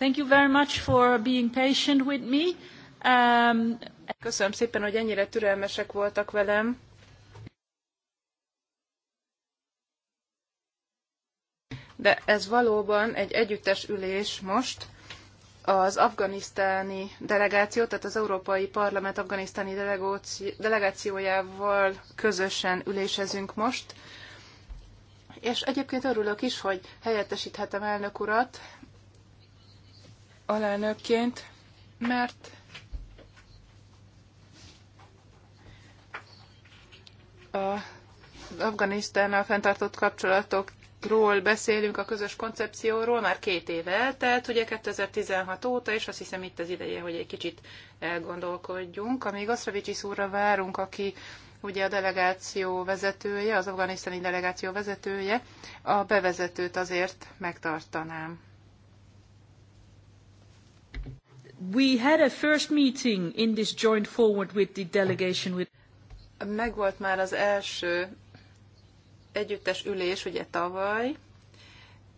Thank you very much for being patient with me. Um, Köszönöm szépen, hogy ennyire türelmesek voltak velem. De ez valóban egy együttes ülés most az afganisztáni delegáció, tehát az Európai Parlament afganisztáni delegációjával közösen ülésezünk most. És egyébként örülök is, hogy helyettesíthetem elnök urat, alelnökként, mert a, az Afganisztánnal fenntartott kapcsolatokról beszélünk, a közös koncepcióról, már két éve eltelt, ugye 2016 óta, és azt hiszem itt az ideje, hogy egy kicsit elgondolkodjunk. Amíg Oszravicsi úrra várunk, aki ugye a delegáció vezetője, az afganisztáni delegáció vezetője, a bevezetőt azért megtartanám. We had a first meeting in this joint forward with the delegation with meg volt már az első együttes ülés, ugye tavaly,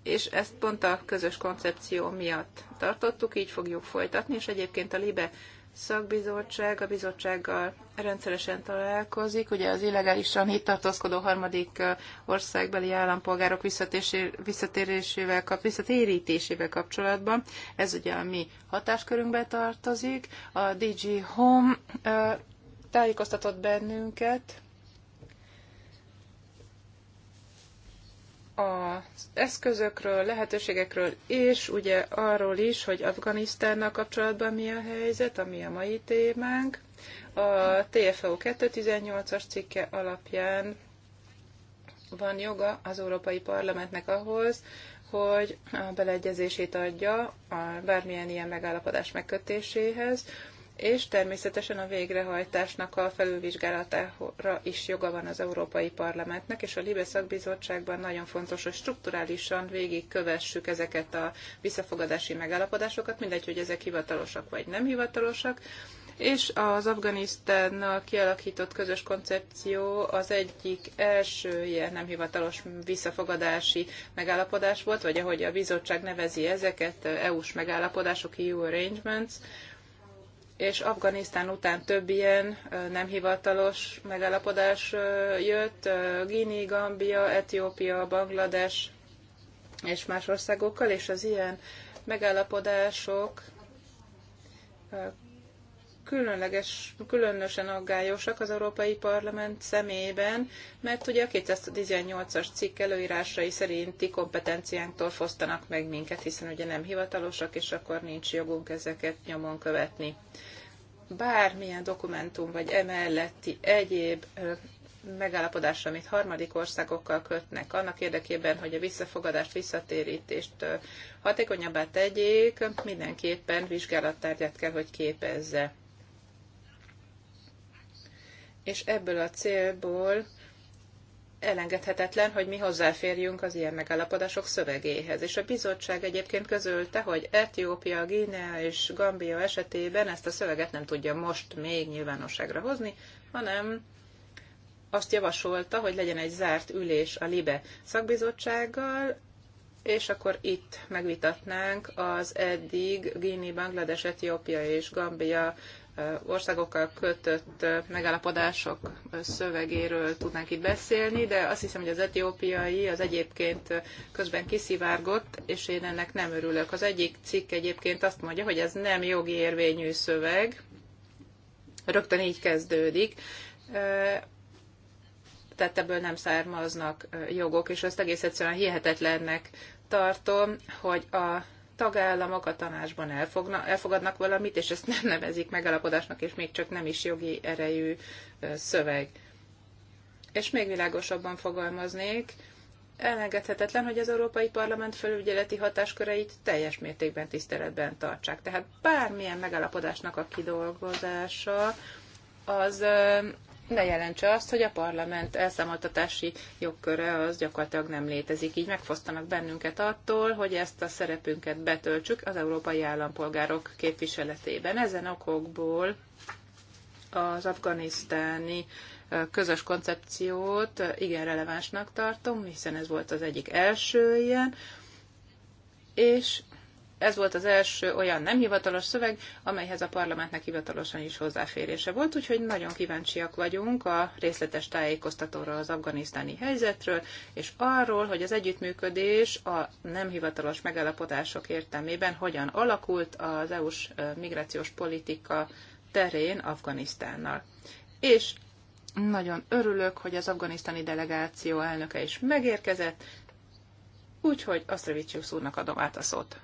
és ezt pont a közös koncepció miatt tartottuk, így fogjuk folytatni, és egyébként a LIBE szakbizottság a bizottsággal rendszeresen találkozik. Ugye az illegálisan itt tartózkodó harmadik országbeli állampolgárok visszatérésével, kap, visszatérítésével kapcsolatban. Ez ugye a mi hatáskörünkbe tartozik. A DG Home tájékoztatott bennünket az eszközökről, lehetőségekről, és ugye arról is, hogy Afganisztánnal kapcsolatban mi a helyzet, ami a mai témánk. A TFO 218-as cikke alapján van joga az Európai Parlamentnek ahhoz, hogy a beleegyezését adja a bármilyen ilyen megállapodás megkötéséhez, és természetesen a végrehajtásnak a felülvizsgálatára is joga van az Európai Parlamentnek, és a Libe szakbizottságban nagyon fontos, hogy strukturálisan végigkövessük ezeket a visszafogadási megállapodásokat, mindegy, hogy ezek hivatalosak vagy nem hivatalosak, és az Afganisztánnal kialakított közös koncepció az egyik első ilyen nem hivatalos visszafogadási megállapodás volt, vagy ahogy a bizottság nevezi ezeket, EU-s megállapodások, EU arrangements, és Afganisztán után több ilyen nem hivatalos megállapodás jött, Guinea, Gambia, Etiópia, Banglades és más országokkal, és az ilyen megállapodások különleges, különösen aggályosak az Európai Parlament szemében, mert ugye a 218-as cikk előírásai szerinti kompetenciánktól fosztanak meg minket, hiszen ugye nem hivatalosak, és akkor nincs jogunk ezeket nyomon követni. Bármilyen dokumentum vagy emelletti egyéb megállapodás, amit harmadik országokkal kötnek, annak érdekében, hogy a visszafogadást, visszatérítést hatékonyabbá tegyék, mindenképpen vizsgálattárgyát kell, hogy képezze és ebből a célból elengedhetetlen, hogy mi hozzáférjünk az ilyen megállapodások szövegéhez. És a bizottság egyébként közölte, hogy Etiópia, Guinea és Gambia esetében ezt a szöveget nem tudja most még nyilvánosságra hozni, hanem azt javasolta, hogy legyen egy zárt ülés a LIBE szakbizottsággal, és akkor itt megvitatnánk az eddig Guinea, Banglades, Etiópia és Gambia országokkal kötött megállapodások szövegéről tudnánk itt beszélni, de azt hiszem, hogy az etiópiai az egyébként közben kiszivárgott, és én ennek nem örülök. Az egyik cikk egyébként azt mondja, hogy ez nem jogi érvényű szöveg, rögtön így kezdődik, tehát ebből nem származnak jogok, és ezt egész egyszerűen hihetetlennek tartom, hogy a tagállamok a tanácsban elfogna, elfogadnak valamit, és ezt nem nevezik megállapodásnak, és még csak nem is jogi erejű szöveg. És még világosabban fogalmaznék, elengedhetetlen, hogy az Európai Parlament felügyeleti hatásköreit teljes mértékben tiszteletben tartsák. Tehát bármilyen megalapodásnak a kidolgozása az ne jelentse azt, hogy a parlament elszámoltatási jogköre az gyakorlatilag nem létezik. Így megfosztanak bennünket attól, hogy ezt a szerepünket betöltsük az európai állampolgárok képviseletében. Ezen okokból az afganisztáni közös koncepciót igen relevánsnak tartom, hiszen ez volt az egyik első ilyen, és ez volt az első olyan nem hivatalos szöveg, amelyhez a parlamentnek hivatalosan is hozzáférése volt, úgyhogy nagyon kíváncsiak vagyunk a részletes tájékoztatóra az afganisztáni helyzetről, és arról, hogy az együttműködés a nem hivatalos megállapodások értelmében hogyan alakult az EU-s migrációs politika terén Afganisztánnal. És nagyon örülök, hogy az afganisztáni delegáció elnöke is megérkezett, úgyhogy Asztravicius úrnak adom át a szót.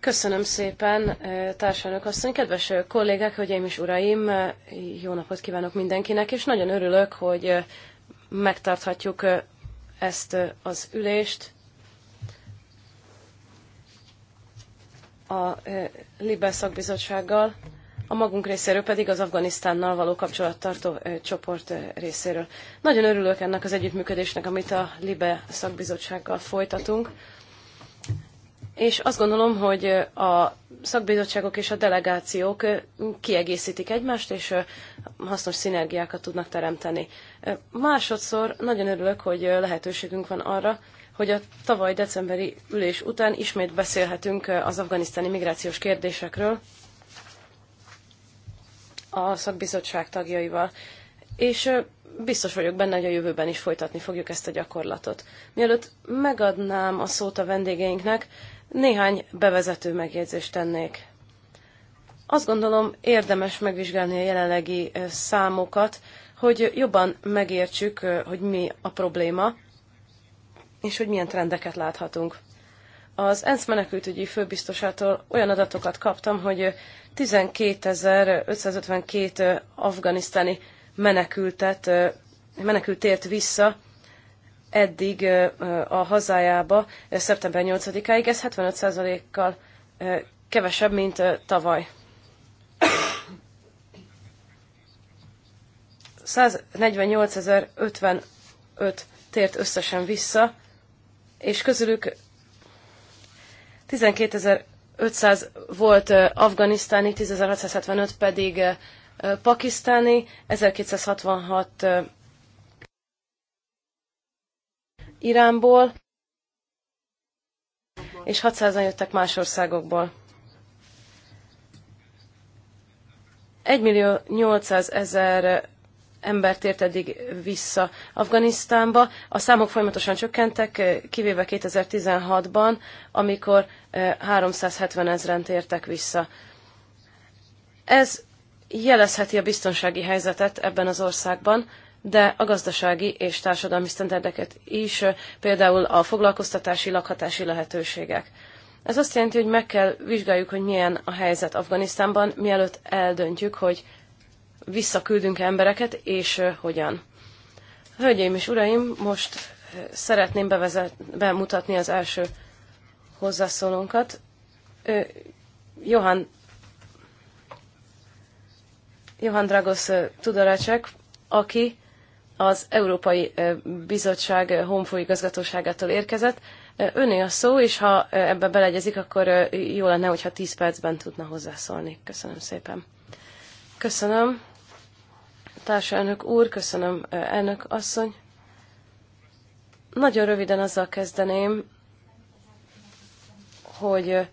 Köszönöm szépen, eh, társadalmi asszony, kedves eh, kollégák, hölgyeim és uraim, eh, jó napot kívánok mindenkinek, és nagyon örülök, hogy megtarthatjuk ezt az ülést. A Libel szakbizottsággal a magunk részéről pedig az Afganisztánnal való kapcsolattartó csoport részéről. Nagyon örülök ennek az együttműködésnek, amit a LIBE szakbizottsággal folytatunk. És azt gondolom, hogy a szakbizottságok és a delegációk kiegészítik egymást, és hasznos szinergiákat tudnak teremteni. Másodszor nagyon örülök, hogy lehetőségünk van arra, hogy a tavaly decemberi ülés után ismét beszélhetünk az afganisztáni migrációs kérdésekről, a szakbizottság tagjaival, és biztos vagyok benne, hogy a jövőben is folytatni fogjuk ezt a gyakorlatot. Mielőtt megadnám a szót a vendégeinknek, néhány bevezető megjegyzést tennék. Azt gondolom, érdemes megvizsgálni a jelenlegi számokat, hogy jobban megértsük, hogy mi a probléma, és hogy milyen trendeket láthatunk az ENSZ menekültügyi főbiztosától olyan adatokat kaptam, hogy 12.552 afganisztáni menekültet, menekült tért vissza eddig a hazájába szeptember 8-áig, ez 75%-kal kevesebb, mint tavaly. 148.055 tért összesen vissza, és közülük 12.500 volt afganisztáni, 10.675 pedig pakisztáni, 1266 Iránból, és 600-an jöttek más országokból. 1 millió 800 ezer embert ért eddig vissza Afganisztánba. A számok folyamatosan csökkentek, eh, kivéve 2016-ban, amikor 370 ezeren tértek vissza. Ez jelezheti a biztonsági helyzetet ebben az országban, de a gazdasági és társadalmi sztenderdeket is, eh, például a foglalkoztatási, lakhatási lehetőségek. Ez azt jelenti, hogy meg kell vizsgáljuk, hogy milyen a helyzet Afganisztánban, mielőtt eldöntjük, hogy visszaküldünk embereket, és hogyan. Hölgyeim és uraim, most szeretném bevezet, bemutatni az első hozzászólónkat. Johan, Johan Dragos Tudorácsek, aki az Európai Bizottság honfőigazgatóságától érkezett. Öné a szó, és ha ebbe beleegyezik, akkor jó lenne, hogyha 10 percben tudna hozzászólni. Köszönöm szépen. Köszönöm társa elnök úr, köszönöm, elnök asszony. Nagyon röviden azzal kezdeném, hogy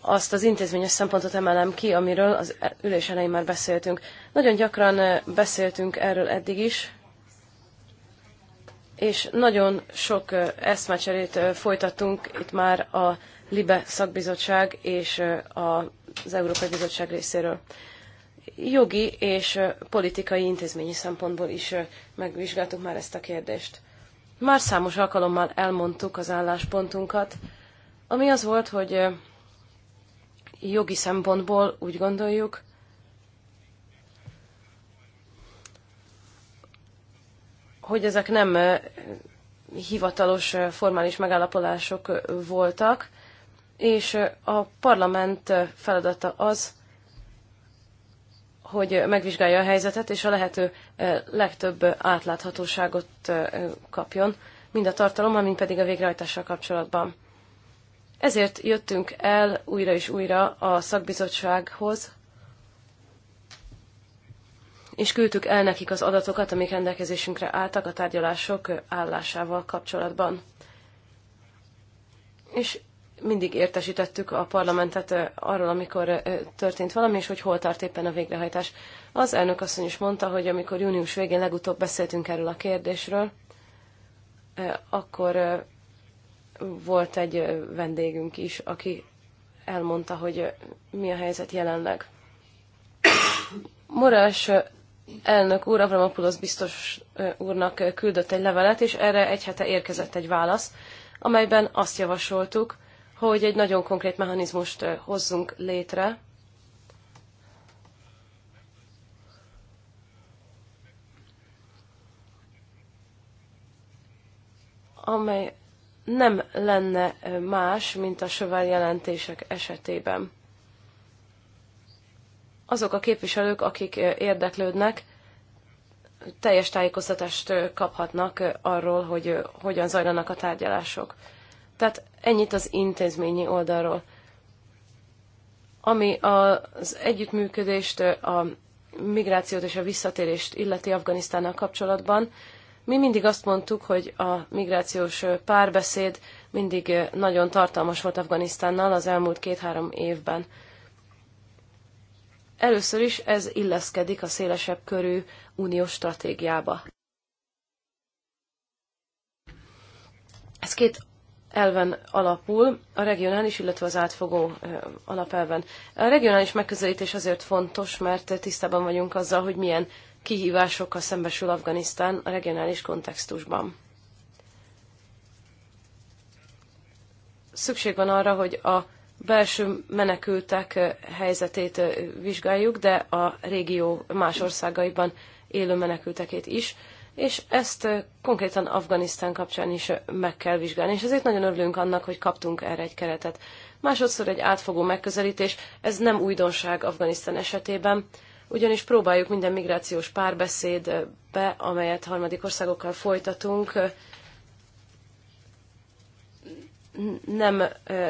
azt az intézményes szempontot emelem ki, amiről az e- ülés elején már beszéltünk. Nagyon gyakran beszéltünk erről eddig is, és nagyon sok eszmecserét folytattunk itt már a LIBE szakbizottság és az Európai Bizottság részéről jogi és politikai intézményi szempontból is megvizsgáltuk már ezt a kérdést. Már számos alkalommal elmondtuk az álláspontunkat, ami az volt, hogy jogi szempontból úgy gondoljuk, hogy ezek nem hivatalos, formális megállapodások voltak, és a parlament feladata az, hogy megvizsgálja a helyzetet, és a lehető eh, legtöbb átláthatóságot eh, kapjon, mind a tartalommal, mind pedig a végrehajtással kapcsolatban. Ezért jöttünk el újra és újra a szakbizottsághoz, és küldtük el nekik az adatokat, amik rendelkezésünkre álltak a tárgyalások eh, állásával kapcsolatban. És mindig értesítettük a parlamentet arról, amikor történt valami, és hogy hol tart éppen a végrehajtás. Az elnök asszony is mondta, hogy amikor június végén legutóbb beszéltünk erről a kérdésről, akkor volt egy vendégünk is, aki elmondta, hogy mi a helyzet jelenleg. Morás elnök úr, Avramopoulos biztos úrnak küldött egy levelet, és erre egy hete érkezett egy válasz, amelyben azt javasoltuk, hogy egy nagyon konkrét mechanizmust hozzunk létre, amely nem lenne más, mint a sövel jelentések esetében. Azok a képviselők, akik érdeklődnek, teljes tájékoztatást kaphatnak arról, hogy hogyan zajlanak a tárgyalások. Tehát ennyit az intézményi oldalról. Ami az együttműködést, a migrációt és a visszatérést illeti Afganisztánnal kapcsolatban, mi mindig azt mondtuk, hogy a migrációs párbeszéd mindig nagyon tartalmas volt Afganisztánnal az elmúlt két-három évben. Először is ez illeszkedik a szélesebb körű uniós stratégiába. Ez két elven alapul, a regionális, illetve az átfogó alapelven. A regionális megközelítés azért fontos, mert tisztában vagyunk azzal, hogy milyen kihívásokkal szembesül Afganisztán a regionális kontextusban. Szükség van arra, hogy a belső menekültek helyzetét vizsgáljuk, de a régió más országaiban élő menekültekét is és ezt konkrétan Afganisztán kapcsán is meg kell vizsgálni, és ezért nagyon örülünk annak, hogy kaptunk erre egy keretet. Másodszor egy átfogó megközelítés, ez nem újdonság Afganisztán esetében, ugyanis próbáljuk minden migrációs párbeszédbe, amelyet harmadik országokkal folytatunk, nem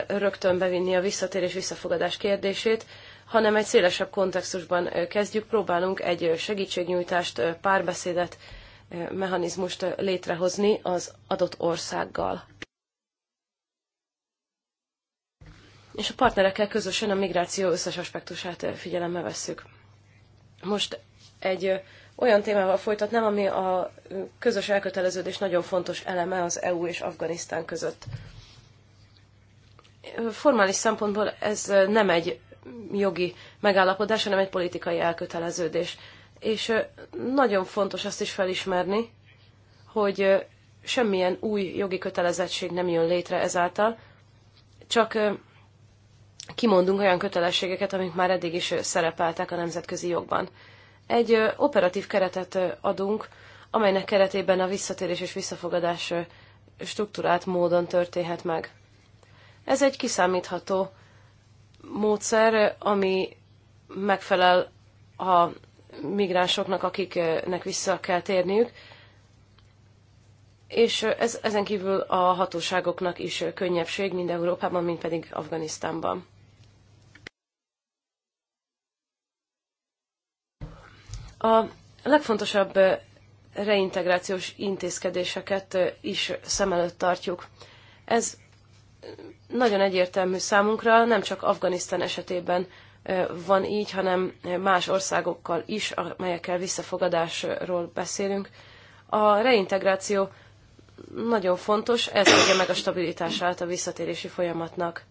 rögtön bevinni a visszatérés visszafogadás kérdését, hanem egy szélesebb kontextusban kezdjük, próbálunk egy segítségnyújtást, párbeszédet mechanizmust létrehozni az adott országgal. És a partnerekkel közösen a migráció összes aspektusát figyelembe vesszük. Most egy olyan témával folytatnám, ami a közös elköteleződés nagyon fontos eleme az EU és Afganisztán között. Formális szempontból ez nem egy jogi megállapodás, hanem egy politikai elköteleződés és nagyon fontos azt is felismerni, hogy semmilyen új jogi kötelezettség nem jön létre ezáltal, csak kimondunk olyan kötelességeket, amik már eddig is szerepeltek a nemzetközi jogban. Egy operatív keretet adunk, amelynek keretében a visszatérés és visszafogadás struktúrált módon történhet meg. Ez egy kiszámítható módszer, ami megfelel a migránsoknak, akiknek vissza kell térniük, és ez, ezen kívül a hatóságoknak is könnyebbség, mind Európában, mind pedig Afganisztánban. A legfontosabb reintegrációs intézkedéseket is szem előtt tartjuk. Ez nagyon egyértelmű számunkra, nem csak Afganisztán esetében van így, hanem más országokkal is, amelyekkel visszafogadásról beszélünk. A reintegráció nagyon fontos, ez adja meg a stabilitását a visszatérési folyamatnak.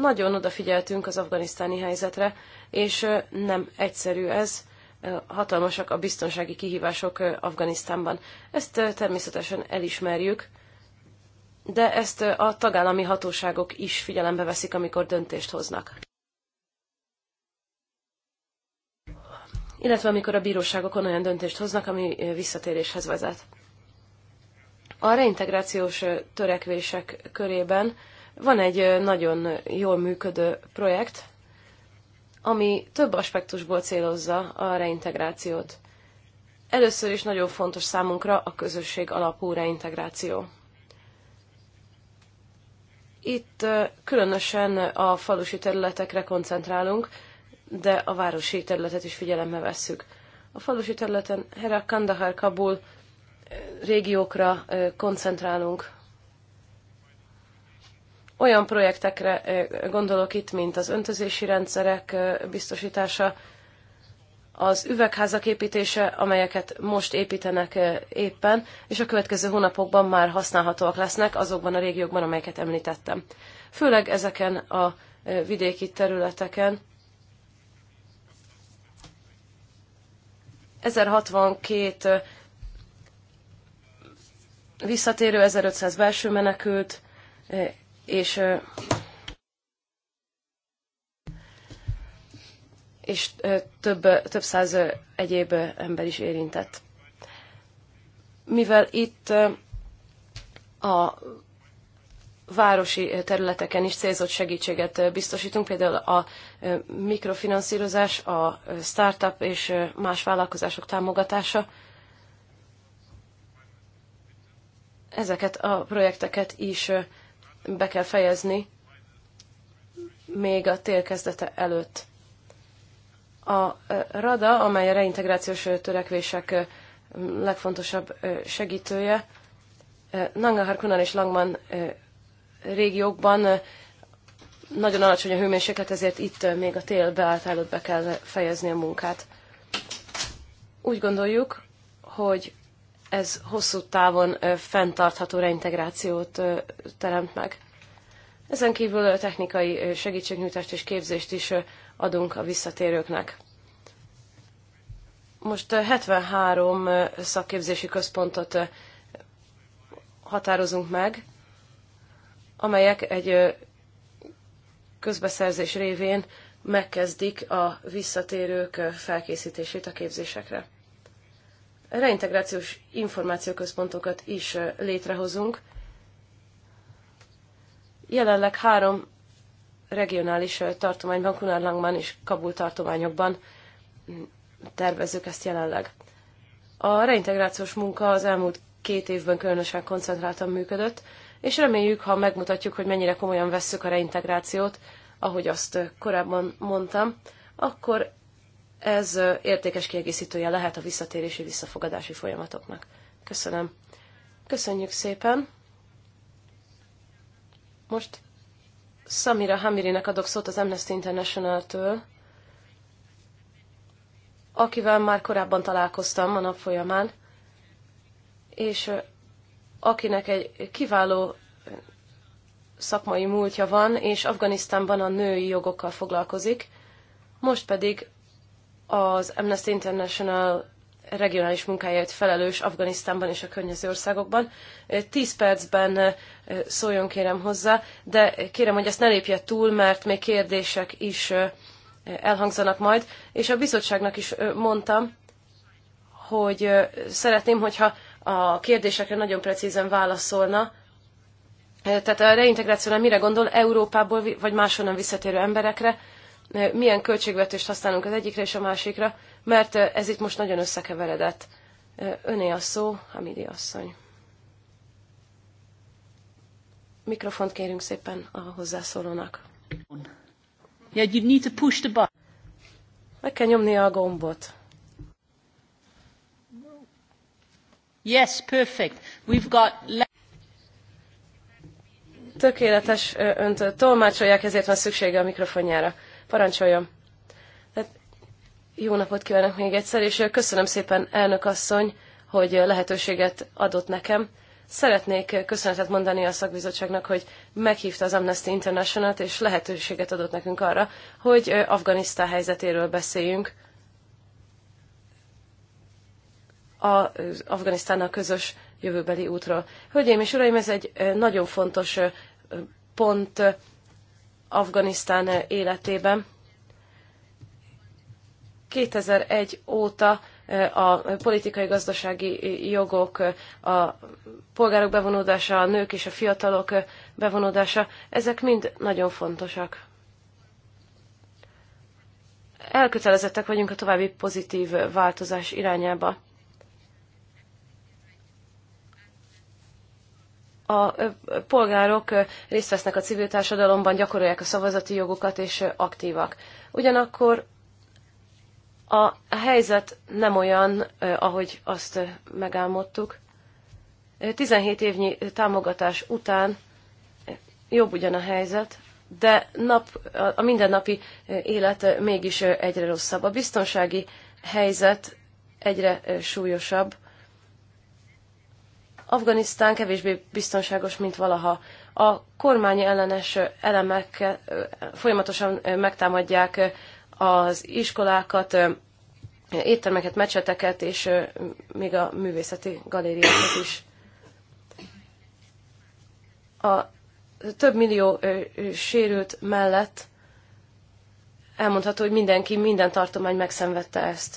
Nagyon odafigyeltünk az afganisztáni helyzetre, és nem egyszerű ez. Hatalmasak a biztonsági kihívások Afganisztánban. Ezt természetesen elismerjük, de ezt a tagállami hatóságok is figyelembe veszik, amikor döntést hoznak. Illetve amikor a bíróságokon olyan döntést hoznak, ami visszatéréshez vezet. A reintegrációs törekvések körében van egy nagyon jól működő projekt, ami több aspektusból célozza a reintegrációt. Először is nagyon fontos számunkra a közösség alapú reintegráció. Itt különösen a falusi területekre koncentrálunk, de a városi területet is figyelembe vesszük. A falusi területen Herak, Kandahar, Kabul régiókra koncentrálunk. Olyan projektekre gondolok itt, mint az öntözési rendszerek biztosítása, az üvegházak építése, amelyeket most építenek eh, éppen, és a következő hónapokban már használhatóak lesznek azokban a régiókban, amelyeket említettem. Főleg ezeken a eh, vidéki területeken. 1062 eh, visszatérő, 1500 belső menekült, és és több, több száz egyéb ember is érintett. Mivel itt a városi területeken is célzott segítséget biztosítunk, például a mikrofinanszírozás, a startup és más vállalkozások támogatása. Ezeket a projekteket is be kell fejezni még a tél kezdete előtt. A RADA, amely a reintegrációs törekvések legfontosabb segítője, Kunan és Langman régiókban nagyon alacsony a hőmérséklet, ezért itt még a tél beállt előtt be kell fejezni a munkát. Úgy gondoljuk, hogy ez hosszú távon fenntartható reintegrációt teremt meg. Ezen kívül technikai segítségnyújtást és képzést is adunk a visszatérőknek. Most 73 eh, eh, szakképzési központot eh, határozunk meg, amelyek egy közbeszerzés révén megkezdik a visszatérők felkészítését a képzésekre. Reintegrációs információközpontokat is létrehozunk. Jelenleg három regionális tartományban, Kunarlangban és Kabul tartományokban tervezzük ezt jelenleg. A reintegrációs munka az elmúlt két évben különösen koncentráltan működött, és reméljük, ha megmutatjuk, hogy mennyire komolyan vesszük a reintegrációt, ahogy azt korábban mondtam, akkor ez értékes kiegészítője lehet a visszatérési, visszafogadási folyamatoknak. Köszönöm. Köszönjük szépen. Most Samira Hamirinek adok szót az Amnesty International-től, akivel már korábban találkoztam a nap folyamán, és akinek egy kiváló szakmai múltja van, és Afganisztánban a női jogokkal foglalkozik, most pedig az Amnesty International regionális munkáért felelős Afganisztánban és a környező országokban. Tíz percben szóljon kérem hozzá, de kérem, hogy ezt ne lépje túl, mert még kérdések is elhangzanak majd, és a bizottságnak is mondtam, hogy szeretném, hogyha a kérdésekre nagyon precízen válaszolna, tehát a reintegrációnál mire gondol Európából vagy máshonnan visszatérő emberekre, milyen költségvetést használunk az egyikre és a másikra, mert ez itt most nagyon összekeveredett. Öné a szó, Hamidi asszony. Mikrofont kérünk szépen a hozzászólónak. Yeah, you need to push the button. Meg kell nyomni a gombot. Yes, perfect. We've got... Tökéletes önt tolmácsolják, ezért van szüksége a mikrofonjára. Parancsoljon! Jó napot kívánok még egyszer, és köszönöm szépen, elnök asszony, hogy lehetőséget adott nekem. Szeretnék köszönetet mondani a szakbizottságnak, hogy meghívta az Amnesty International-t, és lehetőséget adott nekünk arra, hogy Afganisztán helyzetéről beszéljünk. A Afganisztánnal közös jövőbeli útról. Hölgyeim és uraim, ez egy nagyon fontos pont Afganisztán életében 2001 óta a politikai-gazdasági jogok, a polgárok bevonódása, a nők és a fiatalok bevonódása, ezek mind nagyon fontosak. Elkötelezettek vagyunk a további pozitív változás irányába. A polgárok részt vesznek a civil társadalomban, gyakorolják a szavazati jogukat és aktívak. Ugyanakkor a helyzet nem olyan, ahogy azt megálmodtuk. 17 évnyi támogatás után jobb ugyan a helyzet, de nap, a mindennapi élet mégis egyre rosszabb. A biztonsági helyzet egyre súlyosabb. Afganisztán kevésbé biztonságos, mint valaha. A kormány ellenes elemek folyamatosan megtámadják az iskolákat, éttermeket, mecseteket, és még a művészeti galériákat is. A több millió sérült mellett elmondható, hogy mindenki, minden tartomány megszenvedte ezt.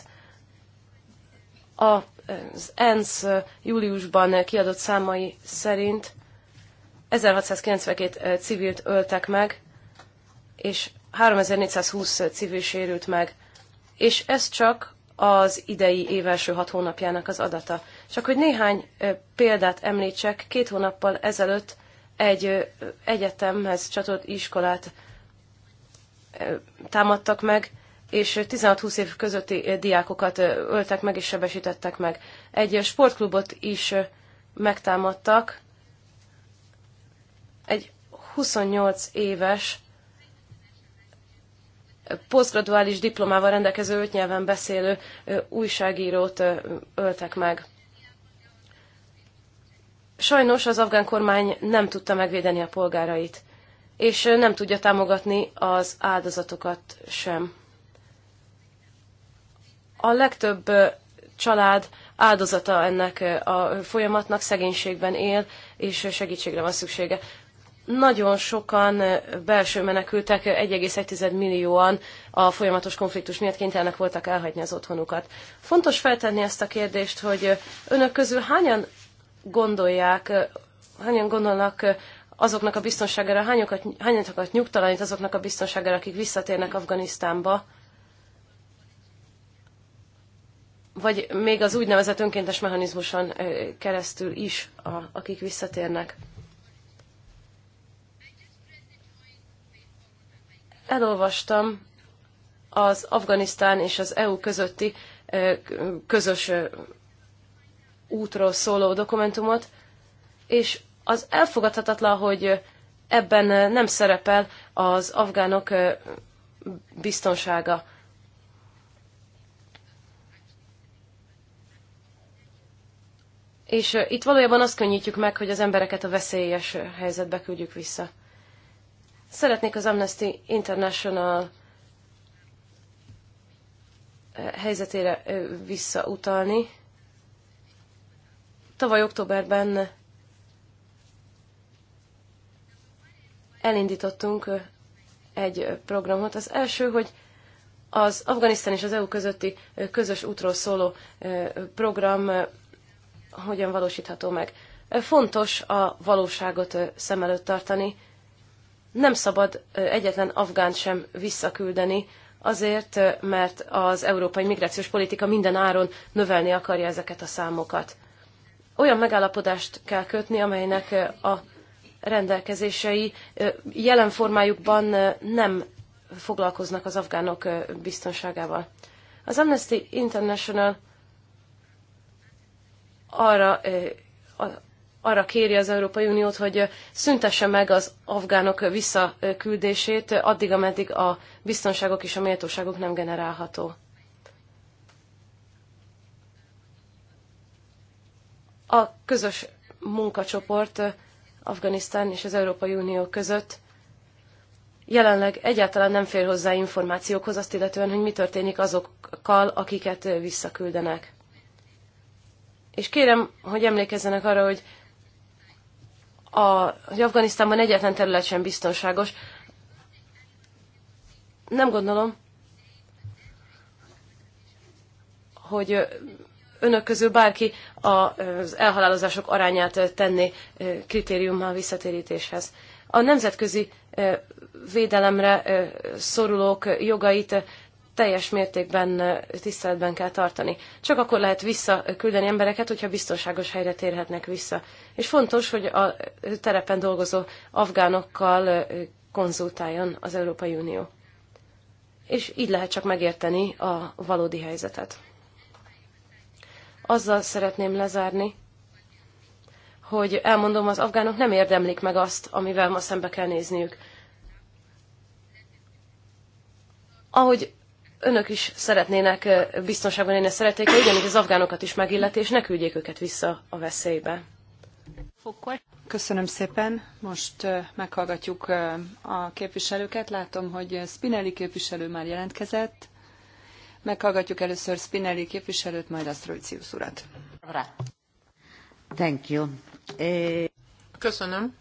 Az ENSZ júliusban kiadott számai szerint 1692 civilt öltek meg, és 3420 civil sérült meg, és ez csak az idei év első hat hónapjának az adata. Csak hogy néhány példát említsek, két hónappal ezelőtt egy egyetemhez csatolt iskolát támadtak meg, és 16-20 év közötti diákokat öltek meg és sebesítettek meg. Egy sportklubot is megtámadtak, egy 28 éves posztgraduális diplomával rendelkező öt nyelven beszélő újságírót öltek meg. Sajnos az afgán kormány nem tudta megvédeni a polgárait, és nem tudja támogatni az áldozatokat sem. A legtöbb család áldozata ennek a folyamatnak szegénységben él, és segítségre van szüksége. Nagyon sokan belső menekültek, 1,1 millióan a folyamatos konfliktus miatt kénytelenek voltak elhagyni az otthonukat. Fontos feltenni ezt a kérdést, hogy önök közül hányan gondolják, hányan gondolnak azoknak a biztonságára, hányatokat nyugtalanít azoknak a biztonságára, akik visszatérnek Afganisztánba, vagy még az úgynevezett önkéntes mechanizmuson keresztül is, a, akik visszatérnek. elolvastam az Afganisztán és az EU közötti közös útról szóló dokumentumot, és az elfogadhatatlan, hogy ebben nem szerepel az afgánok biztonsága. És itt valójában azt könnyítjük meg, hogy az embereket a veszélyes helyzetbe küldjük vissza. Szeretnék az Amnesty International eh, helyzetére eh, visszautalni. Tavaly októberben eh, elindítottunk egy programot. Az első, hogy az Afganisztán és az EU közötti közös útról szóló program hogyan valósítható meg. Fontos a valóságot szem előtt tartani, nem szabad egyetlen afgánt sem visszaküldeni, azért, mert az európai migrációs politika minden áron növelni akarja ezeket a számokat. Olyan megállapodást kell kötni, amelynek a rendelkezései jelen formájukban nem foglalkoznak az afgánok biztonságával. Az Amnesty International arra arra kéri az Európai Uniót, hogy szüntesse meg az afgánok visszaküldését addig, ameddig a biztonságok és a méltóságok nem generálható. A közös munkacsoport Afganisztán és az Európai Unió között jelenleg egyáltalán nem fér hozzá információkhoz azt illetően, hogy mi történik azokkal, akiket visszaküldenek. És kérem, hogy emlékezzenek arra, hogy a, hogy Afganisztánban egyetlen terület sem biztonságos. Nem gondolom, hogy önök közül bárki az elhalálozások arányát tenni kritériummal visszatérítéshez. A nemzetközi védelemre szorulók jogait teljes mértékben tiszteletben kell tartani. Csak akkor lehet visszaküldeni embereket, hogyha biztonságos helyre térhetnek vissza és fontos, hogy a terepen dolgozó afgánokkal konzultáljon az Európai Unió. És így lehet csak megérteni a valódi helyzetet. Azzal szeretném lezárni, hogy elmondom, az afgánok nem érdemlik meg azt, amivel ma szembe kell nézniük. Ahogy önök is szeretnének biztonságban élni a szeretéke, ugyanígy az afgánokat is megilleti, és ne küldjék őket vissza a veszélybe. Köszönöm szépen. Most meghallgatjuk a képviselőket. Látom, hogy Spinelli képviselő már jelentkezett. Meghallgatjuk először Spinelli képviselőt, majd Asztrolicius urat. Thank you. Köszönöm.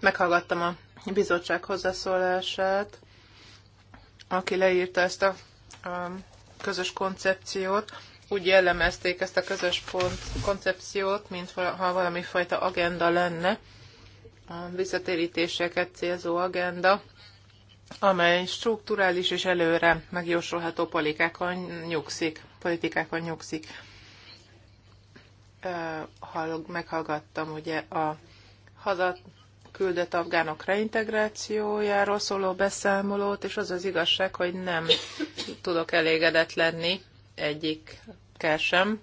Meghallgattam a bizottság hozzászólását, aki leírta ezt a, a közös koncepciót, úgy jellemezték ezt a közös pont, koncepciót, mint ha valami fajta agenda lenne, a visszatérítéseket célzó agenda, amely strukturális és előre megjósolható politikákon nyugszik. Politikákon nyugszik. Meghallgattam ugye a hazat küldött afgánok reintegrációjáról szóló beszámolót, és az az igazság, hogy nem tudok elégedett lenni egyikkel sem.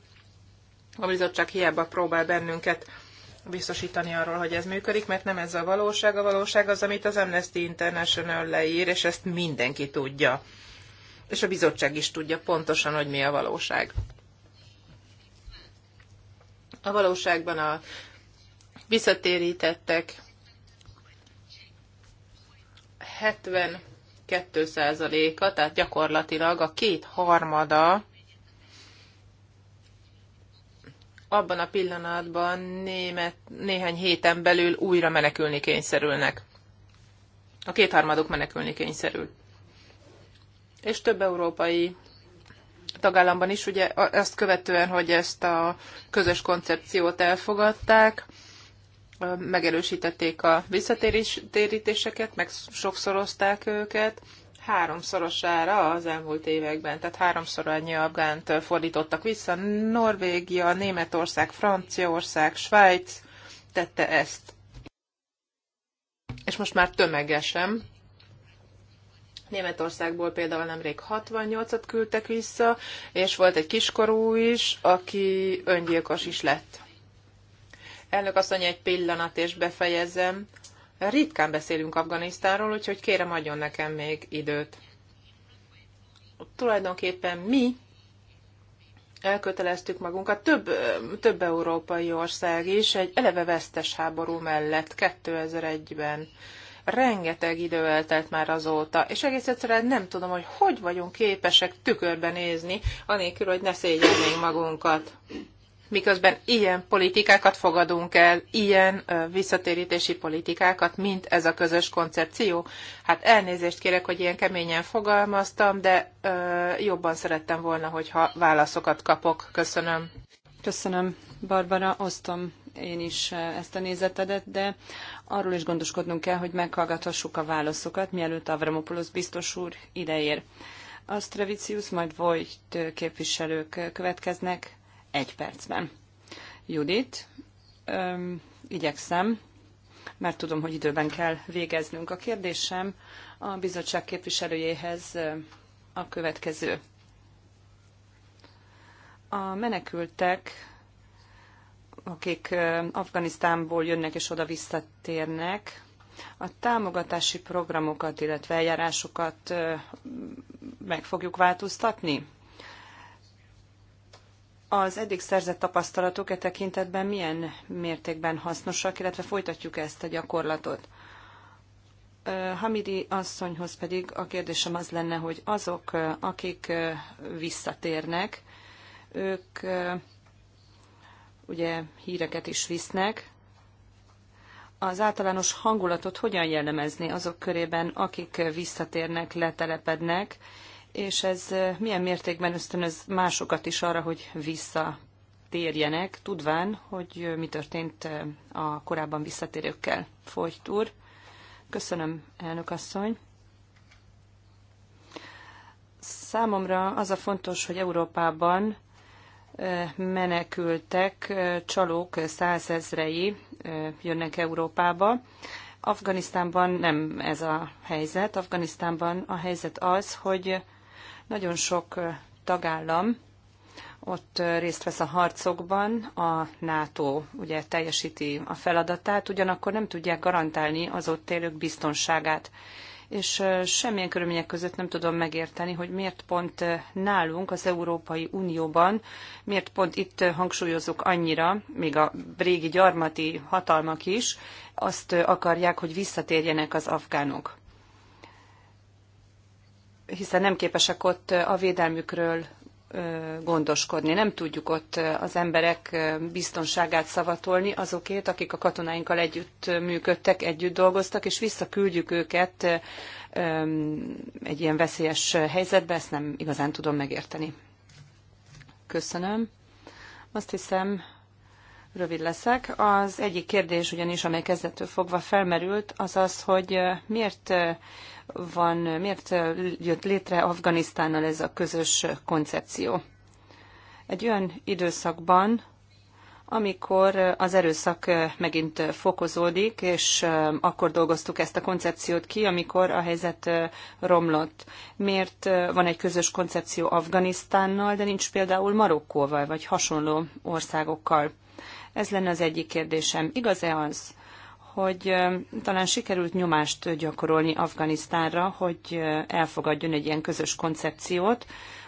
A bizottság hiába próbál bennünket biztosítani arról, hogy ez működik, mert nem ez a valóság. A valóság az, amit az Amnesty International leír, és ezt mindenki tudja. És a bizottság is tudja pontosan, hogy mi a valóság. A valóságban a visszatérítettek 72%-a, tehát gyakorlatilag a két harmada abban a pillanatban német, néhány héten belül újra menekülni kényszerülnek. A kétharmaduk menekülni kényszerül. És több európai tagállamban is, ugye azt követően, hogy ezt a közös koncepciót elfogadták, megerősítették a visszatérítéseket, meg sokszorozták őket, háromszorosára az elmúlt években, tehát háromszor annyi afgánt fordítottak vissza. Norvégia, Németország, Franciaország, Svájc tette ezt. És most már tömegesen. Németországból például nemrég 68-at küldtek vissza, és volt egy kiskorú is, aki öngyilkos is lett. Elnök asszony, egy pillanat és befejezem. Ritkán beszélünk Afganisztánról, úgyhogy kérem adjon nekem még időt. Tulajdonképpen mi elköteleztük magunkat, több, több európai ország is egy eleve vesztes háború mellett 2001-ben. Rengeteg idő eltelt már azóta, és egész egyszerűen nem tudom, hogy hogy vagyunk képesek tükörbe nézni, anélkül, hogy ne szégyelnénk magunkat miközben ilyen politikákat fogadunk el, ilyen visszatérítési politikákat, mint ez a közös koncepció. Hát elnézést kérek, hogy ilyen keményen fogalmaztam, de jobban szerettem volna, hogyha válaszokat kapok. Köszönöm. Köszönöm, Barbara, osztom én is ezt a nézetedet, de arról is gondoskodnunk kell, hogy meghallgathassuk a válaszokat, mielőtt Avramopoulos biztos úr ideér. Astravicius, majd Vojt képviselők következnek egy percben. Judit, öm, igyekszem, mert tudom, hogy időben kell végeznünk. A kérdésem a bizottság képviselőjéhez a következő. A menekültek, akik Afganisztánból jönnek és oda visszatérnek, a támogatási programokat, illetve eljárásokat meg fogjuk változtatni? Az eddig szerzett tapasztalatok e tekintetben milyen mértékben hasznosak, illetve folytatjuk ezt a gyakorlatot? Hamidi asszonyhoz pedig a kérdésem az lenne, hogy azok, akik visszatérnek, ők ugye híreket is visznek, az általános hangulatot hogyan jellemezni azok körében, akik visszatérnek, letelepednek, és ez milyen mértékben ösztönöz másokat is arra, hogy visszatérjenek, tudván, hogy mi történt a korábban visszatérőkkel. Folyt úr. Köszönöm, elnök asszony. Számomra az a fontos, hogy Európában menekültek, csalók százezrei jönnek Európába. Afganisztánban nem ez a helyzet. Afganisztánban a helyzet az, hogy nagyon sok tagállam ott részt vesz a harcokban, a NATO ugye teljesíti a feladatát, ugyanakkor nem tudják garantálni az ott élők biztonságát. És semmilyen körülmények között nem tudom megérteni, hogy miért pont nálunk, az Európai Unióban, miért pont itt hangsúlyozzuk annyira, még a régi gyarmati hatalmak is, azt akarják, hogy visszatérjenek az afgánok hiszen nem képesek ott a védelmükről gondoskodni. Nem tudjuk ott az emberek biztonságát szavatolni azokért, akik a katonáinkkal együtt működtek, együtt dolgoztak, és visszaküldjük őket egy ilyen veszélyes helyzetbe, ezt nem igazán tudom megérteni. Köszönöm. Azt hiszem, Rövid leszek. Az egyik kérdés ugyanis, amely kezdettől fogva felmerült, az az, hogy miért van, miért jött létre Afganisztánnal ez a közös koncepció. Egy olyan időszakban, amikor az erőszak megint fokozódik, és akkor dolgoztuk ezt a koncepciót ki, amikor a helyzet romlott. Miért van egy közös koncepció Afganisztánnal, de nincs például Marokkóval, vagy hasonló országokkal? Ez lenne az egyik kérdésem. Igaz-e az, hogy talán sikerült nyomást gyakorolni Afganisztánra, hogy elfogadjon egy ilyen közös koncepciót,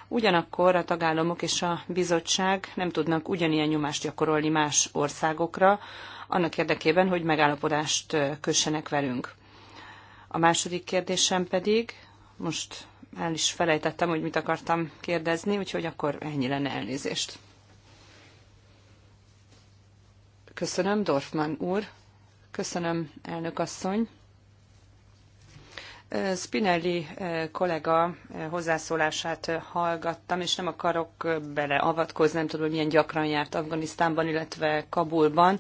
ugyanakkor a tagállamok és a bizottság nem tudnak ugyanilyen nyomást gyakorolni más országokra, annak érdekében, hogy megállapodást kössenek velünk. A második kérdésem pedig, most el is felejtettem, hogy mit akartam kérdezni, úgyhogy akkor ennyi lenne elnézést. Köszönöm, Dorfman úr. Köszönöm, elnök asszony. Spinelli kollega hozzászólását hallgattam, és nem akarok beleavatkozni, nem tudom, hogy milyen gyakran járt Afganisztánban, illetve Kabulban.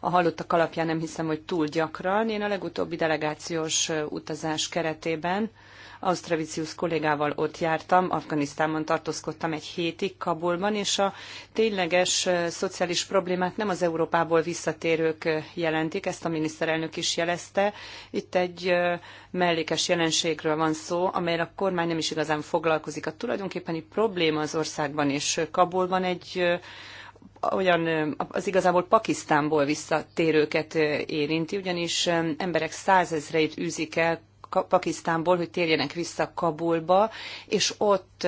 A hallottak alapján nem hiszem, hogy túl gyakran. Én a legutóbbi delegációs utazás keretében Ausztravicius kollégával ott jártam, Afganisztánban tartózkodtam egy hétig Kabulban, és a tényleges szociális problémát nem az Európából visszatérők jelentik, ezt a miniszterelnök is jelezte. Itt egy mellékes jelenségről van szó, amelyre a kormány nem is igazán foglalkozik. A tulajdonképpeni probléma az országban és Kabulban egy olyan, az igazából Pakisztánból visszatérőket érinti, ugyanis emberek százezreit űzik el Pakisztánból, hogy térjenek vissza Kabulba, és ott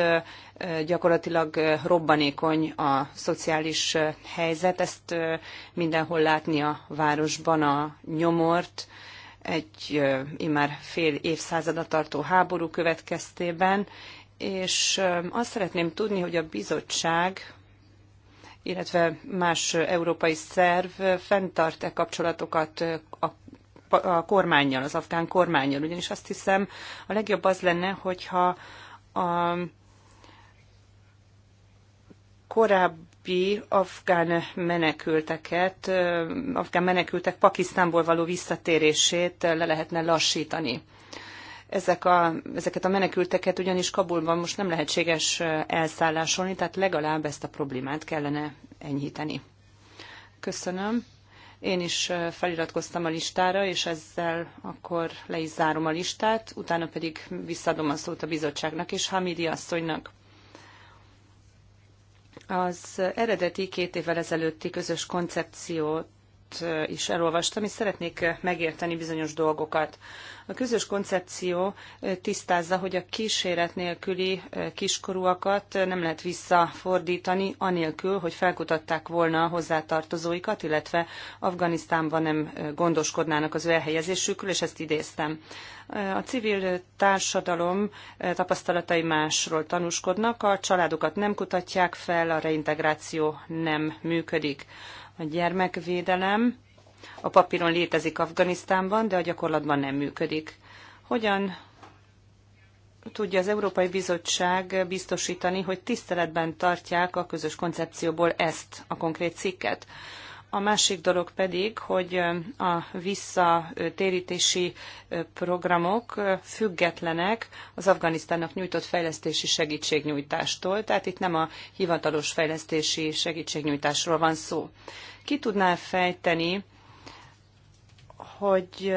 gyakorlatilag robbanékony a szociális helyzet. Ezt mindenhol látni a városban a nyomort, egy immár fél évszázada tartó háború következtében, és azt szeretném tudni, hogy a bizottság illetve más európai szerv fenntart-e kapcsolatokat a a kormányjal, az afgán kormányjal, ugyanis azt hiszem a legjobb az lenne, hogyha a korábbi afgán menekülteket, afgán menekültek Pakisztánból való visszatérését le lehetne lassítani. Ezek a, ezeket a menekülteket ugyanis Kabulban most nem lehetséges elszállásolni, tehát legalább ezt a problémát kellene enyhíteni. Köszönöm. Én is feliratkoztam a listára, és ezzel akkor le is zárom a listát, utána pedig visszadom a szót a bizottságnak és Hamidi asszonynak. Az eredeti két évvel ezelőtti közös koncepciót Eh, is elolvastam, és szeretnék eh, megérteni bizonyos dolgokat. A közös koncepció eh, tisztázza, hogy a kíséret nélküli kiskorúakat nem lehet visszafordítani, anélkül, hogy felkutatták volna a hozzátartozóikat, illetve Afganisztánban nem gondoskodnának az ő elhelyezésükről, és ezt idéztem. A civil társadalom tapasztalatai másról tanúskodnak, a családokat nem kutatják fel, a reintegráció nem működik. A gyermekvédelem a papíron létezik Afganisztánban, de a gyakorlatban nem működik. Hogyan tudja az Európai Bizottság biztosítani, hogy tiszteletben tartják a közös koncepcióból ezt a konkrét cikket? A másik dolog pedig, hogy a visszatérítési programok függetlenek az Afganisztánnak nyújtott fejlesztési segítségnyújtástól, tehát itt nem a hivatalos fejlesztési segítségnyújtásról van szó. Ki tudná fejteni, hogy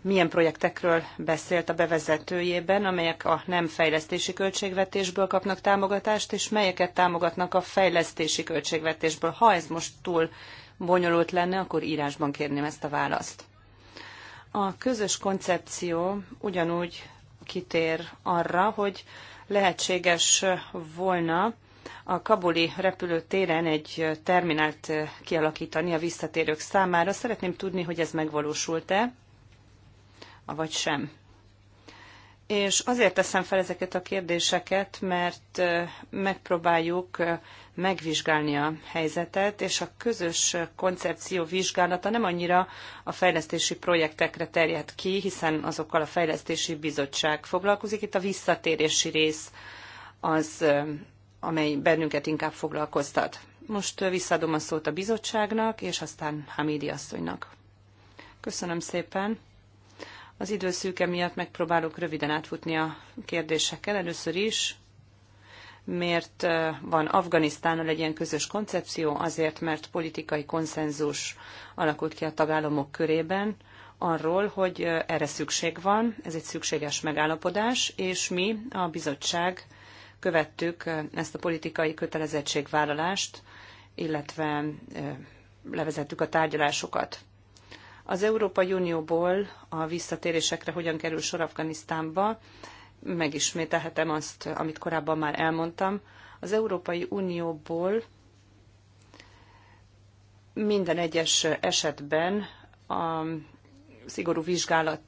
milyen projektekről beszélt a bevezetőjében, amelyek a nem fejlesztési költségvetésből kapnak támogatást, és melyeket támogatnak a fejlesztési költségvetésből. Ha ez most túl bonyolult lenne, akkor írásban kérném ezt a választ. A közös koncepció ugyanúgy kitér arra, hogy lehetséges volna a kabuli repülőtéren egy terminált kialakítani a visszatérők számára. Szeretném tudni, hogy ez megvalósult-e, vagy sem. És azért teszem fel ezeket a kérdéseket, mert megpróbáljuk megvizsgálni a helyzetet, és a közös koncepció vizsgálata nem annyira a fejlesztési projektekre terjed ki, hiszen azokkal a fejlesztési bizottság foglalkozik. Itt a visszatérési rész az amely bennünket inkább foglalkoztat. Most visszaadom a szót a bizottságnak, és aztán Hamidi asszonynak. Köszönöm szépen. Az időszűke miatt megpróbálok röviden átfutni a kérdésekkel. Először is, miért van Afganisztánnal egy ilyen közös koncepció? Azért, mert politikai konszenzus alakult ki a tagállamok körében, arról, hogy erre szükség van, ez egy szükséges megállapodás, és mi, a bizottság követtük ezt a politikai kötelezettségvállalást, illetve levezettük a tárgyalásokat. Az Európai Unióból a visszatérésekre hogyan kerül sor Afganisztánba, megismételhetem azt, amit korábban már elmondtam. Az Európai Unióból minden egyes esetben a szigorú vizsgálat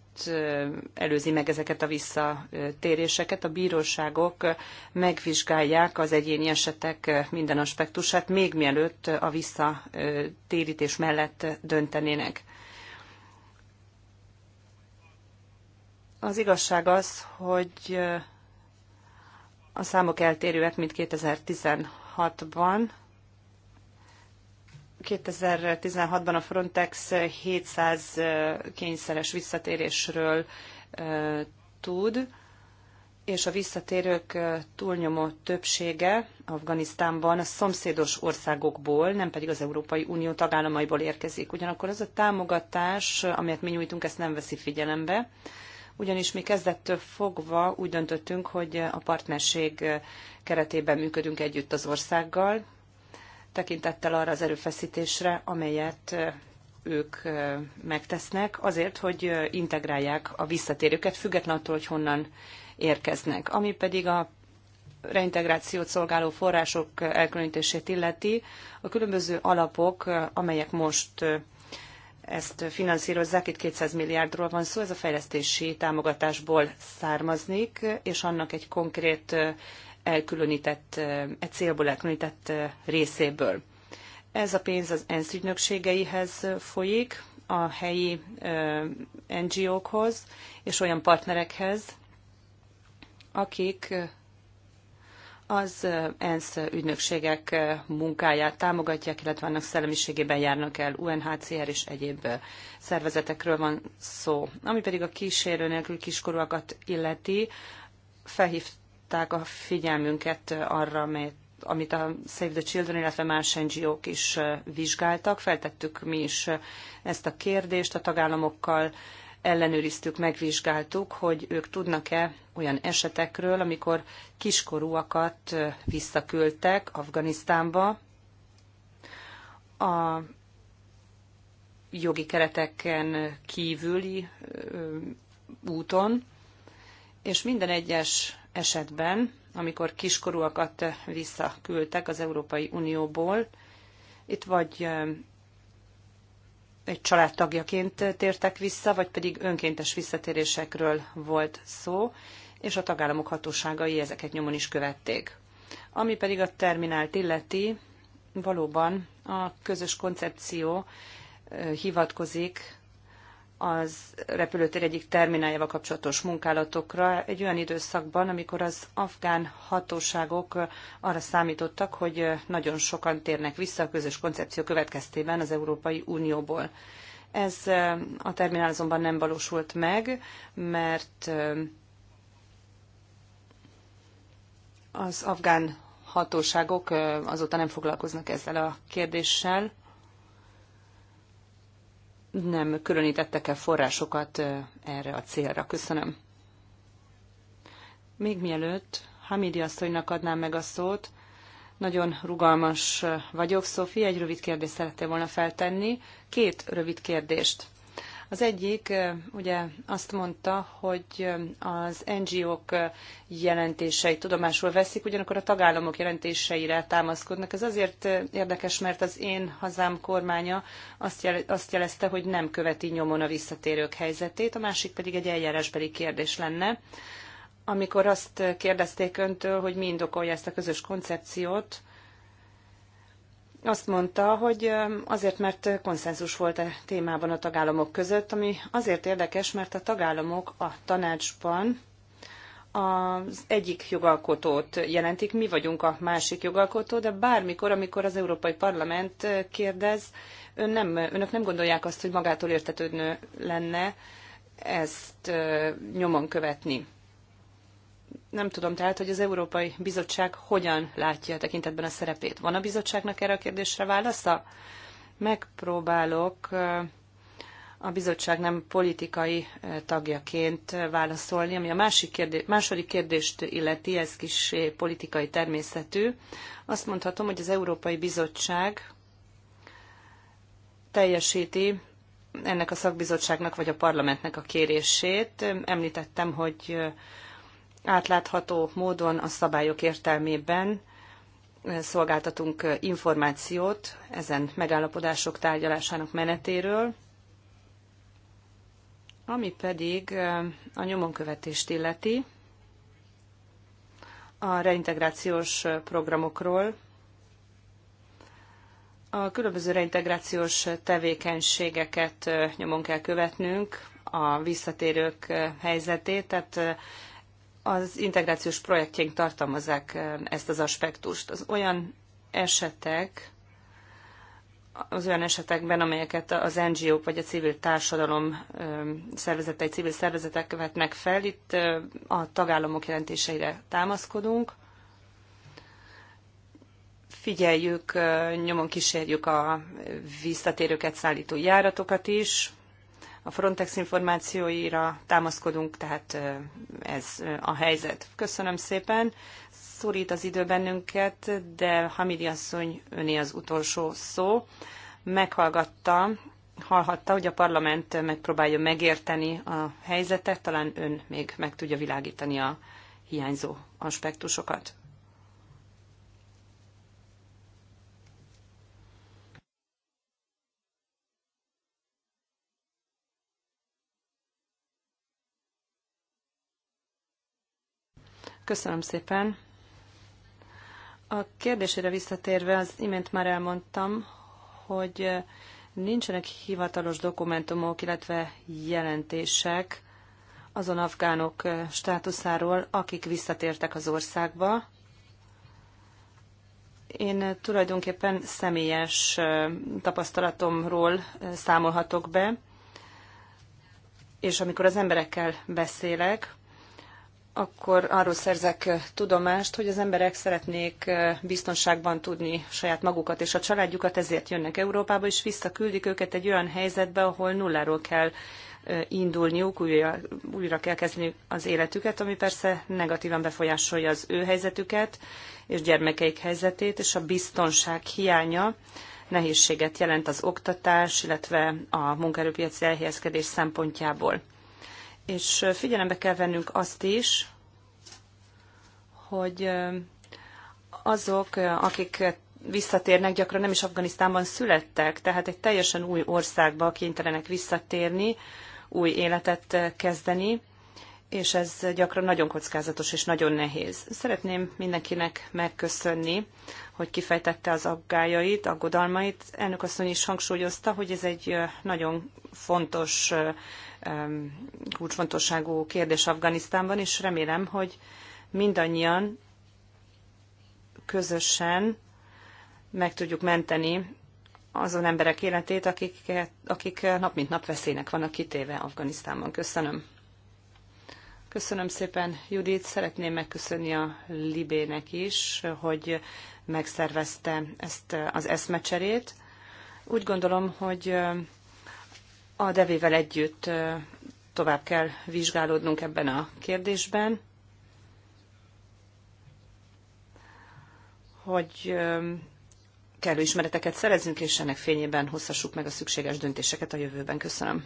előzi meg ezeket a visszatéréseket. A bíróságok megvizsgálják az egyéni esetek minden aspektusát, még mielőtt a visszatérítés mellett döntenének. Az igazság az, hogy a számok eltérőek, mint 2016-ban, 2016-ban a Frontex 700 kényszeres visszatérésről tud, és a visszatérők túlnyomó többsége Afganisztánban a szomszédos országokból, nem pedig az Európai Unió tagállamaiból érkezik. Ugyanakkor az a támogatás, amelyet mi nyújtunk, ezt nem veszi figyelembe, ugyanis mi kezdettől fogva úgy döntöttünk, hogy a partnerség keretében működünk együtt az országgal, tekintettel arra az erőfeszítésre, amelyet ők megtesznek azért, hogy integrálják a visszatérőket, független attól, hogy honnan érkeznek. Ami pedig a reintegrációt szolgáló források elkülönítését illeti, a különböző alapok, amelyek most ezt finanszírozzák, itt 200 milliárdról van szó, ez a fejlesztési támogatásból származik, és annak egy konkrét elkülönített, egy célból elkülönített részéből. Ez a pénz az ENSZ ügynökségeihez folyik, a helyi NGO-khoz és olyan partnerekhez, akik az ENSZ ügynökségek munkáját támogatják, illetve annak szellemiségében járnak el UNHCR és egyéb szervezetekről van szó. Ami pedig a kísérő nélkül kiskorúakat illeti, felhív, felhívták a figyelmünket arra, amit, amit a Save the Children, illetve más NGO-k is vizsgáltak. Feltettük mi is ezt a kérdést a tagállamokkal, ellenőriztük, megvizsgáltuk, hogy ők tudnak-e olyan esetekről, amikor kiskorúakat visszaküldtek Afganisztánba a jogi kereteken kívüli úton, és minden egyes esetben, amikor kiskorúakat visszaküldtek az Európai Unióból, itt vagy egy családtagjaként tértek vissza, vagy pedig önkéntes visszatérésekről volt szó, és a tagállamok hatóságai ezeket nyomon is követték. Ami pedig a terminált illeti, valóban a közös koncepció hivatkozik az repülőtér egyik termináljával kapcsolatos munkálatokra egy olyan időszakban, amikor az afgán hatóságok arra számítottak, hogy nagyon sokan térnek vissza a közös koncepció következtében az Európai Unióból. Ez a terminál azonban nem valósult meg, mert az afgán hatóságok azóta nem foglalkoznak ezzel a kérdéssel, nem különítettek e forrásokat erre a célra. Köszönöm. Még mielőtt Hamidi asszonynak adnám meg a szót, nagyon rugalmas vagyok, Szofi, egy rövid kérdést szerettél volna feltenni. Két rövid kérdést. Az egyik ugye azt mondta, hogy az NGO-k jelentéseit tudomásul veszik, ugyanakkor a tagállamok jelentéseire támaszkodnak. Ez azért érdekes, mert az én hazám kormánya azt, jel, azt jelezte, hogy nem követi nyomon a visszatérők helyzetét, a másik pedig egy eljárásbeli kérdés lenne. Amikor azt kérdezték öntől, hogy mi indokolja ezt a közös koncepciót, azt mondta, hogy azért, mert konszenzus volt a e témában a tagállamok között, ami azért érdekes, mert a tagállamok a tanácsban az egyik jogalkotót jelentik, mi vagyunk a másik jogalkotó, de bármikor, amikor az Európai Parlament kérdez, ön nem, önök nem gondolják azt, hogy magától értetődő lenne ezt nyomon követni. Nem tudom tehát, hogy az Európai Bizottság hogyan látja a tekintetben a szerepét. Van a bizottságnak erre a kérdésre válasza? Megpróbálok a bizottság nem politikai tagjaként válaszolni, ami a másik kérdés, második kérdést illeti, ez kis politikai természetű. Azt mondhatom, hogy az Európai Bizottság teljesíti ennek a szakbizottságnak vagy a parlamentnek a kérését. Említettem, hogy átlátható módon a szabályok értelmében szolgáltatunk információt ezen megállapodások tárgyalásának menetéről, ami pedig a nyomonkövetést illeti a reintegrációs programokról, a különböző reintegrációs tevékenységeket nyomon kell követnünk, a visszatérők helyzetét, tehát az integrációs projektjénk tartalmazzák ezt az aspektust. Az olyan esetek, az olyan esetekben, amelyeket az NGO-k vagy a civil társadalom szervezetei, civil szervezetek vetnek fel, itt a tagállamok jelentéseire támaszkodunk. Figyeljük, nyomon kísérjük a visszatérőket szállító járatokat is, a Frontex információira támaszkodunk, tehát ez a helyzet. Köszönöm szépen. Szorít az idő bennünket, de Hamidi asszony öné az utolsó szó. Meghallgatta, hallhatta, hogy a parlament megpróbálja megérteni a helyzetet, talán ön még meg tudja világítani a hiányzó aspektusokat. Köszönöm szépen. A kérdésére visszatérve az imént már elmondtam, hogy nincsenek hivatalos dokumentumok, illetve jelentések azon afgánok státuszáról, akik visszatértek az országba. Én tulajdonképpen személyes tapasztalatomról számolhatok be, és amikor az emberekkel beszélek, akkor arról szerzek tudomást, hogy az emberek szeretnék biztonságban tudni saját magukat és a családjukat, ezért jönnek Európába, és visszaküldik őket egy olyan helyzetbe, ahol nulláról kell indulniuk, újra, újra kell kezdeni az életüket, ami persze negatívan befolyásolja az ő helyzetüket és gyermekeik helyzetét, és a biztonság hiánya nehézséget jelent az oktatás, illetve a munkaerőpiaci elhelyezkedés szempontjából és figyelembe kell vennünk azt is, hogy azok, akik visszatérnek, gyakran nem is Afganisztánban születtek, tehát egy teljesen új országba kénytelenek visszatérni, új életet kezdeni, és ez gyakran nagyon kockázatos és nagyon nehéz. Szeretném mindenkinek megköszönni hogy kifejtette az aggájait, aggodalmait. Elnök asszony is hangsúlyozta, hogy ez egy nagyon fontos, kulcsfontosságú kérdés Afganisztánban, és remélem, hogy mindannyian közösen meg tudjuk menteni azon emberek életét, akik, akik nap mint nap veszélynek vannak kitéve Afganisztánban. Köszönöm. Köszönöm szépen, Judit. Szeretném megköszönni a Libének is, hogy megszervezte ezt az eszmecserét. Úgy gondolom, hogy a devével együtt tovább kell vizsgálódnunk ebben a kérdésben, hogy kellő ismereteket szerezünk, és ennek fényében hozhassuk meg a szükséges döntéseket a jövőben. Köszönöm.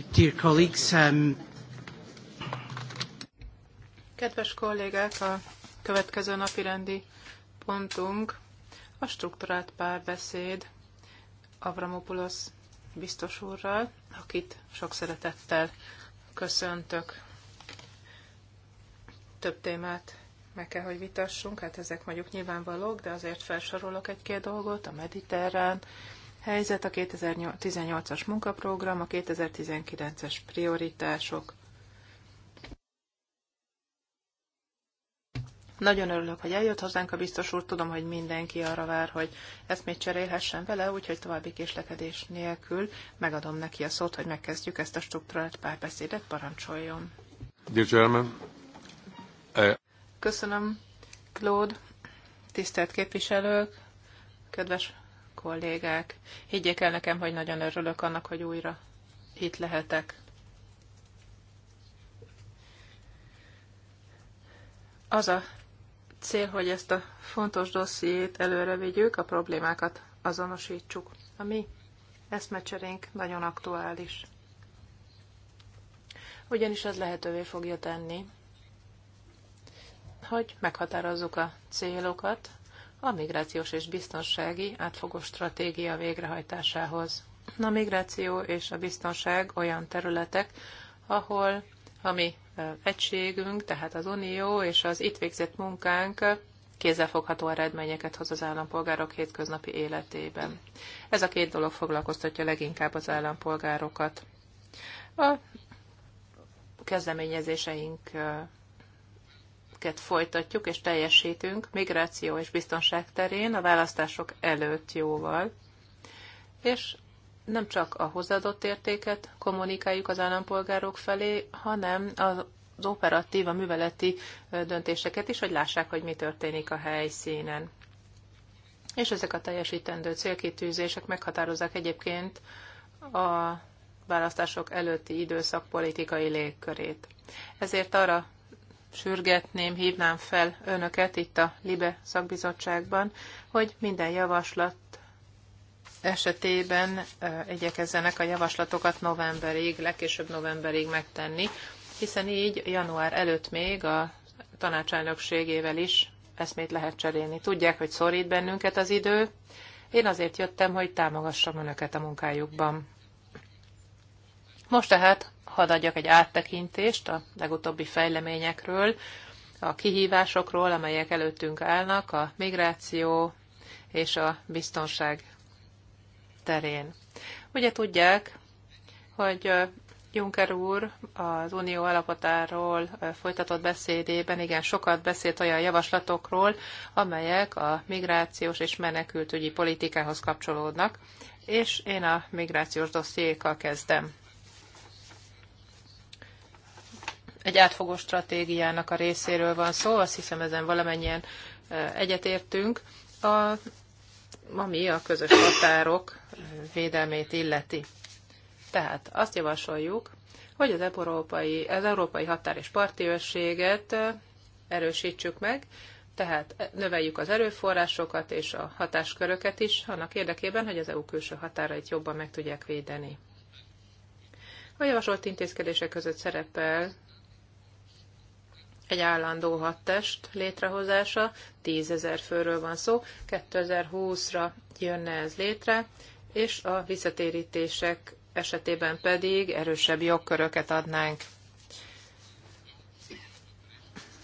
dear colleagues. Um... Kedves kollégák, a következő napirendi pontunk a strukturált párbeszéd Avramopoulos biztos úrral, akit sok szeretettel köszöntök. Több témát meg kell, hogy vitassunk, hát ezek mondjuk nyilvánvalók, de azért felsorolok egy-két dolgot, a mediterrán, helyzet, a 2018-as munkaprogram, a 2019-es prioritások. Nagyon örülök, hogy eljött hozzánk a biztos úr, tudom, hogy mindenki arra vár, hogy ezt még cserélhessen vele, úgyhogy további késlekedés nélkül megadom neki a szót, hogy megkezdjük ezt a struktúrált párbeszédet, parancsoljon. Dear eh, Köszönöm, Claude, tisztelt képviselők, kedves kollégák. Higgyék el nekem, hogy nagyon örülök annak, hogy újra itt lehetek. Az a cél, hogy ezt a fontos dossziét előre vigyük, a problémákat azonosítsuk. A mi eszmecserénk nagyon aktuális. Ugyanis ez lehetővé fogja tenni, hogy meghatározzuk a célokat, a migrációs és biztonsági átfogó stratégia végrehajtásához. A migráció és a biztonság olyan területek, ahol a mi egységünk, tehát az Unió és az itt végzett munkánk kézzelfogható eredményeket hoz az állampolgárok hétköznapi életében. Ez a két dolog foglalkoztatja leginkább az állampolgárokat. A kezdeményezéseink projekteket folytatjuk és teljesítünk migráció és biztonság terén a választások előtt jóval. És nem csak a hozzáadott értéket kommunikáljuk az állampolgárok felé, hanem az operatív, a műveleti döntéseket is, hogy lássák, hogy mi történik a helyszínen. És ezek a teljesítendő célkitűzések meghatározzák egyébként a választások előtti időszak politikai légkörét. Ezért arra sürgetném, hívnám fel önöket itt a LIBE szakbizottságban, hogy minden javaslat esetében igyekezzenek a javaslatokat novemberig, legkésőbb novemberig megtenni, hiszen így január előtt még a tanácselnökségével is eszmét lehet cserélni. Tudják, hogy szorít bennünket az idő. Én azért jöttem, hogy támogassam önöket a munkájukban. Most tehát hadd adjak egy áttekintést a legutóbbi fejleményekről, a kihívásokról, amelyek előttünk állnak, a migráció és a biztonság terén. Ugye tudják, hogy Juncker úr az Unió alapotáról folytatott beszédében igen sokat beszélt olyan javaslatokról, amelyek a migrációs és menekültügyi politikához kapcsolódnak, és én a migrációs dossziékkal kezdem. egy átfogó stratégiának a részéről van szó, azt hiszem ezen valamennyien egyetértünk, a, ami a közös határok védelmét illeti. Tehát azt javasoljuk, hogy az európai, az európai határ és parti őrséget erősítsük meg, tehát növeljük az erőforrásokat és a hatásköröket is, annak érdekében, hogy az EU külső határait jobban meg tudják védeni. A javasolt intézkedések között szerepel egy állandó hadtest létrehozása, 10 ezer főről van szó, 2020-ra jönne ez létre, és a visszatérítések esetében pedig erősebb jogköröket adnánk.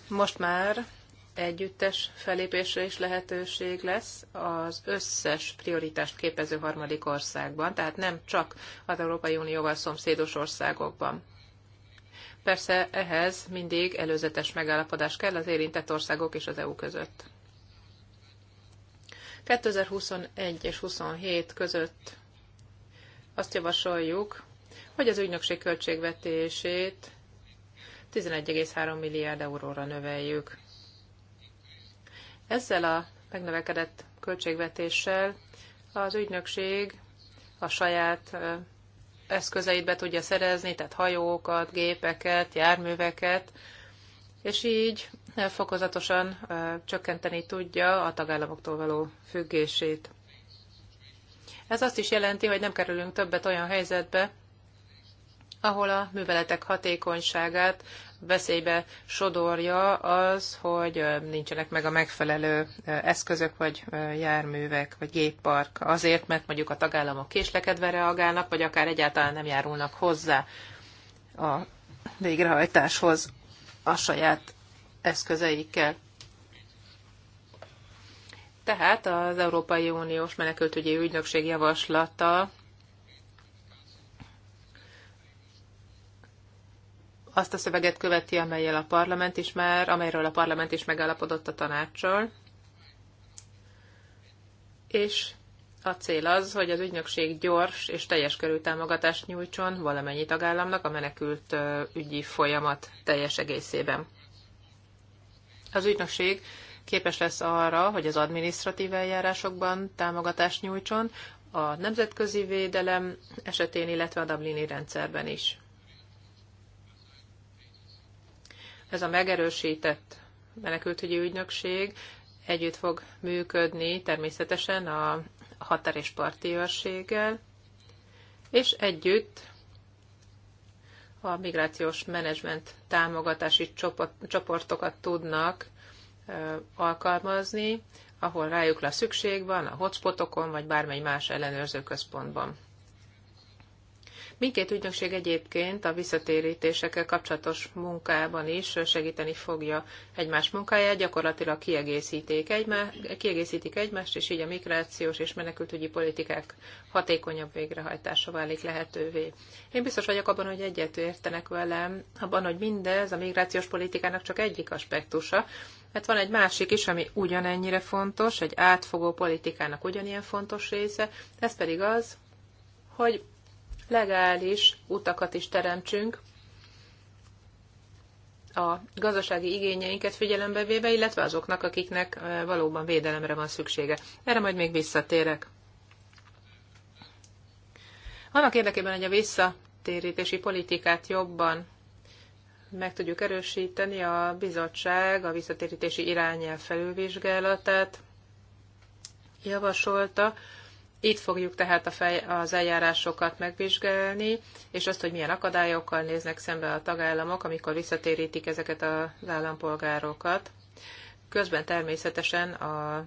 Most már együttes felépésre is lehetőség lesz az összes prioritást képező harmadik országban, tehát nem csak az Európai Unióval szomszédos országokban. Persze ehhez mindig előzetes megállapodás kell az érintett országok és az EU között. 2021 és 27 között azt javasoljuk, hogy az ügynökség költségvetését 11,3 milliárd euróra növeljük. Ezzel a megnövekedett költségvetéssel az ügynökség a saját eszközeit be tudja szerezni, tehát hajókat, gépeket, járműveket, és így fokozatosan csökkenteni tudja a tagállamoktól való függését. Ez azt is jelenti, hogy nem kerülünk többet olyan helyzetbe, ahol a műveletek hatékonyságát veszélybe sodorja az, hogy nincsenek meg a megfelelő eszközök, vagy járművek, vagy géppark azért, mert mondjuk a tagállamok késlekedve reagálnak, vagy akár egyáltalán nem járulnak hozzá a végrehajtáshoz a saját eszközeikkel. Tehát az Európai Uniós Menekültügyi Ügynökség javaslata azt a szöveget követi, amelyel a parlament is már, amelyről a parlament is megállapodott a tanácssal. És a cél az, hogy az ügynökség gyors és teljes körű támogatást nyújtson valamennyi tagállamnak a menekült ügyi folyamat teljes egészében. Az ügynökség képes lesz arra, hogy az adminisztratív eljárásokban támogatást nyújtson, a nemzetközi védelem esetén, illetve a Dublini rendszerben is. Ez a megerősített menekültügyi ügynökség együtt fog működni természetesen a határ és parti őrséggel, és együtt a migrációs menedzsment támogatási csoportokat tudnak alkalmazni, ahol rájuk lesz szükség van, a hotspotokon vagy bármely más ellenőrző központban. Mindkét ügynökség egyébként a visszatérítésekkel kapcsolatos munkában is segíteni fogja egymás munkáját, gyakorlatilag kiegészítik, egymást, kiegészítik egymást, és így a migrációs és menekültügyi politikák hatékonyabb végrehajtása válik lehetővé. Én biztos vagyok abban, hogy egyet értenek velem, abban, hogy mindez a migrációs politikának csak egyik aspektusa, mert hát van egy másik is, ami ugyanennyire fontos, egy átfogó politikának ugyanilyen fontos része, ez pedig az, hogy legális utakat is teremtsünk a gazdasági igényeinket figyelembe véve, illetve azoknak, akiknek valóban védelemre van szüksége. Erre majd még visszatérek. Annak érdekében, hogy a visszatérítési politikát jobban meg tudjuk erősíteni a bizottság a visszatérítési irányel felülvizsgálatát javasolta, itt fogjuk tehát a fej, az eljárásokat megvizsgálni, és azt, hogy milyen akadályokkal néznek szembe a tagállamok, amikor visszatérítik ezeket az állampolgárokat. Közben természetesen a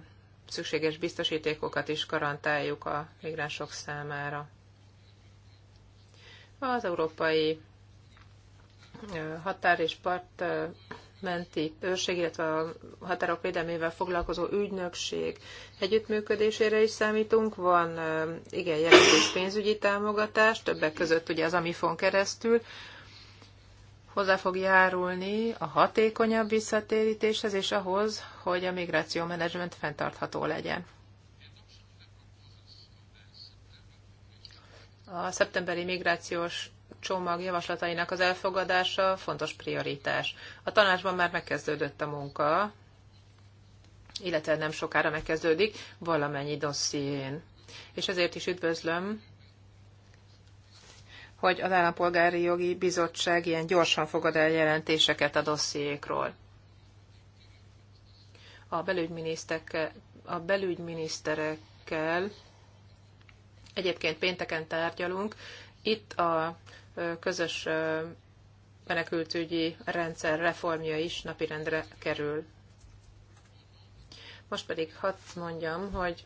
szükséges biztosítékokat is garantáljuk a migránsok számára. Az Európai Határ és Part menti őrség, illetve a határok védelmével foglalkozó ügynökség együttműködésére is számítunk. Van igen jelentős pénzügyi támogatás, többek között ugye az Amifon keresztül, hozzá fog járulni a hatékonyabb visszatérítéshez és ahhoz, hogy a migráció menedzsment fenntartható legyen. A szeptemberi migrációs csomag javaslatainak az elfogadása fontos prioritás. A tanácsban már megkezdődött a munka, illetve nem sokára megkezdődik valamennyi dosszién. És ezért is üdvözlöm, hogy az Állampolgári Jogi Bizottság ilyen gyorsan fogad el jelentéseket a dossziékról. A, a belügyminiszterekkel egyébként pénteken tárgyalunk. Itt a közös menekültügyi rendszer reformja is napirendre kerül. Most pedig hadd mondjam, hogy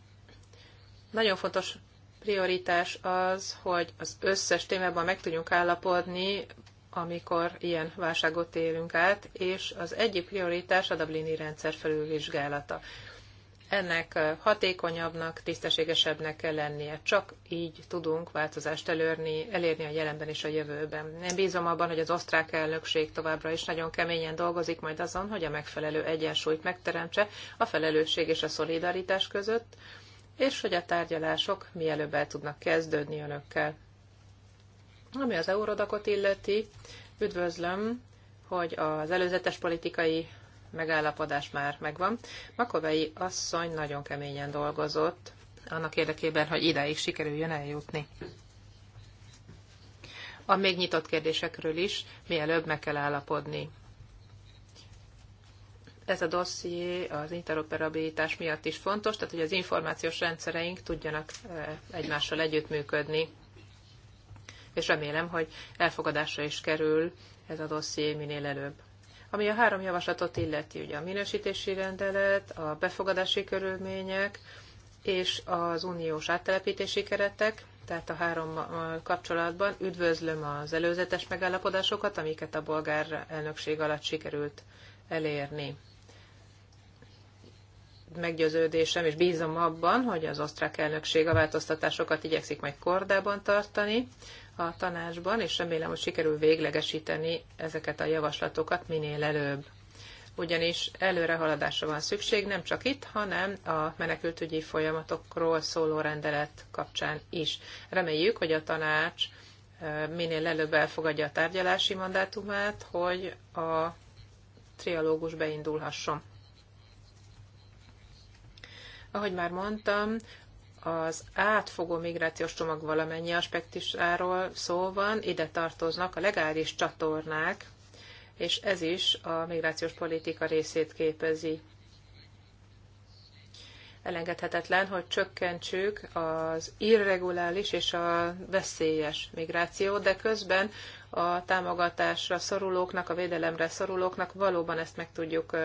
nagyon fontos prioritás az, hogy az összes témában meg tudjunk állapodni, amikor ilyen válságot élünk át, és az egyik prioritás a Dublini rendszer felülvizsgálata ennek hatékonyabbnak, tisztességesebbnek kell lennie. Csak így tudunk változást elérni, elérni a jelenben és a jövőben. Én bízom abban, hogy az osztrák elnökség továbbra is nagyon keményen dolgozik majd azon, hogy a megfelelő egyensúlyt megteremtse a felelősség és a szolidaritás között, és hogy a tárgyalások mielőbb el tudnak kezdődni önökkel. Ami az eurodakot illeti, üdvözlöm, hogy az előzetes politikai megállapodás már megvan. Makovei asszony nagyon keményen dolgozott annak érdekében, hogy ideig sikerüljön eljutni. A még nyitott kérdésekről is mielőbb meg kell állapodni. Ez a dosszié az interoperabilitás miatt is fontos, tehát hogy az információs rendszereink tudjanak eh, egymással együttműködni, és remélem, hogy elfogadásra is kerül ez a dosszié minél előbb. Ami a három javaslatot illeti, ugye a minősítési rendelet, a befogadási körülmények és az uniós áttelepítési keretek, tehát a három kapcsolatban üdvözlöm az előzetes megállapodásokat, amiket a bolgár elnökség alatt sikerült elérni. Meggyőződésem, és bízom abban, hogy az osztrák elnökség a változtatásokat igyekszik majd kordában tartani, a tanácsban, és remélem, hogy sikerül véglegesíteni ezeket a javaslatokat minél előbb. Ugyanis előrehaladásra van szükség nem csak itt, hanem a menekültügyi folyamatokról szóló rendelet kapcsán is. Reméljük, hogy a tanács minél előbb elfogadja a tárgyalási mandátumát, hogy a trialógus beindulhasson. Ahogy már mondtam, az átfogó migrációs csomag valamennyi aspektusáról szó van, ide tartoznak a legális csatornák, és ez is a migrációs politika részét képezi. Elengedhetetlen, hogy csökkentsük az irregulális és a veszélyes migrációt, de közben a támogatásra szorulóknak, a védelemre szorulóknak valóban ezt meg tudjuk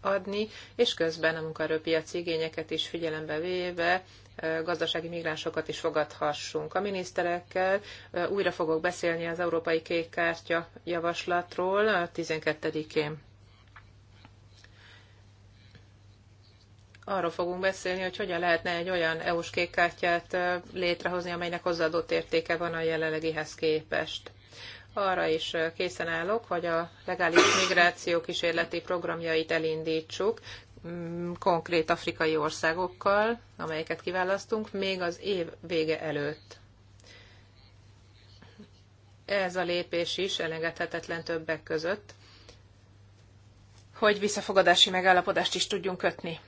adni, és közben a munkaerőpiaci igényeket is figyelembe véve gazdasági migránsokat is fogadhassunk. A miniszterekkel újra fogok beszélni az Európai Kék Kártya javaslatról 12-én. arról fogunk beszélni, hogy hogyan lehetne egy olyan EU-s kékkártyát létrehozni, amelynek hozzáadott értéke van a jelenlegihez képest. Arra is készen állok, hogy a legális migráció kísérleti programjait elindítsuk. Mm, konkrét afrikai országokkal, amelyeket kiválasztunk, még az év vége előtt. Ez a lépés is elengedhetetlen többek között, hogy visszafogadási megállapodást is tudjunk kötni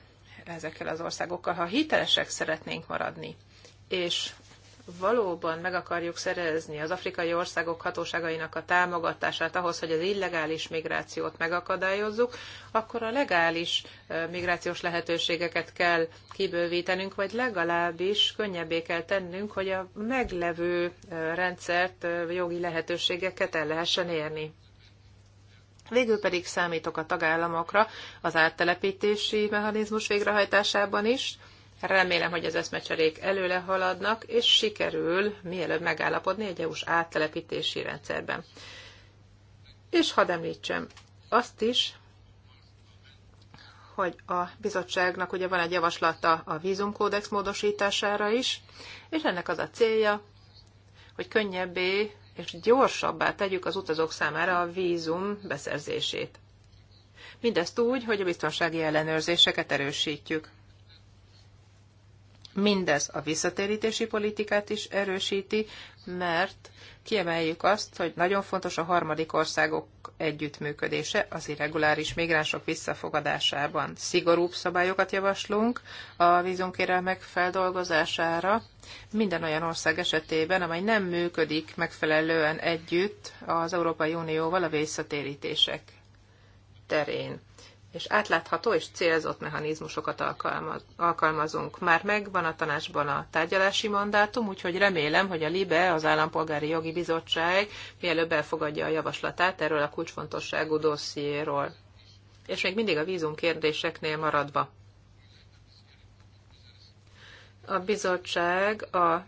ezekkel az országokkal. Ha hitelesek szeretnénk maradni, és valóban meg akarjuk szerezni az afrikai országok hatóságainak a támogatását ahhoz, hogy az illegális migrációt megakadályozzuk, akkor a legális migrációs lehetőségeket kell kibővítenünk, vagy legalábbis könnyebbé kell tennünk, hogy a meglevő rendszert, jogi lehetőségeket el lehessen érni. Végül pedig számítok a tagállamokra az áttelepítési mechanizmus végrehajtásában is, Remélem, hogy az eszmecserék előle haladnak, és sikerül mielőbb megállapodni egy EU-s áttelepítési rendszerben. És hadd említsem azt is, hogy a bizottságnak ugye van egy javaslata a vízumkódex módosítására is, és ennek az a célja, hogy könnyebbé és gyorsabbá tegyük az utazók számára a vízum beszerzését. Mindezt úgy, hogy a biztonsági ellenőrzéseket erősítjük. Mindez a visszatérítési politikát is erősíti, mert kiemeljük azt, hogy nagyon fontos a harmadik országok együttműködése az irreguláris migránsok visszafogadásában. Szigorúbb szabályokat javaslunk a vízunkérelmek feldolgozására minden olyan ország esetében, amely nem működik megfelelően együtt az Európai Unióval a visszatérítések terén és átlátható és célzott mechanizmusokat alkalmaz, alkalmazunk. Már megvan a tanácsban a tárgyalási mandátum, úgyhogy remélem, hogy a LIBE, az Állampolgári Jogi Bizottság mielőbb elfogadja a javaslatát erről a kulcsfontosságú dossziéról. És még mindig a vízum kérdéseknél maradva. A bizottság a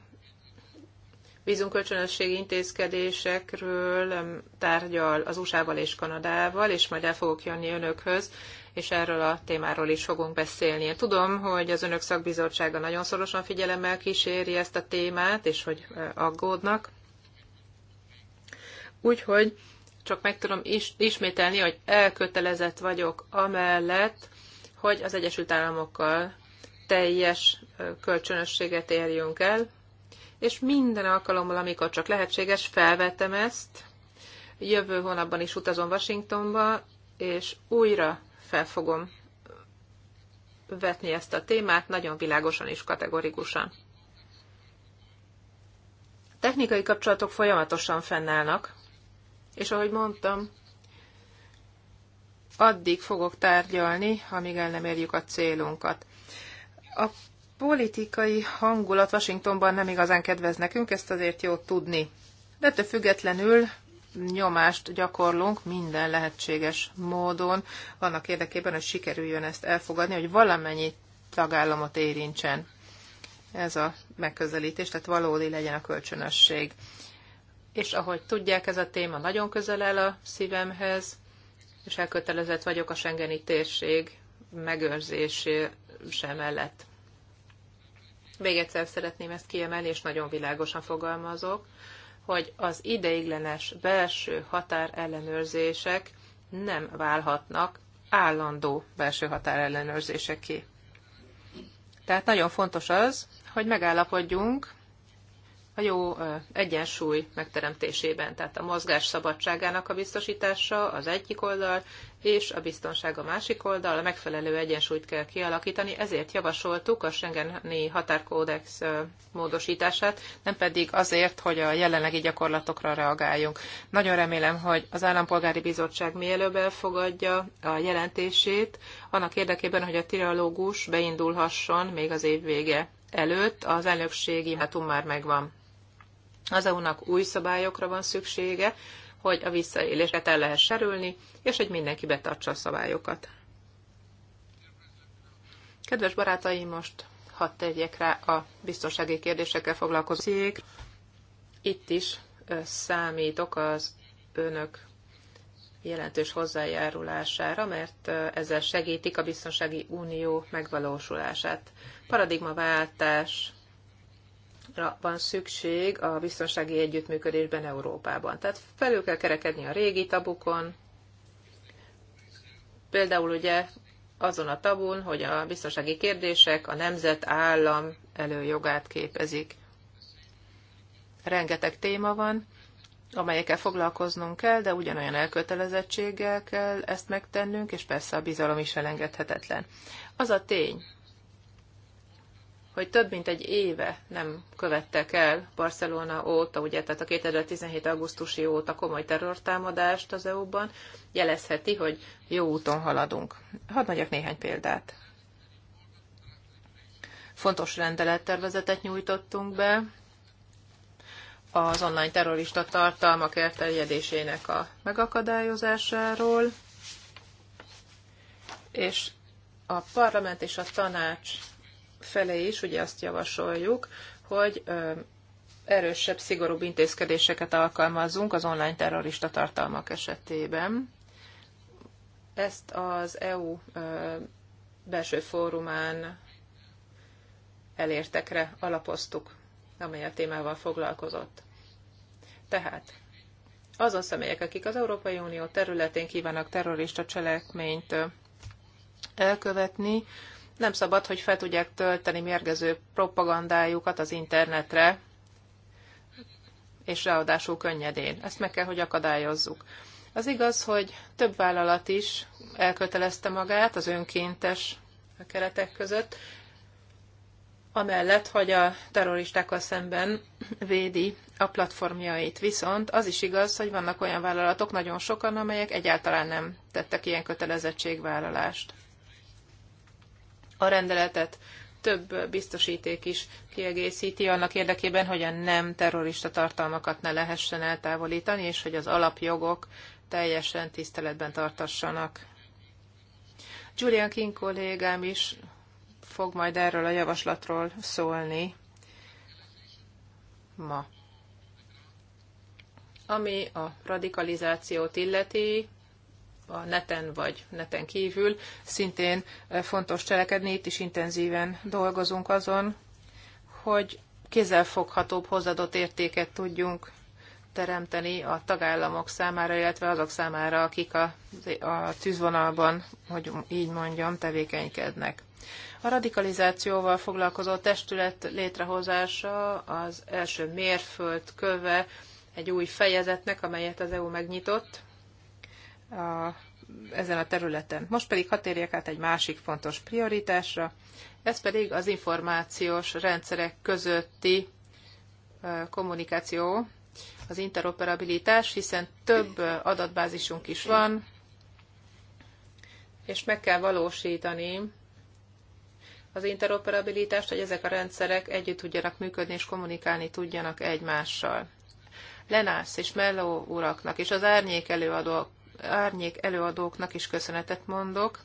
vízunkölcsönösségi intézkedésekről tárgyal az USA-val és Kanadával, és majd el fogok jönni önökhöz, és erről a témáról is fogunk beszélni. Én tudom, hogy az önök szakbizottsága nagyon szorosan figyelemmel kíséri ezt a témát, és hogy aggódnak. Úgyhogy csak meg tudom is, ismételni, hogy elkötelezett vagyok amellett, hogy az Egyesült Államokkal teljes kölcsönösséget érjünk el, és minden alkalommal, amikor csak lehetséges, felvettem ezt. Jövő hónapban is utazom Washingtonba, és újra fel fogom vetni ezt a témát, nagyon világosan és kategorikusan. Technikai kapcsolatok folyamatosan fennállnak, és ahogy mondtam, addig fogok tárgyalni, amíg el nem érjük a célunkat. A politikai hangulat Washingtonban nem igazán kedvez nekünk, ezt azért jó tudni. De ettől függetlenül nyomást gyakorlunk minden lehetséges módon annak érdekében, hogy sikerüljön ezt elfogadni, hogy valamennyi tagállamot érintsen ez a megközelítés, tehát valódi legyen a kölcsönösség. És ahogy tudják, ez a téma nagyon közel áll a szívemhez, és elkötelezett vagyok a Schengeni térség megőrzése mellett. Még egyszer szeretném ezt kiemelni, és nagyon világosan fogalmazok, hogy az ideiglenes belső határellenőrzések nem válhatnak állandó belső ellenőrzéseké. Tehát nagyon fontos az, hogy megállapodjunk a jó egyensúly megteremtésében, tehát a mozgás szabadságának a biztosítása az egyik oldal, és a biztonság a másik oldal, a megfelelő egyensúlyt kell kialakítani, ezért javasoltuk a Schengeni határkódex módosítását, nem pedig azért, hogy a jelenlegi gyakorlatokra reagáljunk. Nagyon remélem, hogy az Állampolgári Bizottság mielőbb elfogadja a jelentését, annak érdekében, hogy a tirológus beindulhasson még az év vége előtt, az elnökségi hátum már megvan az EU-nak új szabályokra van szüksége, hogy a visszaéléseket el lehet serülni, és hogy mindenki betartsa a szabályokat. Kedves barátaim, most hadd tegyek rá a biztonsági kérdésekkel foglalkozó cég. Itt is számítok az önök jelentős hozzájárulására, mert ezzel segítik a biztonsági unió megvalósulását. Paradigmaváltás reformra van szükség a biztonsági együttműködésben Európában. Tehát felül kell kerekedni a régi tabukon, például ugye azon a tabun, hogy a biztonsági kérdések a nemzet állam előjogát képezik. Rengeteg téma van, amelyekkel foglalkoznunk kell, de ugyanolyan elkötelezettséggel kell ezt megtennünk, és persze a bizalom is elengedhetetlen. Az a tény, hogy több mint egy éve nem követtek el Barcelona óta, ugye, tehát a 2017. augusztusi óta komoly terrortámadást az EU-ban, jelezheti, hogy jó úton haladunk. Hadd mondjak néhány példát. Fontos rendelettervezetet nyújtottunk be, az online terrorista tartalmak elterjedésének a megakadályozásáról, és a parlament és a tanács fele is ugye azt javasoljuk, hogy erősebb, szigorúbb intézkedéseket alkalmazzunk az online terrorista tartalmak esetében. Ezt az EU belső fórumán elértekre alapoztuk, amely a témával foglalkozott. Tehát azon személyek, akik az Európai Unió területén kívánnak terrorista cselekményt elkövetni, nem szabad, hogy fel tudják tölteni mérgező propagandájukat az internetre, és ráadásul könnyedén. Ezt meg kell, hogy akadályozzuk. Az igaz, hogy több vállalat is elkötelezte magát az önkéntes keretek között, amellett, hogy a terroristákkal szemben védi a platformjait. Viszont az is igaz, hogy vannak olyan vállalatok, nagyon sokan, amelyek egyáltalán nem tettek ilyen kötelezettségvállalást a rendeletet több biztosíték is kiegészíti annak érdekében, hogy a nem terrorista tartalmakat ne lehessen eltávolítani, és hogy az alapjogok teljesen tiszteletben tartassanak. Julian King kollégám is fog majd erről a javaslatról szólni ma. Ami a radikalizációt illeti, a neten vagy neten kívül, szintén fontos cselekedni, itt is intenzíven dolgozunk azon, hogy kézzelfoghatóbb hozadott értéket tudjunk teremteni a tagállamok számára, illetve azok számára, akik a, a tűzvonalban, hogy így mondjam, tevékenykednek. A radikalizációval foglalkozó testület létrehozása az első mérföldköve egy új fejezetnek, amelyet az EU megnyitott, a, ezen a területen. Most pedig hat térjek át egy másik fontos prioritásra, ez pedig az információs rendszerek közötti kommunikáció, az interoperabilitás, hiszen több adatbázisunk is van, és meg kell valósítani az interoperabilitást, hogy ezek a rendszerek együtt tudjanak működni és kommunikálni tudjanak egymással. Lenász és Melló uraknak és az árnyék előadók árnyék előadóknak is köszönetet mondok.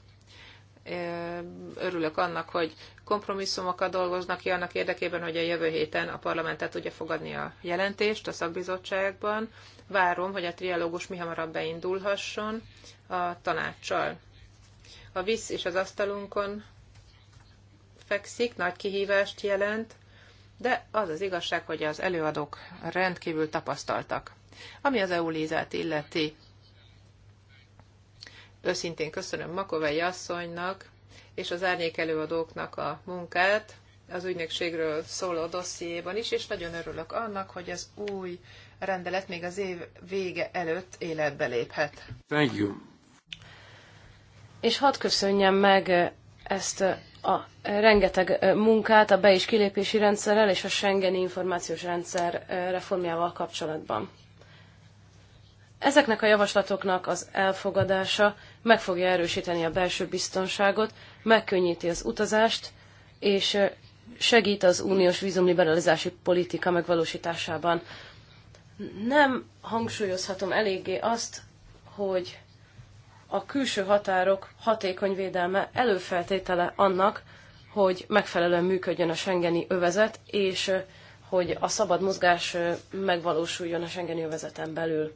Örülök annak, hogy kompromisszumokat dolgoznak ki annak érdekében, hogy a jövő héten a parlamentet tudja fogadni a jelentést a szakbizottságban. Várom, hogy a trialógus mi hamarabb beindulhasson a tanácssal. A visz és az asztalunkon fekszik, nagy kihívást jelent, de az az igazság, hogy az előadók rendkívül tapasztaltak. Ami az EULIZÁT illeti, Őszintén köszönöm Makovei asszonynak és az árnyék előadóknak a munkát az ügynökségről szóló dossziéban is, és nagyon örülök annak, hogy az új rendelet még az év vége előtt életbe léphet. Thank you. És hadd köszönjem meg ezt a rengeteg munkát a be- és kilépési rendszerrel és a Schengeni információs rendszer reformjával kapcsolatban. Ezeknek a javaslatoknak az elfogadása meg fogja erősíteni a belső biztonságot, megkönnyíti az utazást, és eh, segít az uniós vízumliberalizási politika megvalósításában. Nem hangsúlyozhatom eléggé azt, hogy a külső határok hatékony védelme előfeltétele annak, hogy megfelelően működjön a Schengeni övezet, és eh, hogy a szabad mozgás eh, megvalósuljon a Schengeni övezeten belül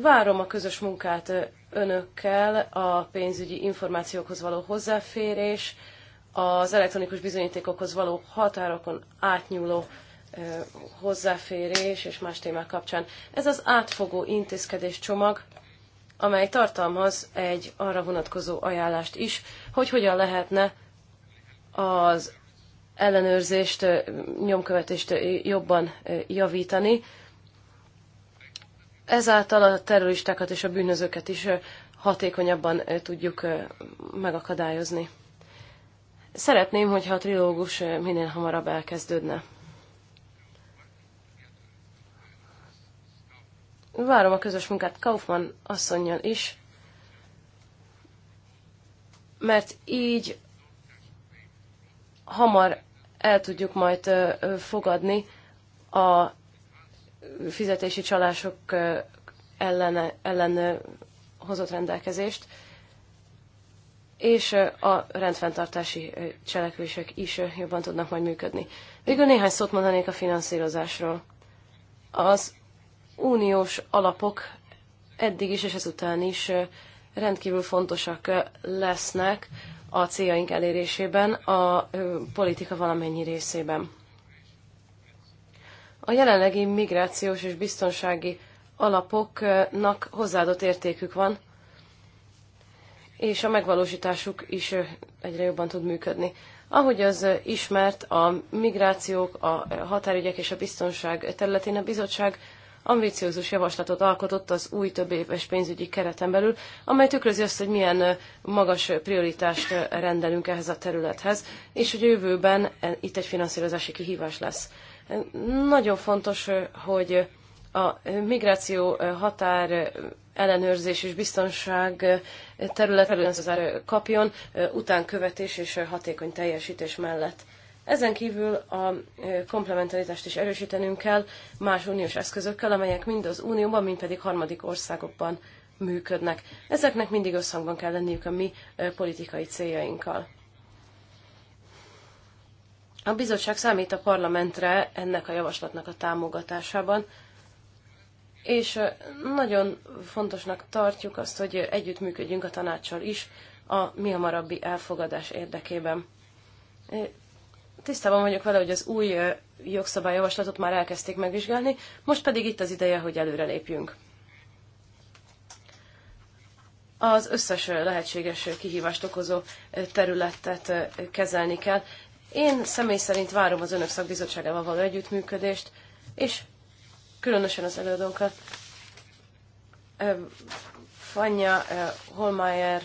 várom a közös munkát önökkel, a pénzügyi információkhoz való hozzáférés, az elektronikus bizonyítékokhoz való határokon átnyúló hozzáférés és más témák kapcsán. Ez az átfogó intézkedés csomag, amely tartalmaz egy arra vonatkozó ajánlást is, hogy hogyan lehetne az ellenőrzést, nyomkövetést jobban javítani, ezáltal a terroristákat és a bűnözőket is hatékonyabban tudjuk megakadályozni. Szeretném, hogyha a trilógus minél hamarabb elkezdődne. Várom a közös munkát Kaufmann asszonyjal is, mert így hamar el tudjuk majd fogadni a fizetési csalások ellen, ellen hozott rendelkezést, és a rendfenntartási cselekvések is jobban tudnak majd működni. Végül néhány szót mondanék a finanszírozásról. Az uniós alapok eddig is és ezután is rendkívül fontosak lesznek a céljaink elérésében, a politika valamennyi részében. A jelenlegi migrációs és biztonsági alapoknak hozzáadott értékük van, és a megvalósításuk is egyre jobban tud működni. Ahogy az ismert, a migrációk, a határügyek és a biztonság területén a bizottság ambiciózus javaslatot alkotott az új több éves pénzügyi kereten belül, amely tükrözi azt, hogy milyen magas prioritást rendelünk ehhez a területhez, és hogy a jövőben itt egy finanszírozási kihívás lesz. Nagyon fontos, hogy a migráció határ ellenőrzés és biztonság területen kapjon utánkövetés és hatékony teljesítés mellett. Ezen kívül a komplementaritást is erősítenünk kell más uniós eszközökkel, amelyek mind az unióban, mind pedig harmadik országokban működnek. Ezeknek mindig összhangban kell lenniük a mi eh, politikai céljainkkal. A bizottság számít a parlamentre ennek a javaslatnak a támogatásában, és nagyon fontosnak tartjuk azt, hogy együttműködjünk a tanácssal is a mi hamarabbi elfogadás érdekében. Tisztában vagyok vele, hogy az új jogszabályjavaslatot már elkezdték megvizsgálni, most pedig itt az ideje, hogy előrelépjünk. Az összes lehetséges kihívást okozó területet kezelni kell, én személy szerint várom az önök szakbizottságával való együttműködést, és különösen az előadónkat. Fanya, Holmeyer,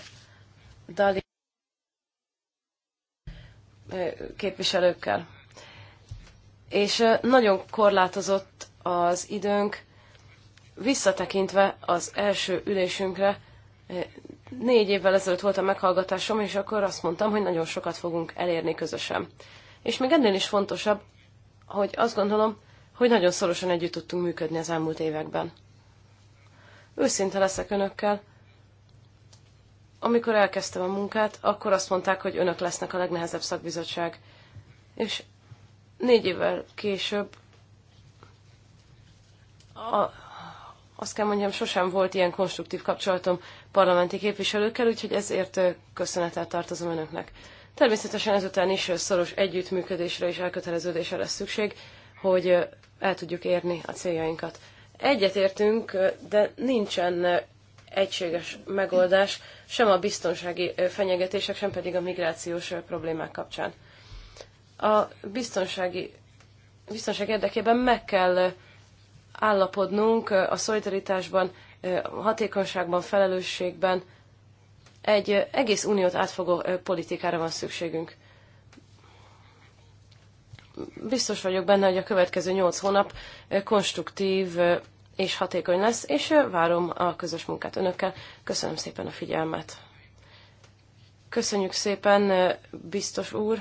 Dali képviselőkkel. És nagyon korlátozott az időnk, visszatekintve az első ülésünkre négy évvel ezelőtt volt a meghallgatásom, és akkor azt mondtam, hogy nagyon sokat fogunk elérni közösen. És még ennél is fontosabb, hogy azt gondolom, hogy nagyon szorosan együtt tudtunk működni az elmúlt években. Őszinte leszek önökkel. Amikor elkezdtem a munkát, akkor azt mondták, hogy önök lesznek a legnehezebb szakbizottság. És négy évvel később a, azt kell mondjam, sosem volt ilyen konstruktív kapcsolatom parlamenti képviselőkkel, úgyhogy ezért köszönettel tartozom önöknek. Természetesen ezután is szoros együttműködésre és elköteleződésre lesz szükség, hogy el tudjuk érni a céljainkat. Egyetértünk, de nincsen egységes megoldás sem a biztonsági fenyegetések, sem pedig a migrációs problémák kapcsán. A biztonsági, biztonság érdekében meg kell állapodnunk a szolidaritásban, hatékonyságban, felelősségben. Egy egész uniót átfogó politikára van szükségünk. Biztos vagyok benne, hogy a következő nyolc hónap konstruktív és hatékony lesz, és várom a közös munkát önökkel. Köszönöm szépen a figyelmet. Köszönjük szépen, biztos úr.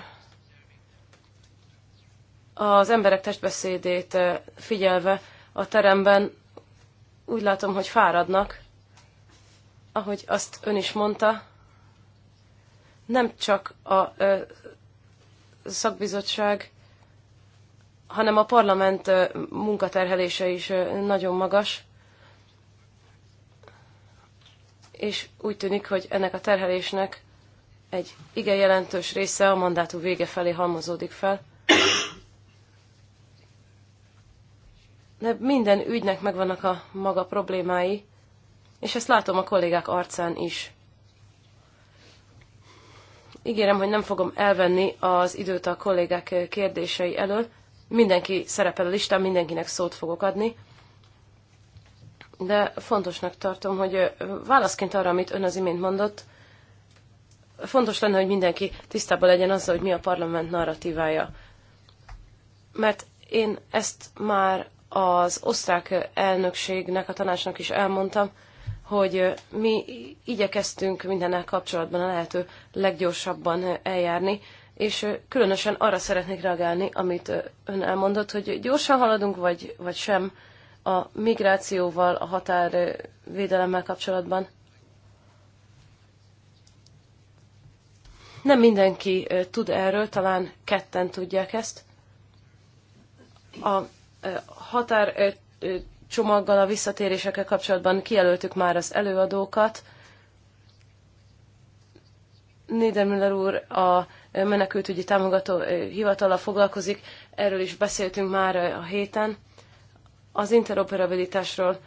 Az emberek testbeszédét figyelve a teremben úgy látom, hogy fáradnak. Ahogy azt ön is mondta, nem csak a ö, szakbizottság, hanem a parlament ö, munkaterhelése is ö, nagyon magas. És úgy tűnik, hogy ennek a terhelésnek egy igen jelentős része a mandátum vége felé halmozódik fel. de minden ügynek megvannak a maga problémái, és ezt látom a kollégák arcán is. Ígérem, hogy nem fogom elvenni az időt a kollégák kérdései elől. Mindenki szerepel a listán, mindenkinek szót fogok adni. De fontosnak tartom, hogy válaszként arra, amit ön az imént mondott, fontos lenne, hogy mindenki tisztában legyen azzal, hogy mi a parlament narratívája. Mert én ezt már az osztrák elnökségnek, a tanácsnak is elmondtam, hogy mi igyekeztünk mindennel kapcsolatban a lehető leggyorsabban eljárni, és különösen arra szeretnék reagálni, amit ön elmondott, hogy gyorsan haladunk, vagy, vagy sem a migrációval, a határvédelemmel kapcsolatban. Nem mindenki eh, tud erről, talán ketten tudják ezt. A határ csomaggal a visszatérésekkel kapcsolatban kijelöltük már az előadókat. Niedermüller úr a menekültügyi támogató hivatala foglalkozik, erről is beszéltünk már a héten. Az interoperabilitásról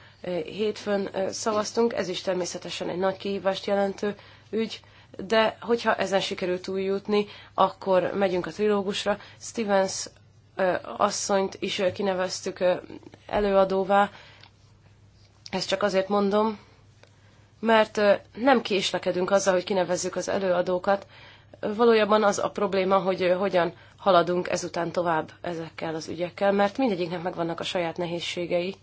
hétfőn szavaztunk, ez is természetesen egy nagy kihívást jelentő ügy, de hogyha ezen sikerült túljutni, akkor megyünk a trilógusra. Stevens asszonyt is kineveztük előadóvá. Ezt csak azért mondom, mert nem késlekedünk azzal, hogy kinevezzük az előadókat. Valójában az a probléma, hogy hogyan haladunk ezután tovább ezekkel az ügyekkel, mert mindegyiknek megvannak a saját nehézségei.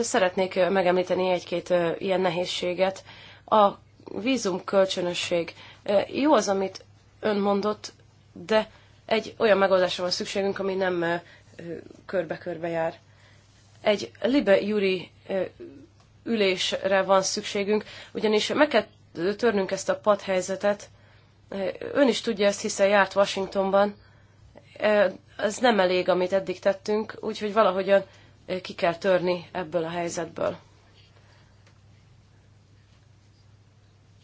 Szeretnék megemlíteni egy-két ilyen nehézséget. A vízum kölcsönösség. Jó az, amit ön mondott, de egy olyan megoldásra van szükségünk, ami nem körbe-körbe jár. Egy libe Juri ülésre van szükségünk, ugyanis meg kell törnünk ezt a padhelyzetet. Ön is tudja ezt, hiszen járt Washingtonban. Ez nem elég, amit eddig tettünk, úgyhogy valahogyan ki kell törni ebből a helyzetből.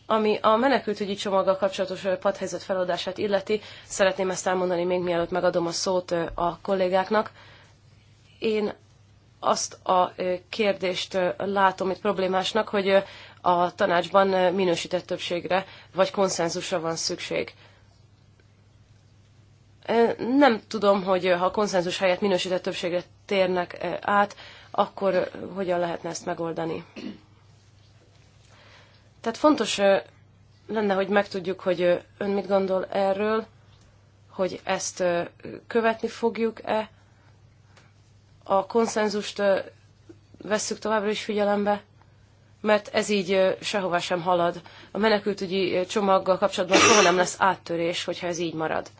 Ami a menekültügyi csomaggal kapcsolatos padhelyzet feladását illeti, szeretném ezt elmondani még mielőtt megadom a szót a kollégáknak. Én azt a kérdést látom itt problémásnak, hogy a tanácsban minősített többségre vagy konszenzusra van szükség. Nem tudom, hogy ha a konszenzus helyett minősített többségre térnek át, akkor hogyan lehetne ezt megoldani. Tehát fontos lenne, hogy megtudjuk, hogy ön mit gondol erről, hogy ezt követni fogjuk-e, a konszenzust vesszük továbbra is figyelembe, mert ez így sehová sem halad. A menekültügyi csomaggal kapcsolatban soha nem lesz áttörés, hogyha ez így marad.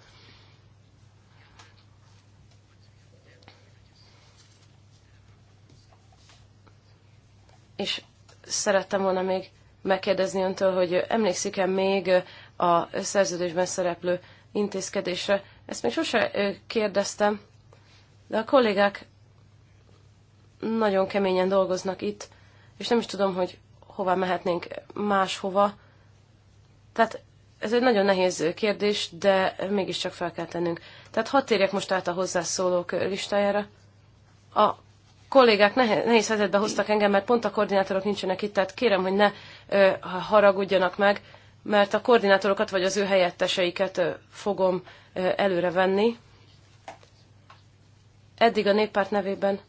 És szerettem volna még megkérdezni öntől, hogy emlékszik-e még a szerződésben szereplő intézkedésre. Ezt még sose kérdeztem, de a kollégák nagyon keményen dolgoznak itt, és nem is tudom, hogy hova mehetnénk máshova. Tehát ez egy nagyon nehéz kérdés, de mégiscsak fel kell tennünk. Tehát hadd térjek most át a hozzászólók listájára. A kollégák nehéz helyzetbe hoztak engem, mert pont a koordinátorok nincsenek itt, tehát kérem, hogy ne haragudjanak meg, mert a koordinátorokat vagy az ő helyetteseiket fogom előrevenni. Eddig a néppárt nevében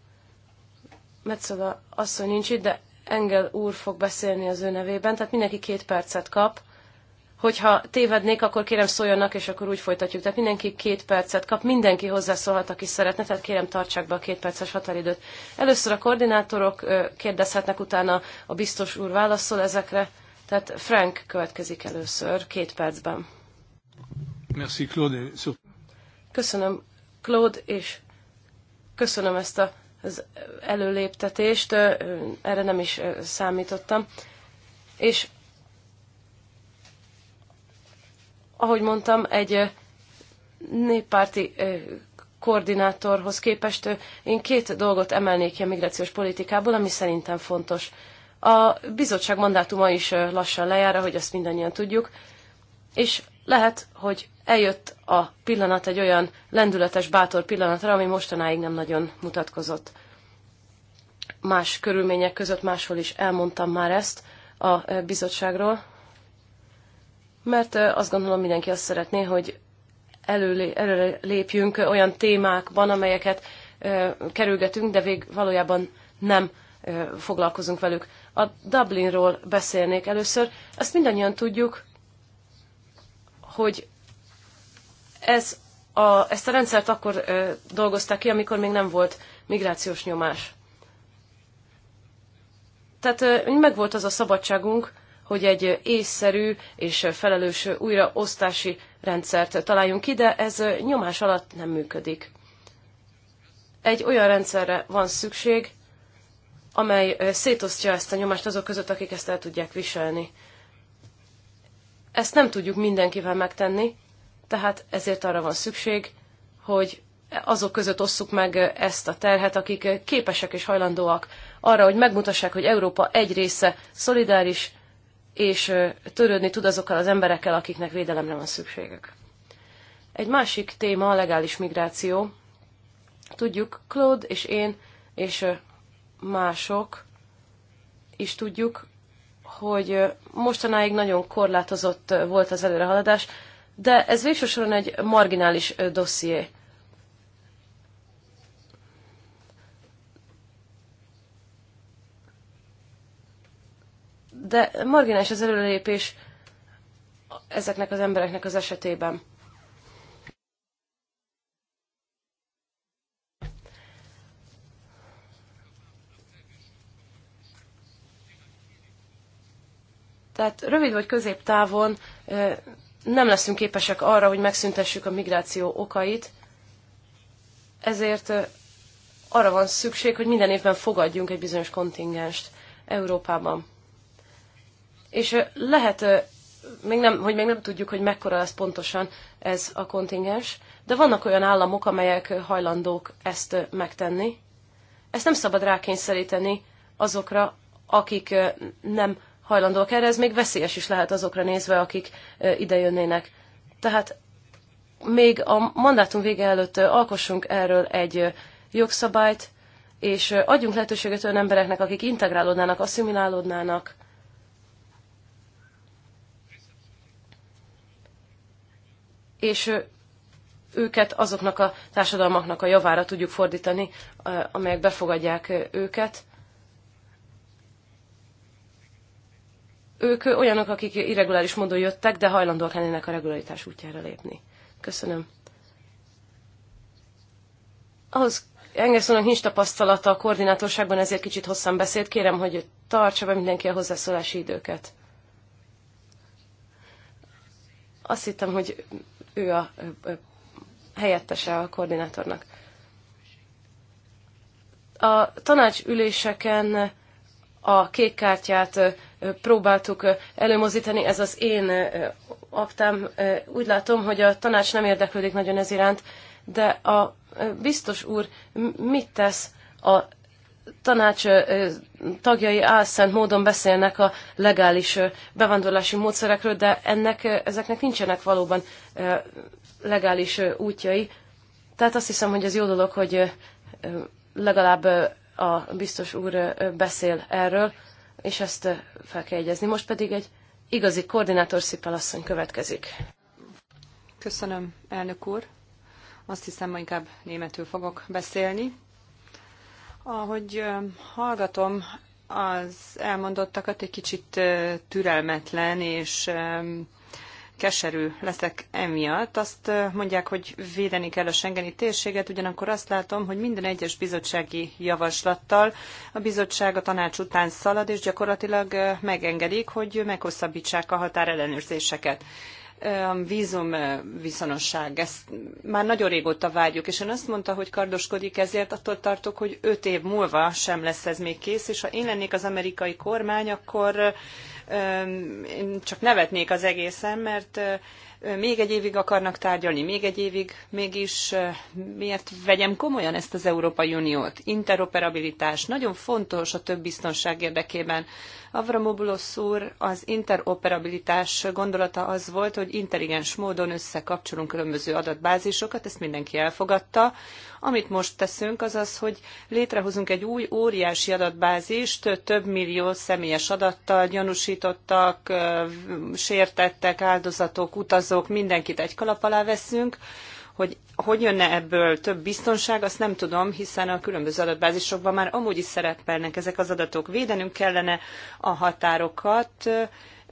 Metzola asszony nincs itt, de Engel úr fog beszélni az ő nevében, tehát mindenki két percet kap. Hogyha tévednék, akkor kérem szóljanak, és akkor úgy folytatjuk. Tehát mindenki két percet kap, mindenki hozzászólhat, aki szeretne, tehát kérem tartsák be a két perces határidőt. Először a koordinátorok kérdezhetnek, utána a biztos úr válaszol ezekre. Tehát Frank következik először, két percben. Merci, Claude. Köszönöm, Claude, és köszönöm ezt a, az előléptetést, erre nem is számítottam. És ahogy mondtam, egy néppárti koordinátorhoz képest én két dolgot emelnék ki a migrációs politikából, ami szerintem fontos. A bizottság mandátuma is lassan lejár, hogy azt mindannyian tudjuk, és lehet, hogy eljött a pillanat egy olyan lendületes, bátor pillanatra, ami mostanáig nem nagyon mutatkozott. Más körülmények között máshol is elmondtam már ezt a bizottságról, mert azt gondolom mindenki azt szeretné, hogy előre lépjünk olyan témákban, amelyeket kerülgetünk, de vég valójában nem foglalkozunk velük. A Dublinról beszélnék először. Ezt mindannyian tudjuk, hogy ez a, ezt a rendszert akkor dolgozták ki, amikor még nem volt migrációs nyomás. Tehát megvolt az a szabadságunk, hogy egy észszerű és felelős újraosztási rendszert találjunk ki, de ez nyomás alatt nem működik. Egy olyan rendszerre van szükség, amely szétosztja ezt a nyomást azok között, akik ezt el tudják viselni. Ezt nem tudjuk mindenkivel megtenni, tehát ezért arra van szükség, hogy azok között osszuk meg ezt a terhet, akik képesek és hajlandóak arra, hogy megmutassák, hogy Európa egy része szolidáris, és törődni tud azokkal az emberekkel, akiknek védelemre van szükségük. Egy másik téma a legális migráció. Tudjuk, Claude és én és mások is tudjuk, hogy mostanáig nagyon korlátozott volt az előrehaladás, de ez végsősorban soron egy marginális dosszié. de marginális az előlépés ezeknek az embereknek az esetében. Tehát rövid vagy középtávon nem leszünk képesek arra, hogy megszüntessük a migráció okait, ezért arra van szükség, hogy minden évben fogadjunk egy bizonyos kontingenst Európában és lehet, még nem, hogy még nem tudjuk, hogy mekkora lesz pontosan ez a kontingens, de vannak olyan államok, amelyek hajlandók ezt megtenni. Ezt nem szabad rákényszeríteni azokra, akik nem hajlandók erre, ez még veszélyes is lehet azokra nézve, akik idejönnének. Tehát még a mandátum vége előtt alkossunk erről egy jogszabályt, és adjunk lehetőséget olyan embereknek, akik integrálódnának, asszimilálódnának, és őket azoknak a társadalmaknak a javára tudjuk fordítani, amelyek befogadják őket. Ők olyanok, akik irreguláris módon jöttek, de hajlandóak lennének a regularitás útjára lépni. Köszönöm. Ahhoz Engelszónak nincs tapasztalata a koordinátorságban, ezért kicsit hosszan beszélt. Kérem, hogy tartsa be mindenki a hozzászólási időket. Azt hittem, hogy ő a helyettese a koordinátornak. A tanácsüléseken a kék kártyát próbáltuk előmozdítani, ez az én aktám. Úgy látom, hogy a tanács nem érdeklődik nagyon ez iránt, de a biztos úr mit tesz a tanács tagjai álszent módon beszélnek a legális bevándorlási módszerekről, de ennek, ezeknek nincsenek valóban legális útjai. Tehát azt hiszem, hogy ez jó dolog, hogy legalább a biztos úr beszél erről, és ezt fel kell jegyezni. Most pedig egy igazi koordinátor asszony következik. Köszönöm, elnök úr. Azt hiszem, hogy inkább németül fogok beszélni. Ahogy hallgatom az elmondottakat, egy kicsit türelmetlen és keserű leszek emiatt. Azt mondják, hogy védeni kell a Schengeni térséget, ugyanakkor azt látom, hogy minden egyes bizottsági javaslattal a bizottság a tanács után szalad, és gyakorlatilag megengedik, hogy meghosszabbítsák a határellenőrzéseket vízum viszonosság, ezt már nagyon régóta várjuk, és ön azt mondta, hogy kardoskodik ezért, attól tartok, hogy öt év múlva sem lesz ez még kész, és ha én lennék az amerikai kormány, akkor én csak nevetnék az egészen, mert még egy évig akarnak tárgyalni, még egy évig, mégis miért vegyem komolyan ezt az Európai Uniót? Interoperabilitás nagyon fontos a több biztonság érdekében. Avramobulos úr, az interoperabilitás gondolata az volt, hogy intelligens módon összekapcsolunk különböző adatbázisokat, ezt mindenki elfogadta. Amit most teszünk, az az, hogy létrehozunk egy új óriási adatbázist, több millió személyes adattal, gyanúsítottak, sértettek, áldozatok, utazók, mindenkit egy kalap alá veszünk, hogy hogy jönne ebből több biztonság, azt nem tudom, hiszen a különböző adatbázisokban már amúgy is szerepelnek ezek az adatok. Védenünk kellene a határokat,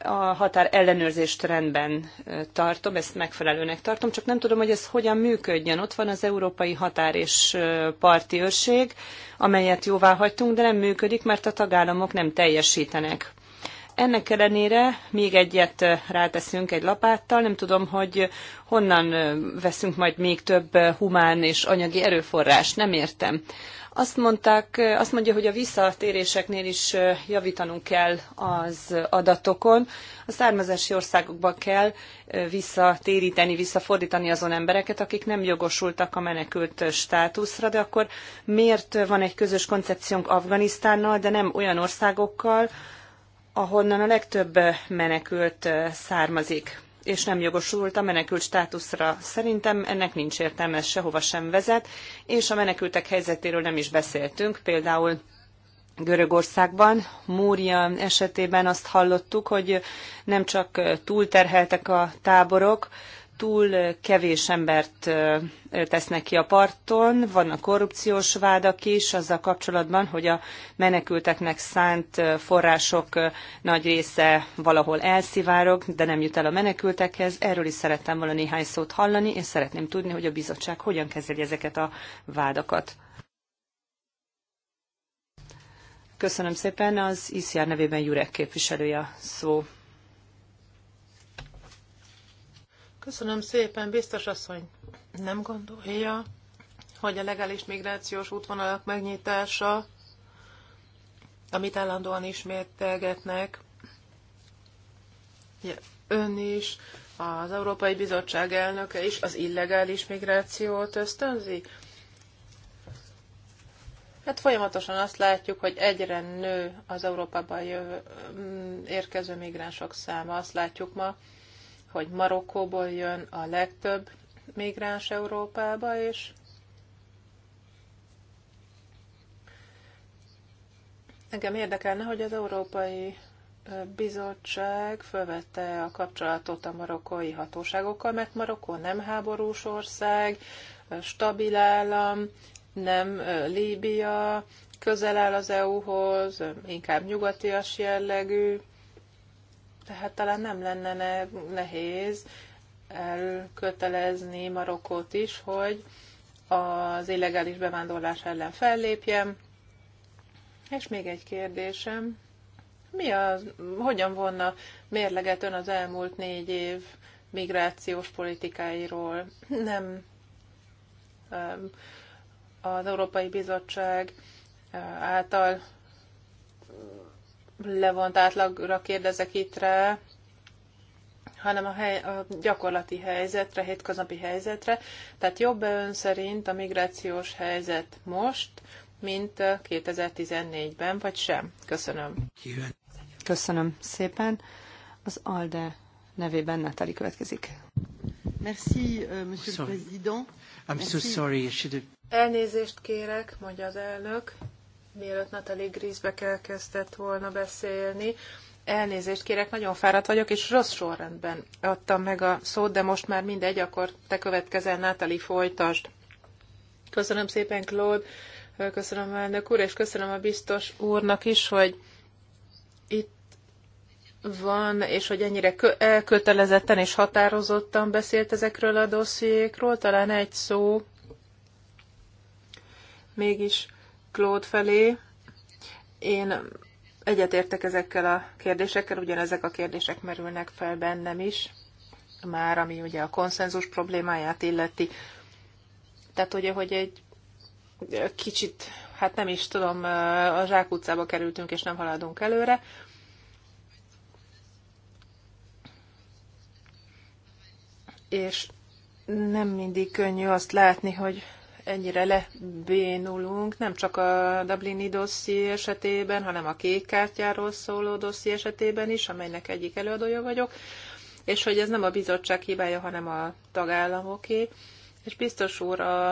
a határ ellenőrzést rendben tartom, ezt megfelelőnek tartom, csak nem tudom, hogy ez hogyan működjön. Ott van az Európai Határ és Parti Őrség, amelyet jóvá hagytunk, de nem működik, mert a tagállamok nem teljesítenek. Ennek ellenére még egyet ráteszünk egy lapáttal, nem tudom, hogy honnan veszünk majd még több humán és anyagi erőforrás, nem értem. Azt, mondták, azt mondja, hogy a visszatéréseknél is javítanunk kell az adatokon. A származási országokba kell visszatéríteni, visszafordítani azon embereket, akik nem jogosultak a menekült státuszra, de akkor miért van egy közös koncepciónk Afganisztánnal, de nem olyan országokkal, ahonnan a legtöbb menekült származik? és nem jogosult a menekült státuszra. Szerintem ennek nincs értelme, ez sehova sem vezet, és a menekültek helyzetéről nem is beszéltünk, például Görögországban. Múria esetében azt hallottuk, hogy nem csak túlterheltek a táborok, túl kevés embert tesznek ki a parton, vannak korrupciós vádak is azzal kapcsolatban, hogy a menekülteknek szánt források nagy része valahol elszivárog, de nem jut el a menekültekhez. Erről is szerettem volna néhány szót hallani, és szeretném tudni, hogy a bizottság hogyan kezeli ezeket a vádakat. Köszönöm szépen, az ICR nevében Jurek képviselője szó. Köszönöm szépen, biztos asszony. Nem gondolja, hogy a legális migrációs útvonalak megnyitása, amit állandóan ismételgetnek, ön is, az Európai Bizottság elnöke is az illegális migrációt ösztönzi? Hát folyamatosan azt látjuk, hogy egyre nő az Európában mm, érkező migránsok száma. Azt látjuk ma, hogy Marokkóból jön a legtöbb migráns Európába, és engem érdekelne, hogy az Európai Bizottság fölvette a kapcsolatot a marokkói hatóságokkal, mert Marokkó nem háborús ország, stabil állam, nem Líbia, közel áll az EU-hoz, inkább nyugatias jellegű tehát talán nem lenne nehéz elkötelezni Marokkót is, hogy az illegális bevándorlás ellen fellépjem. És még egy kérdésem. Mi az, hogyan vonna mérleget ön az elmúlt négy év migrációs politikáiról? Nem az Európai Bizottság által levont átlagra kérdezek itt rá, hanem a, hely, a gyakorlati helyzetre, hétköznapi helyzetre. Tehát jobb -e ön szerint a migrációs helyzet most, mint 2014-ben, vagy sem? Köszönöm. Köszönöm szépen. Az ALDE nevében Natali következik. Merci, uh, Monsieur sorry. le Président. I'm Merci. so sorry, Elnézést kérek, mondja az elnök mielőtt Natalie kell kezdett volna beszélni. Elnézést kérek, nagyon fáradt vagyok, és rossz sorrendben adtam meg a szót, de most már mindegy, akkor te következel, Natalie, folytasd. Köszönöm szépen, Claude, köszönöm elnök úr, és köszönöm a biztos úrnak is, hogy itt van, és hogy ennyire elkötelezetten és határozottan beszélt ezekről a dossziékról, talán egy szó mégis Claude felé. Én egyetértek ezekkel a kérdésekkel, ugyanezek a kérdések merülnek fel bennem is, már ami ugye a konszenzus problémáját illeti. Tehát ugye, hogy egy kicsit, hát nem is tudom, a zsákutcába kerültünk, és nem haladunk előre. És nem mindig könnyű azt látni, hogy ennyire lebénulunk, nem csak a Dublini dosszié esetében, hanem a kék kártyáról szóló dosszié esetében is, amelynek egyik előadója vagyok, és hogy ez nem a bizottság hibája, hanem a tagállamoké. És biztos úr, a,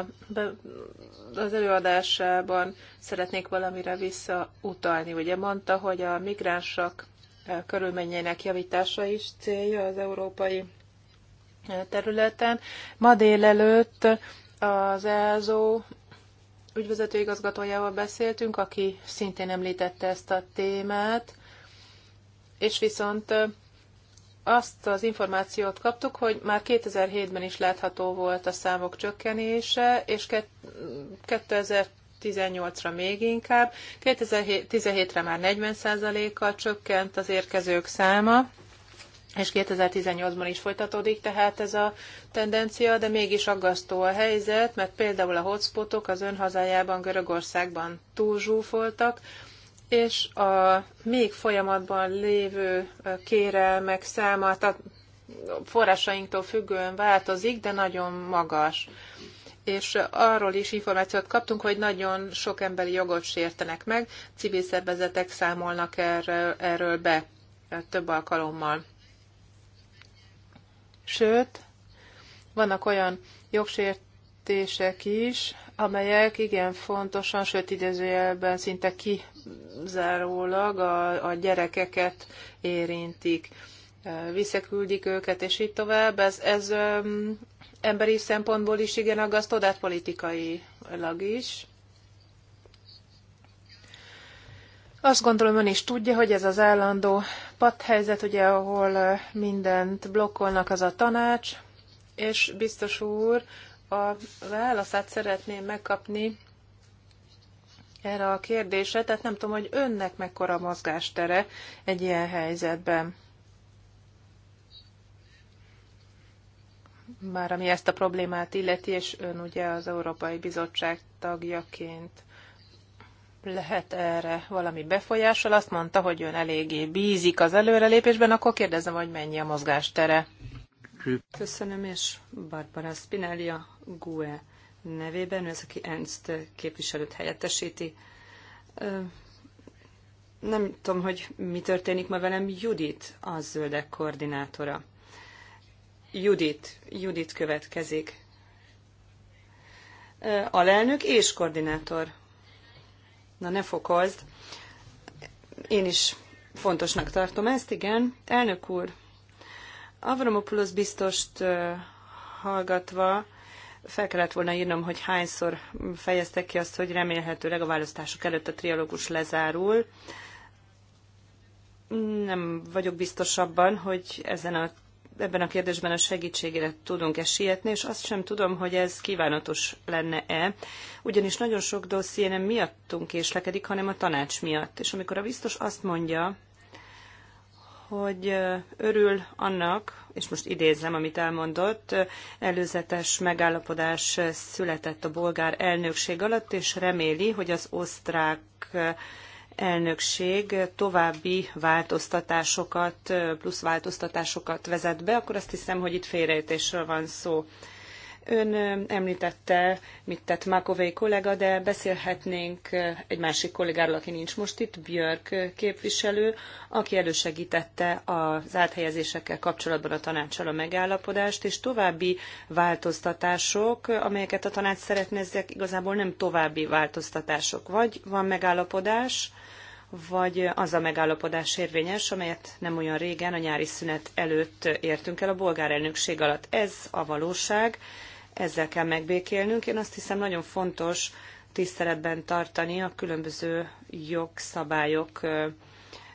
az előadásában szeretnék valamire visszautalni. Ugye mondta, hogy a migránsok eh, körülményeinek javítása is célja az európai eh, területen. Ma délelőtt az ELZO ügyvezető igazgatójával beszéltünk, aki szintén említette ezt a témát, és viszont azt az információt kaptuk, hogy már 2007-ben is látható volt a számok csökkenése, és 2018-ra még inkább. 2017-re már 40%-kal csökkent az érkezők száma, és 2018-ban is folytatódik tehát ez a tendencia, de mégis aggasztó a helyzet, mert például a hotspotok az ön hazájában, Görögországban túl zsúfoltak, és a még folyamatban lévő kérelmek száma tehát forrásainktól függően változik, de nagyon magas. És arról is információt kaptunk, hogy nagyon sok emberi jogot sértenek meg, civil szervezetek számolnak erről, erről be több alkalommal. Sőt, vannak olyan jogsértések is, amelyek igen fontosan, sőt idézőjelben szinte kizárólag a, a gyerekeket érintik. Visszaküldik őket, és így tovább. Ez, ez um, emberi szempontból is igen aggasztó, de hát politikailag is. Azt gondolom, ön is tudja, hogy ez az állandó patthelyzet, ugye, ahol mindent blokkolnak, az a tanács, és biztos úr, a válaszát szeretném megkapni erre a kérdésre, tehát nem tudom, hogy önnek mekkora mozgástere egy ilyen helyzetben. Már ami ezt a problémát illeti, és ön ugye az Európai Bizottság tagjaként lehet erre valami befolyással? Azt mondta, hogy ön eléggé bízik az előrelépésben, akkor kérdezem, hogy mennyi a mozgástere. Köszönöm, és Barbara Spinelli a GUE nevében, ő az, aki Ernst képviselőt helyettesíti. Nem tudom, hogy mi történik ma velem. Judit a zöldek koordinátora. Judit, Judit következik. Alelnök és koordinátor. Na ne fokozd. Én is fontosnak tartom ezt, igen. Elnök úr, Avramopoulos biztost hallgatva fel kellett volna írnom, hogy hányszor fejezte ki azt, hogy remélhetőleg a választások előtt a trialógus lezárul. Nem vagyok biztos abban, hogy ezen a ebben a kérdésben a segítségére tudunk-e sietni, és azt sem tudom, hogy ez kívánatos lenne-e, ugyanis nagyon sok dosszié nem miattunk késlekedik, hanem a tanács miatt. És amikor a biztos azt mondja, hogy örül annak, és most idézem, amit elmondott, előzetes megállapodás született a bolgár elnökség alatt, és reméli, hogy az osztrák elnökség további változtatásokat, plusz változtatásokat vezet be, akkor azt hiszem, hogy itt félreértésről van szó. Ön említette, mit tett Makovei kollega, de beszélhetnénk egy másik kollégáról, aki nincs most itt, Björk képviselő, aki elősegítette az áthelyezésekkel kapcsolatban a tanácssal a megállapodást, és további változtatások, amelyeket a tanács szeretne, ezek igazából nem további változtatások. Vagy van megállapodás, vagy az a megállapodás érvényes, amelyet nem olyan régen a nyári szünet előtt értünk el a bolgár elnökség alatt. Ez a valóság, ezzel kell megbékélnünk. Én azt hiszem nagyon fontos tiszteletben tartani a különböző jogszabályok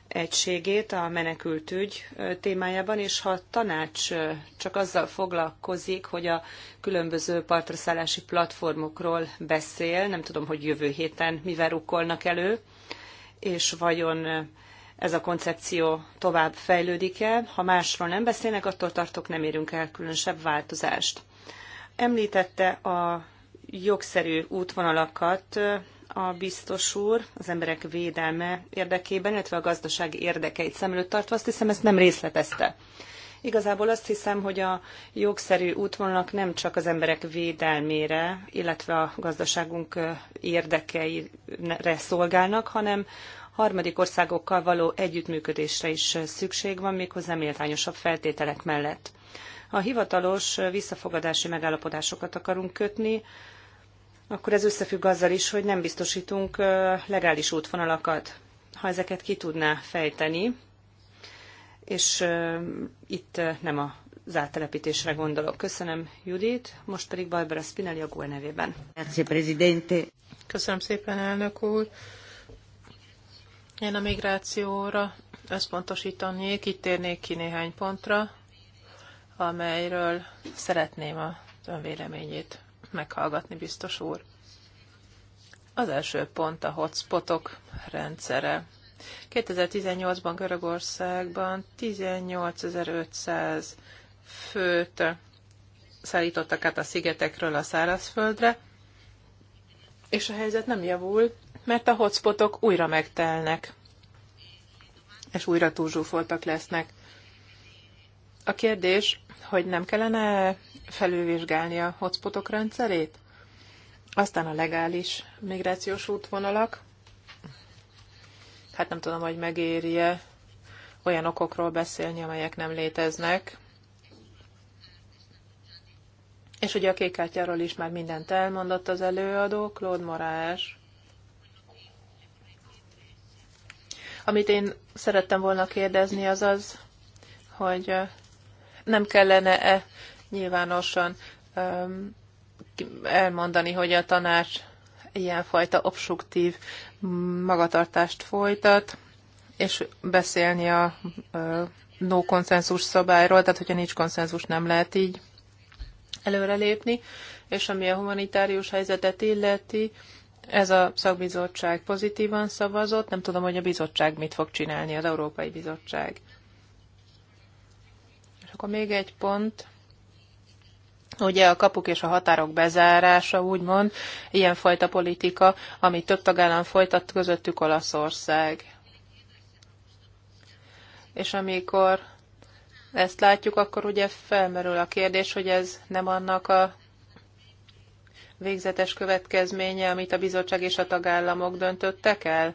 egységét a menekültügy témájában, és ha a tanács csak azzal foglalkozik, hogy a különböző partraszállási platformokról beszél, nem tudom, hogy jövő héten mivel rukkolnak elő, és vajon ez a koncepció tovább fejlődik-e. Ha másról nem beszélnek, attól tartok, nem érünk el különösebb változást. Említette a jogszerű útvonalakat a biztos úr az emberek védelme érdekében, illetve a gazdaság érdekeit szem előtt tartva, azt hiszem ezt nem részletezte. Igazából azt hiszem, hogy a jogszerű útvonalak nem csak az emberek védelmére, illetve a gazdaságunk érdekeire szolgálnak, hanem harmadik országokkal való együttműködésre is szükség van, méghozzá méltányosabb feltételek mellett. Ha hivatalos visszafogadási megállapodásokat akarunk kötni, akkor ez összefügg azzal is, hogy nem biztosítunk legális útvonalakat. Ha ezeket ki tudná fejteni, és itt nem a az gondolok. Köszönöm Judit, most pedig Barbara Spinelli a GUE nevében. Köszönöm szépen, elnök úr. Én a migrációra összpontosítanék, itt térnék ki néhány pontra amelyről szeretném a véleményét meghallgatni, biztos úr. Az első pont a hotspotok rendszere. 2018-ban Görögországban 18.500 főt szállítottak át a szigetekről a szárazföldre, és a helyzet nem javul, mert a hotspotok újra megtelnek, és újra túlzsúfoltak lesznek. A kérdés, hogy nem kellene felülvizsgálni a hotspotok rendszerét? Aztán a legális migrációs útvonalak. Hát nem tudom, hogy megéri-e olyan okokról beszélni, amelyek nem léteznek. És ugye a kékkártyáról is már mindent elmondott az előadó, Claude Morás. Amit én szerettem volna kérdezni, az az, hogy nem kellene-e nyilvánosan um, elmondani, hogy a tanács ilyenfajta obstruktív magatartást folytat, és beszélni a no konszenzus szabályról, tehát hogyha nincs konszenzus, nem lehet így előrelépni, és ami a humanitárius helyzetet illeti, ez a szakbizottság pozitívan szavazott, nem tudom, hogy a bizottság mit fog csinálni, az Európai Bizottság akkor még egy pont. Ugye a kapuk és a határok bezárása, úgymond, ilyenfajta politika, amit több tagállam folytat, közöttük Olaszország. És amikor ezt látjuk, akkor ugye felmerül a kérdés, hogy ez nem annak a végzetes következménye, amit a bizottság és a tagállamok döntöttek el?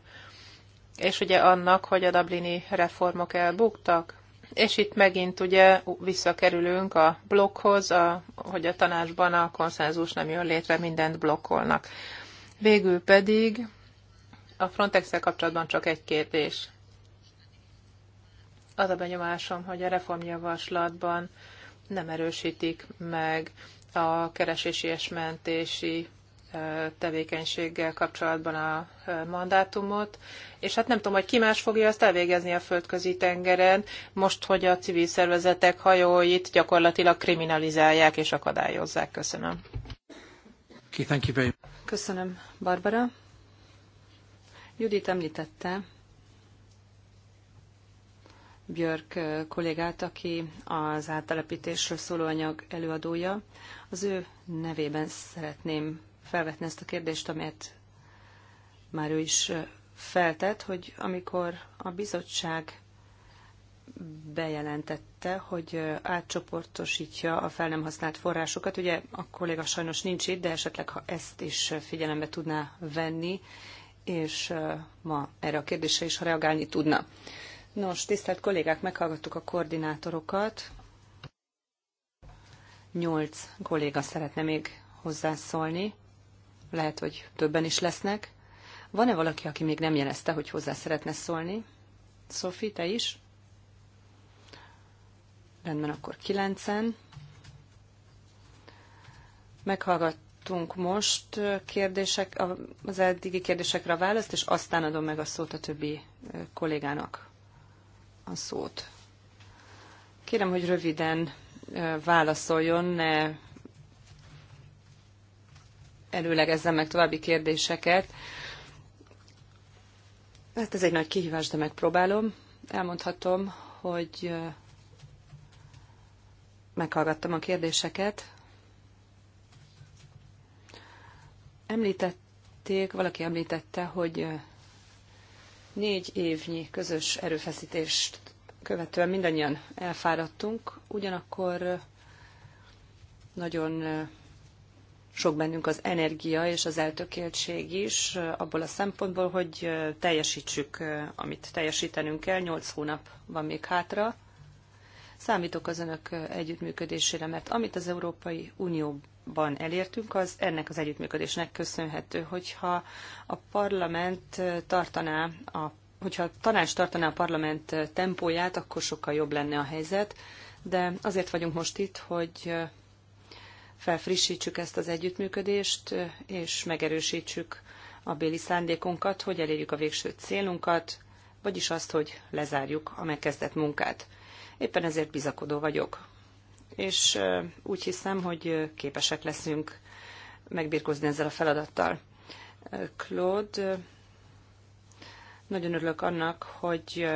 És ugye annak, hogy a Dublini reformok elbuktak? És itt megint ugye visszakerülünk a blokkhoz, a, hogy a tanácsban a konszenzus nem jön létre, mindent blokkolnak. Végül pedig a frontex kapcsolatban csak egy kérdés. Az a benyomásom, hogy a reformjavaslatban nem erősítik meg a keresési és mentési tevékenységgel kapcsolatban a mandátumot, és hát nem tudom, hogy ki más fogja ezt elvégezni a földközi tengeren, most, hogy a civil szervezetek hajóit gyakorlatilag kriminalizálják és akadályozzák. Köszönöm. thank you very much. Köszönöm, Barbara. Judit említette Björk kollégát, aki az áttelepítésről szóló anyag előadója. Az ő nevében szeretném felvetni ezt a kérdést, amelyet már ő is feltett, hogy amikor a bizottság bejelentette, hogy átcsoportosítja a fel nem használt forrásokat. Ugye a kolléga sajnos nincs itt, de esetleg ha ezt is figyelembe tudná venni, és ma erre a kérdésre is reagálni tudna. Nos, tisztelt kollégák, meghallgattuk a koordinátorokat. Nyolc kolléga szeretne még hozzászólni lehet, hogy többen is lesznek. Van-e valaki, aki még nem jelezte, hogy hozzá szeretne szólni? Szofi, te is? Rendben, akkor kilencen. Meghallgattunk most kérdések, az eddigi kérdésekre a választ, és aztán adom meg a szót a többi kollégának a szót. Kérem, hogy röviden válaszoljon, ne előlegezzem meg további kérdéseket. Hát ez egy nagy kihívás, de megpróbálom. Elmondhatom, hogy meghallgattam a kérdéseket. Említették, valaki említette, hogy négy évnyi közös erőfeszítést követően mindannyian elfáradtunk, ugyanakkor nagyon sok bennünk az energia és az eltökéltség is, abból a szempontból, hogy teljesítsük, amit teljesítenünk kell, 8 hónap van még hátra. Számítok az önök együttműködésére, mert amit az Európai Unióban elértünk, az ennek az együttműködésnek köszönhető, hogyha a parlament tartaná a hogyha a tanács tartaná a parlament tempóját, akkor sokkal jobb lenne a helyzet, de azért vagyunk most itt, hogy felfrissítsük ezt az együttműködést, és megerősítsük a béli szándékunkat, hogy elérjük a végső célunkat, vagyis azt, hogy lezárjuk a megkezdett munkát. Éppen ezért bizakodó vagyok. És úgy hiszem, hogy képesek leszünk megbírkozni ezzel a feladattal. Claude, nagyon örülök annak, hogy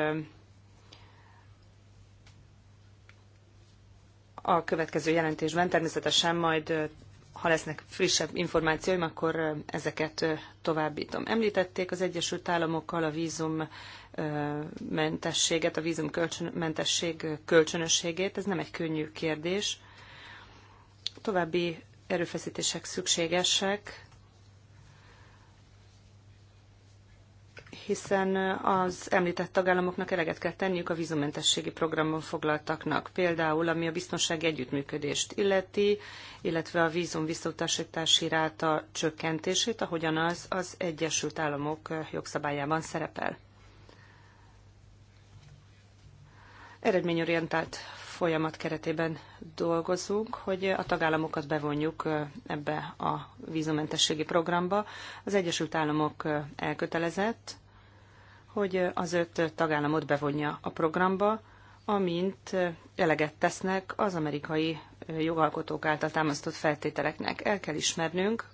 a következő jelentésben. Természetesen majd, ha lesznek frissebb információim, akkor ezeket továbbítom. Említették az Egyesült Államokkal a vízum mentességet, a vízum kölcsönmentesség kölcsönösségét. Ez nem egy könnyű kérdés. További erőfeszítések szükségesek hiszen az említett tagállamoknak eleget kell tenniük a vízumentességi programban foglaltaknak, például ami a biztonsági együttműködést illeti, illetve a vízum visszautasítási ráta csökkentését, ahogyan az az Egyesült Államok jogszabályában szerepel. Eredményorientált folyamat keretében dolgozunk, hogy a tagállamokat bevonjuk ebbe a vízumentességi programba. Az Egyesült Államok elkötelezett, hogy az öt tagállamot bevonja a programba, amint eleget tesznek az amerikai jogalkotók által támasztott feltételeknek. El kell ismernünk,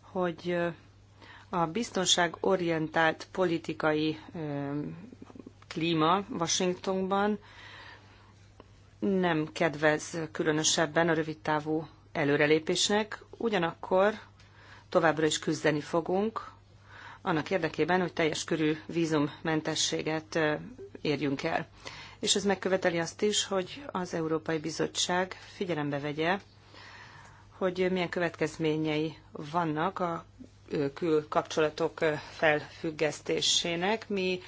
hogy a biztonságorientált politikai klíma Washingtonban nem kedvez különösebben a rövidtávú előrelépésnek, ugyanakkor továbbra is küzdeni fogunk annak érdekében, hogy teljes körű vízummentességet érjünk el. És ez megköveteli azt is, hogy az Európai Bizottság figyelembe vegye, hogy milyen következményei vannak a külkapcsolatok felfüggesztésének. Mi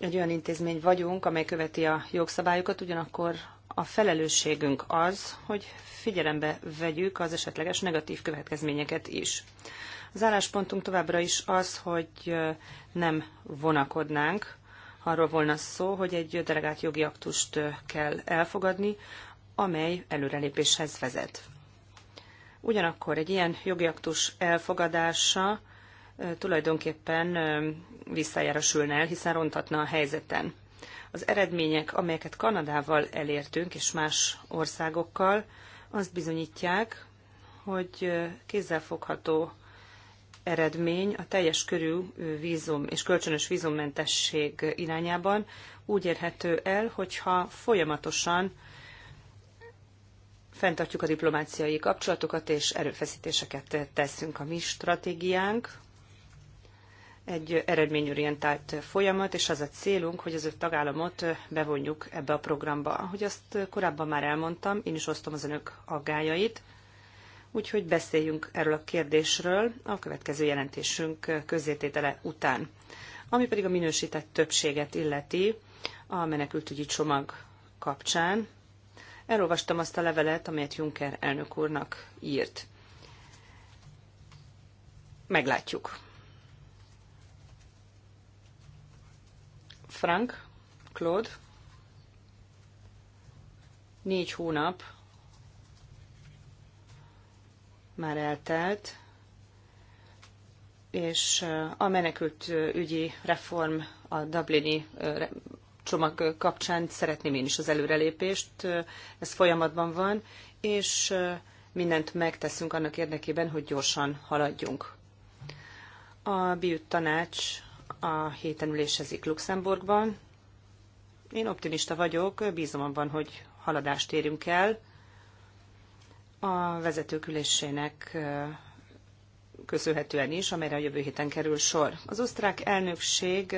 egy olyan intézmény vagyunk, amely követi a jogszabályokat, ugyanakkor a felelősségünk az, hogy figyelembe vegyük az esetleges negatív következményeket is. Az álláspontunk továbbra is az, hogy nem vonakodnánk. Arról volna szó, hogy egy delegált jogi aktust kell elfogadni, amely előrelépéshez vezet. Ugyanakkor egy ilyen jogi aktus elfogadása tulajdonképpen visszájára sülne el, hiszen rontatna a helyzeten. Az eredmények, amelyeket Kanadával elértünk és más országokkal, azt bizonyítják, hogy kézzelfogható eredmény a teljes körű vízum és kölcsönös vízummentesség irányában úgy érhető el, hogyha folyamatosan fenntartjuk a diplomáciai kapcsolatokat és erőfeszítéseket teszünk a mi stratégiánk. Egy eredményorientált folyamat, és az a célunk, hogy az öt tagállamot bevonjuk ebbe a programba. Ahogy azt korábban már elmondtam, én is osztom az önök aggájait, úgyhogy beszéljünk erről a kérdésről a következő jelentésünk közzététele után. Ami pedig a minősített többséget illeti a menekültügyi csomag kapcsán, elolvastam azt a levelet, amelyet Juncker elnök úrnak írt. Meglátjuk. Frank, Claude, négy hónap már eltelt, és eh, a menekült eh, ügyi reform a Dublini eh, csomag kapcsán szeretném én is az előrelépést, ez folyamatban van, és mindent megteszünk annak érdekében, hogy gyorsan haladjunk. A BIUT tanács a héten ülésezik Luxemburgban. Én optimista vagyok, bízom abban, hogy haladást érünk el, a vezetőkülésének köszönhetően is, amelyre a jövő héten kerül sor. Az osztrák elnökség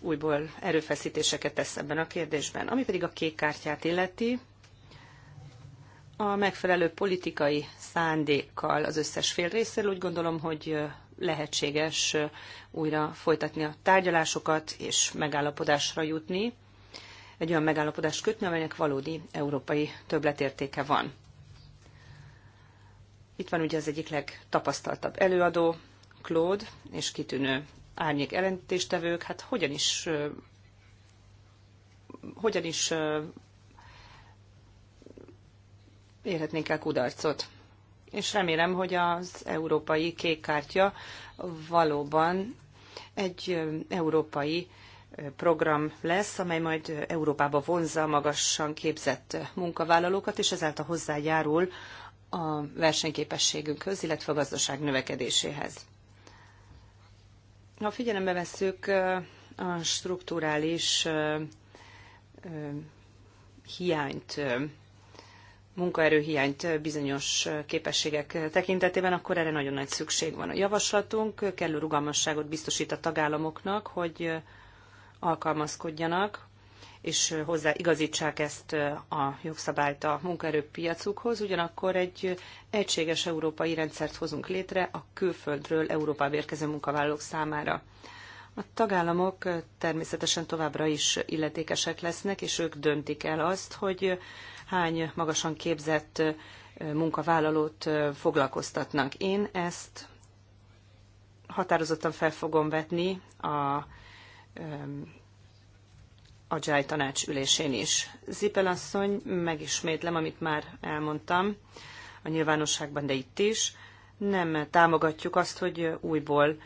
újból erőfeszítéseket tesz ebben a kérdésben. Ami pedig a kék kártyát illeti, a megfelelő politikai szándékkal az összes fél részéről úgy gondolom, hogy lehetséges újra folytatni a tárgyalásokat és megállapodásra jutni egy olyan megállapodást kötni, amelynek valódi európai többletértéke van. Itt van ugye az egyik legtapasztaltabb előadó, Claude, és kitűnő árnyék ellentéstevők. hát hogyan is, hogyan is érhetnénk el kudarcot. És remélem, hogy az európai kék kártya valóban egy európai program lesz, amely majd Európába vonzza magasan képzett munkavállalókat, és ezáltal hozzájárul a versenyképességünkhöz, illetve a gazdaság növekedéséhez. Ha figyelembe vesszük a strukturális hiányt, munkaerőhiányt bizonyos képességek tekintetében, akkor erre nagyon nagy szükség van. A javaslatunk kellő rugalmasságot biztosít a tagállamoknak, hogy alkalmazkodjanak, és hozzá igazítsák ezt a jogszabályt a munkaerőpiacukhoz, ugyanakkor egy egységes európai rendszert hozunk létre a külföldről Európába érkező munkavállalók számára. A tagállamok természetesen továbbra is illetékesek lesznek, és ők döntik el azt, hogy hány magasan képzett munkavállalót foglalkoztatnak. Én ezt határozottan fel fogom vetni a a Jai tanács ülésén is. Zipel asszony, megismétlem, amit már elmondtam a nyilvánosságban, de itt is. Nem támogatjuk azt, hogy újból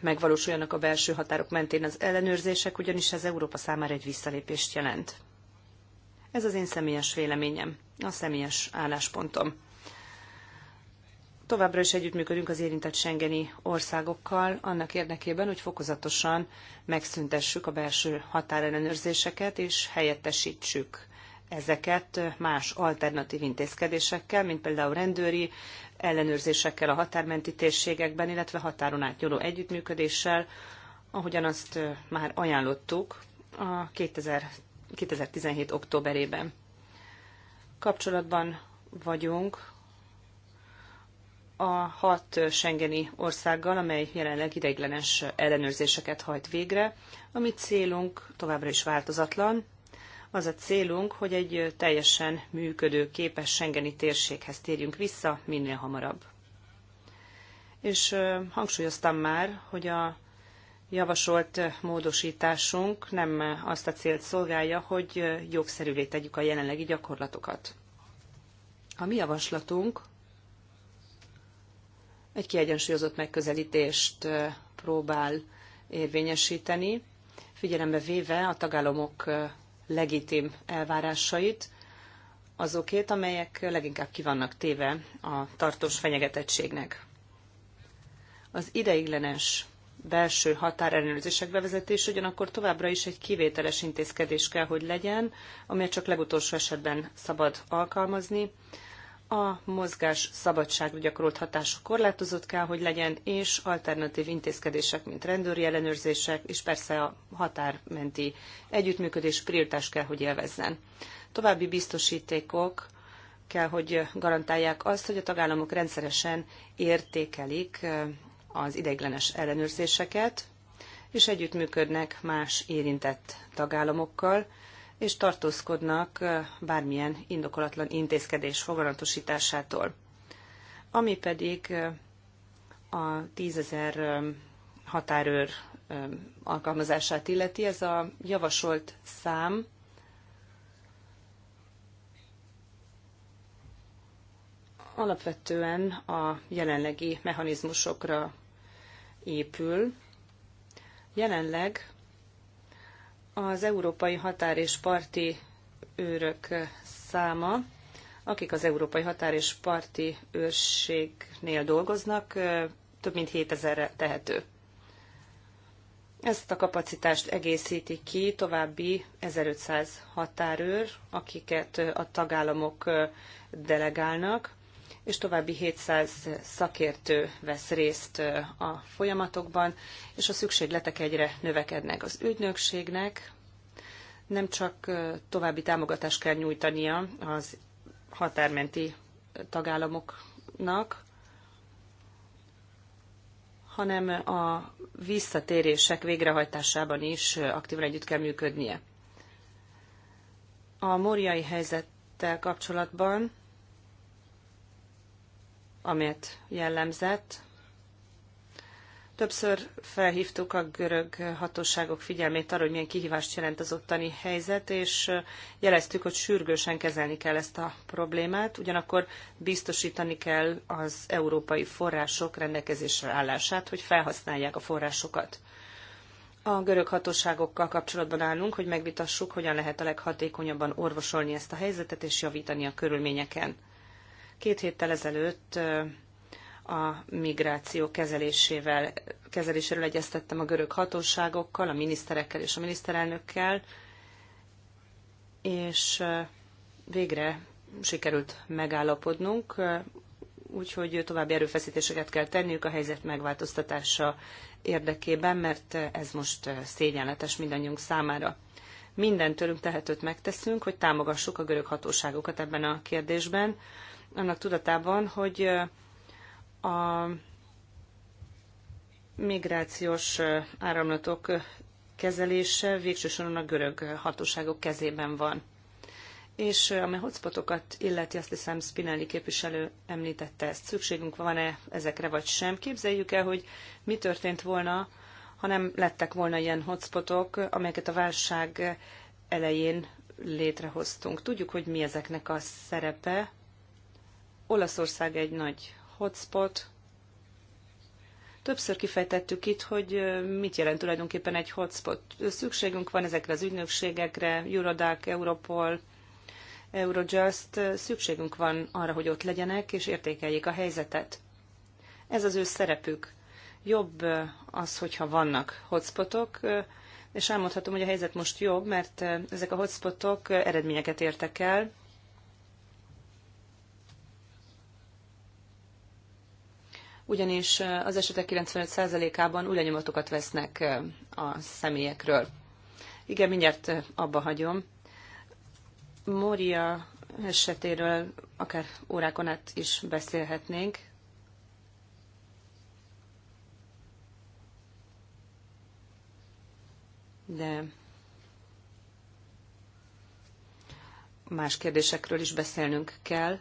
megvalósuljanak a belső határok mentén az ellenőrzések, ugyanis ez Európa számára egy visszalépést jelent. Ez az én személyes véleményem, a személyes álláspontom. Továbbra is együttműködünk az érintett Schengeni országokkal annak érdekében, hogy fokozatosan megszüntessük a belső határellenőrzéseket és helyettesítsük ezeket más alternatív intézkedésekkel, mint például rendőri ellenőrzésekkel a határmenti térségekben, illetve határon átnyúló együttműködéssel, ahogyan azt már ajánlottuk a 2000, 2017. októberében. Kapcsolatban vagyunk a hat Schengeni országgal, amely jelenleg ideiglenes ellenőrzéseket hajt végre. A mi célunk továbbra is változatlan. Az a célunk, hogy egy teljesen működő képes Schengeni térséghez térjünk vissza minél hamarabb. És hangsúlyoztam már, hogy a javasolt módosításunk nem azt a célt szolgálja, hogy jogszerűvé tegyük a jelenlegi gyakorlatokat. A mi javaslatunk egy kiegyensúlyozott megközelítést próbál érvényesíteni, figyelembe véve a tagállamok legitim elvárásait, azokét, amelyek leginkább kivannak téve a tartós fenyegetettségnek. Az ideiglenes belső határellenőrzések bevezetés ugyanakkor továbbra is egy kivételes intézkedés kell, hogy legyen, amelyet csak legutolsó esetben szabad alkalmazni, a mozgás szabadságra gyakorolt hatása korlátozott kell, hogy legyen, és alternatív intézkedések, mint rendőri ellenőrzések, és persze a határmenti együttműködés prioritás kell, hogy élvezzen. További biztosítékok kell, hogy garantálják azt, hogy a tagállamok rendszeresen értékelik eh, az ideiglenes ellenőrzéseket, és együttműködnek más érintett tagállamokkal, és tartózkodnak bármilyen indokolatlan intézkedés foganatosításától. Ami pedig a tízezer határőr alkalmazását illeti, ez a javasolt szám alapvetően a jelenlegi mechanizmusokra épül. Jelenleg az európai határ és parti őrök száma, akik az európai határ és parti őrségnél dolgoznak, több mint 7000-re tehető. Ezt a kapacitást egészíti ki további 1500 határőr, akiket a tagállamok delegálnak, és további 700 szakértő vesz részt a folyamatokban, és a szükségletek egyre növekednek. Az ügynökségnek nem csak további támogatást kell nyújtania az határmenti tagállamoknak, hanem a visszatérések végrehajtásában is aktívan együtt kell működnie. A moriai helyzettel kapcsolatban amelyet jellemzett. Többször felhívtuk a görög hatóságok figyelmét arra, hogy milyen kihívást jelent az ottani helyzet, és uh, jeleztük, hogy sürgősen kezelni kell ezt a problémát, ugyanakkor biztosítani kell az európai források rendelkezésre állását, hogy felhasználják a forrásokat. A görög hatóságokkal kapcsolatban állunk, hogy megvitassuk, hogyan lehet a leghatékonyabban orvosolni ezt a helyzetet és javítani a körülményeken. Két héttel ezelőtt a migráció kezelésével, kezeléséről egyeztettem a görög hatóságokkal, a miniszterekkel és a miniszterelnökkel, és végre sikerült megállapodnunk, úgyhogy további erőfeszítéseket kell tenniük a helyzet megváltoztatása érdekében, mert ez most szégyenletes mindannyiunk számára. Minden tőlünk tehetőt megteszünk, hogy támogassuk a görög hatóságokat ebben a kérdésben, annak tudatában, hogy a migrációs áramlatok kezelése végsősoron a görög hatóságok kezében van. És ami hotspotokat illeti, azt hiszem Spinelli képviselő említette ezt. Szükségünk van-e ezekre vagy sem? Képzeljük el, hogy mi történt volna, ha nem lettek volna ilyen hotspotok, amelyeket a válság elején létrehoztunk. Tudjuk, hogy mi ezeknek a szerepe, Olaszország egy nagy hotspot. Többször kifejtettük itt, hogy mit jelent tulajdonképpen egy hotspot. Szükségünk van ezekre az ügynökségekre, Eurodac, Europol, Eurojust, szükségünk van arra, hogy ott legyenek és értékeljék a helyzetet. Ez az ő szerepük. Jobb az, hogyha vannak hotspotok, és elmondhatom, hogy a helyzet most jobb, mert ezek a hotspotok eredményeket értek el, ugyanis az esetek 95%-ában új vesznek a személyekről. Igen, mindjárt abba hagyom. Mória esetéről akár órákon át is beszélhetnénk. De más kérdésekről is beszélnünk kell.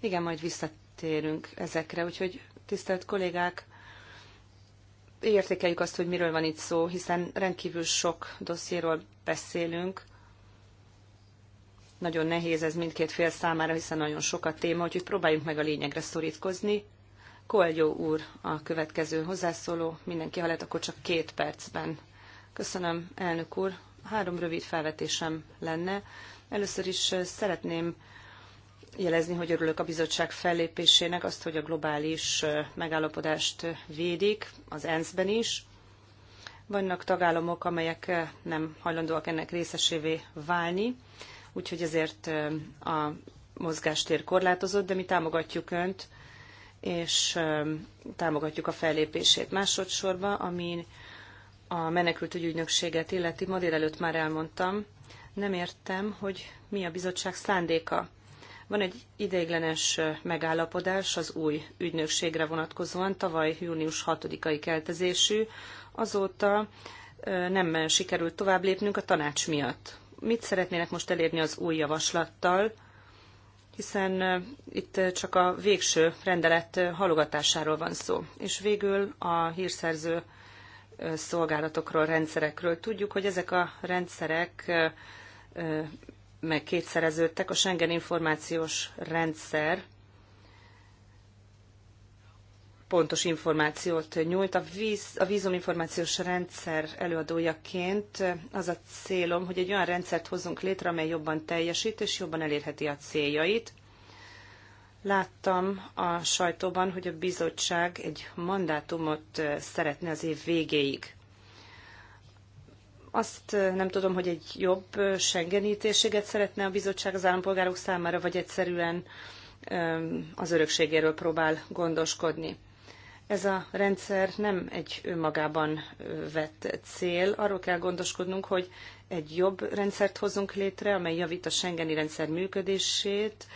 Igen, majd visszatérünk ezekre, úgyhogy tisztelt kollégák! Értékeljük azt, hogy miről van itt szó, hiszen rendkívül sok dossziéról beszélünk. Nagyon nehéz ez mindkét fél számára, hiszen nagyon sok a téma, úgyhogy próbáljunk meg a lényegre szorítkozni. Kolgyó úr a következő hozzászóló, mindenki, ha lehet, akkor csak két percben. Köszönöm, elnök úr. Három rövid felvetésem lenne. Először is szeretném jelezni, hogy örülök a bizottság fellépésének, azt, hogy a globális megállapodást védik, az ENSZ-ben is. Vannak tagállamok, amelyek nem hajlandóak ennek részesévé válni, úgyhogy ezért a mozgástér korlátozott, de mi támogatjuk Önt, és támogatjuk a fellépését. Másodszorban, amin a menekültügyi ügynökséget illeti, ma délelőtt már elmondtam, nem értem, hogy mi a bizottság szándéka. Van egy ideiglenes megállapodás az új ügynökségre vonatkozóan, tavaly június 6-ai keltezésű. Azóta nem sikerült tovább lépnünk a tanács miatt. Mit szeretnének most elérni az új javaslattal, hiszen itt csak a végső rendelet halogatásáról van szó. És végül a hírszerző szolgálatokról, rendszerekről. Tudjuk, hogy ezek a rendszerek meg kétszereződtek. A Schengen információs rendszer pontos információt nyújt. A, víz, a vízuminformációs rendszer előadójaként az a célom, hogy egy olyan rendszert hozzunk létre, amely jobban teljesít és jobban elérheti a céljait. Láttam a sajtóban, hogy a bizottság egy mandátumot szeretne az év végéig. Azt nem tudom, hogy egy jobb Schengeni szeretne a bizottság az állampolgárok számára, vagy egyszerűen az örökségéről próbál gondoskodni. Ez a rendszer nem egy önmagában vett cél. Arról kell gondoskodnunk, hogy egy jobb rendszert hozzunk létre, amely javít a Schengeni rendszer működését,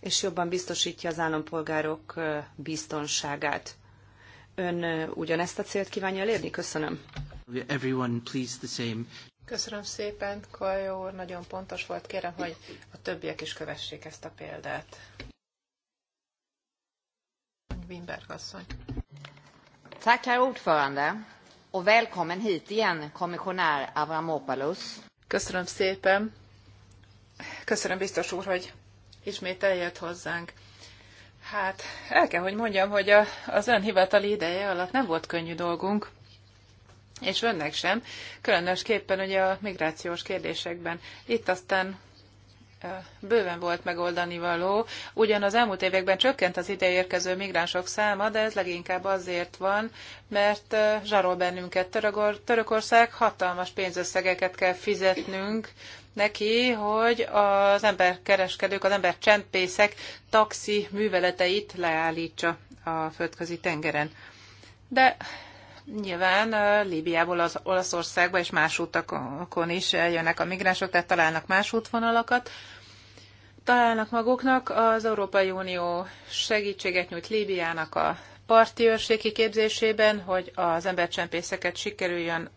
és jobban biztosítja az állampolgárok biztonságát. Ön ugyanezt a célt kívánja elérni? Köszönöm. Everyone, the same. Köszönöm szépen, Kajó úr, nagyon pontos volt. Kérem, hogy a többiek is kövessék ezt a példát. Wimberg asszony. Tack, herr ordförande, och välkommen hit igen, kommissionär Avramopoulos. Köszönöm szépen. Köszönöm biztos úr, hogy ismét eljött hozzánk. Hát, el kell, hogy mondjam, hogy a, az ön hivatali ideje alatt nem volt könnyű dolgunk és önnek sem, különösképpen ugye a migrációs kérdésekben. Itt aztán bőven volt megoldani való. Ugyan az elmúlt években csökkent az érkező migránsok száma, de ez leginkább azért van, mert zsarol bennünket Törökor, Törökország, hatalmas pénzösszegeket kell fizetnünk neki, hogy az emberkereskedők, az ember csempészek taxi műveleteit leállítsa a földközi tengeren. De Nyilván Líbiából az Olaszországba és más utakon is jönnek a migránsok, tehát találnak más útvonalakat. Találnak maguknak, az Európai Unió segítséget nyújt Líbiának a parti őrség kiképzésében, hogy az embercsempészeket sikerüljön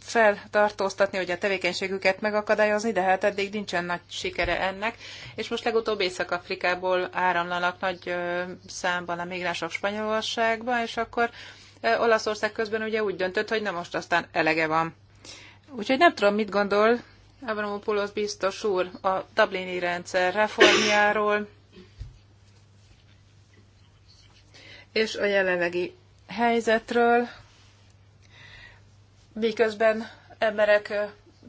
feltartóztatni, hogy a tevékenységüket megakadályozni, de hát eddig nincsen nagy sikere ennek. És most legutóbb Észak-Afrikából áramlanak nagy számban a migránsok Spanyolországba, és akkor Olaszország közben ugye úgy döntött, hogy nem most aztán elege van. Úgyhogy nem tudom, mit gondol Abramopoulos biztos úr a Dublini rendszer reformjáról és a jelenlegi helyzetről, miközben emberek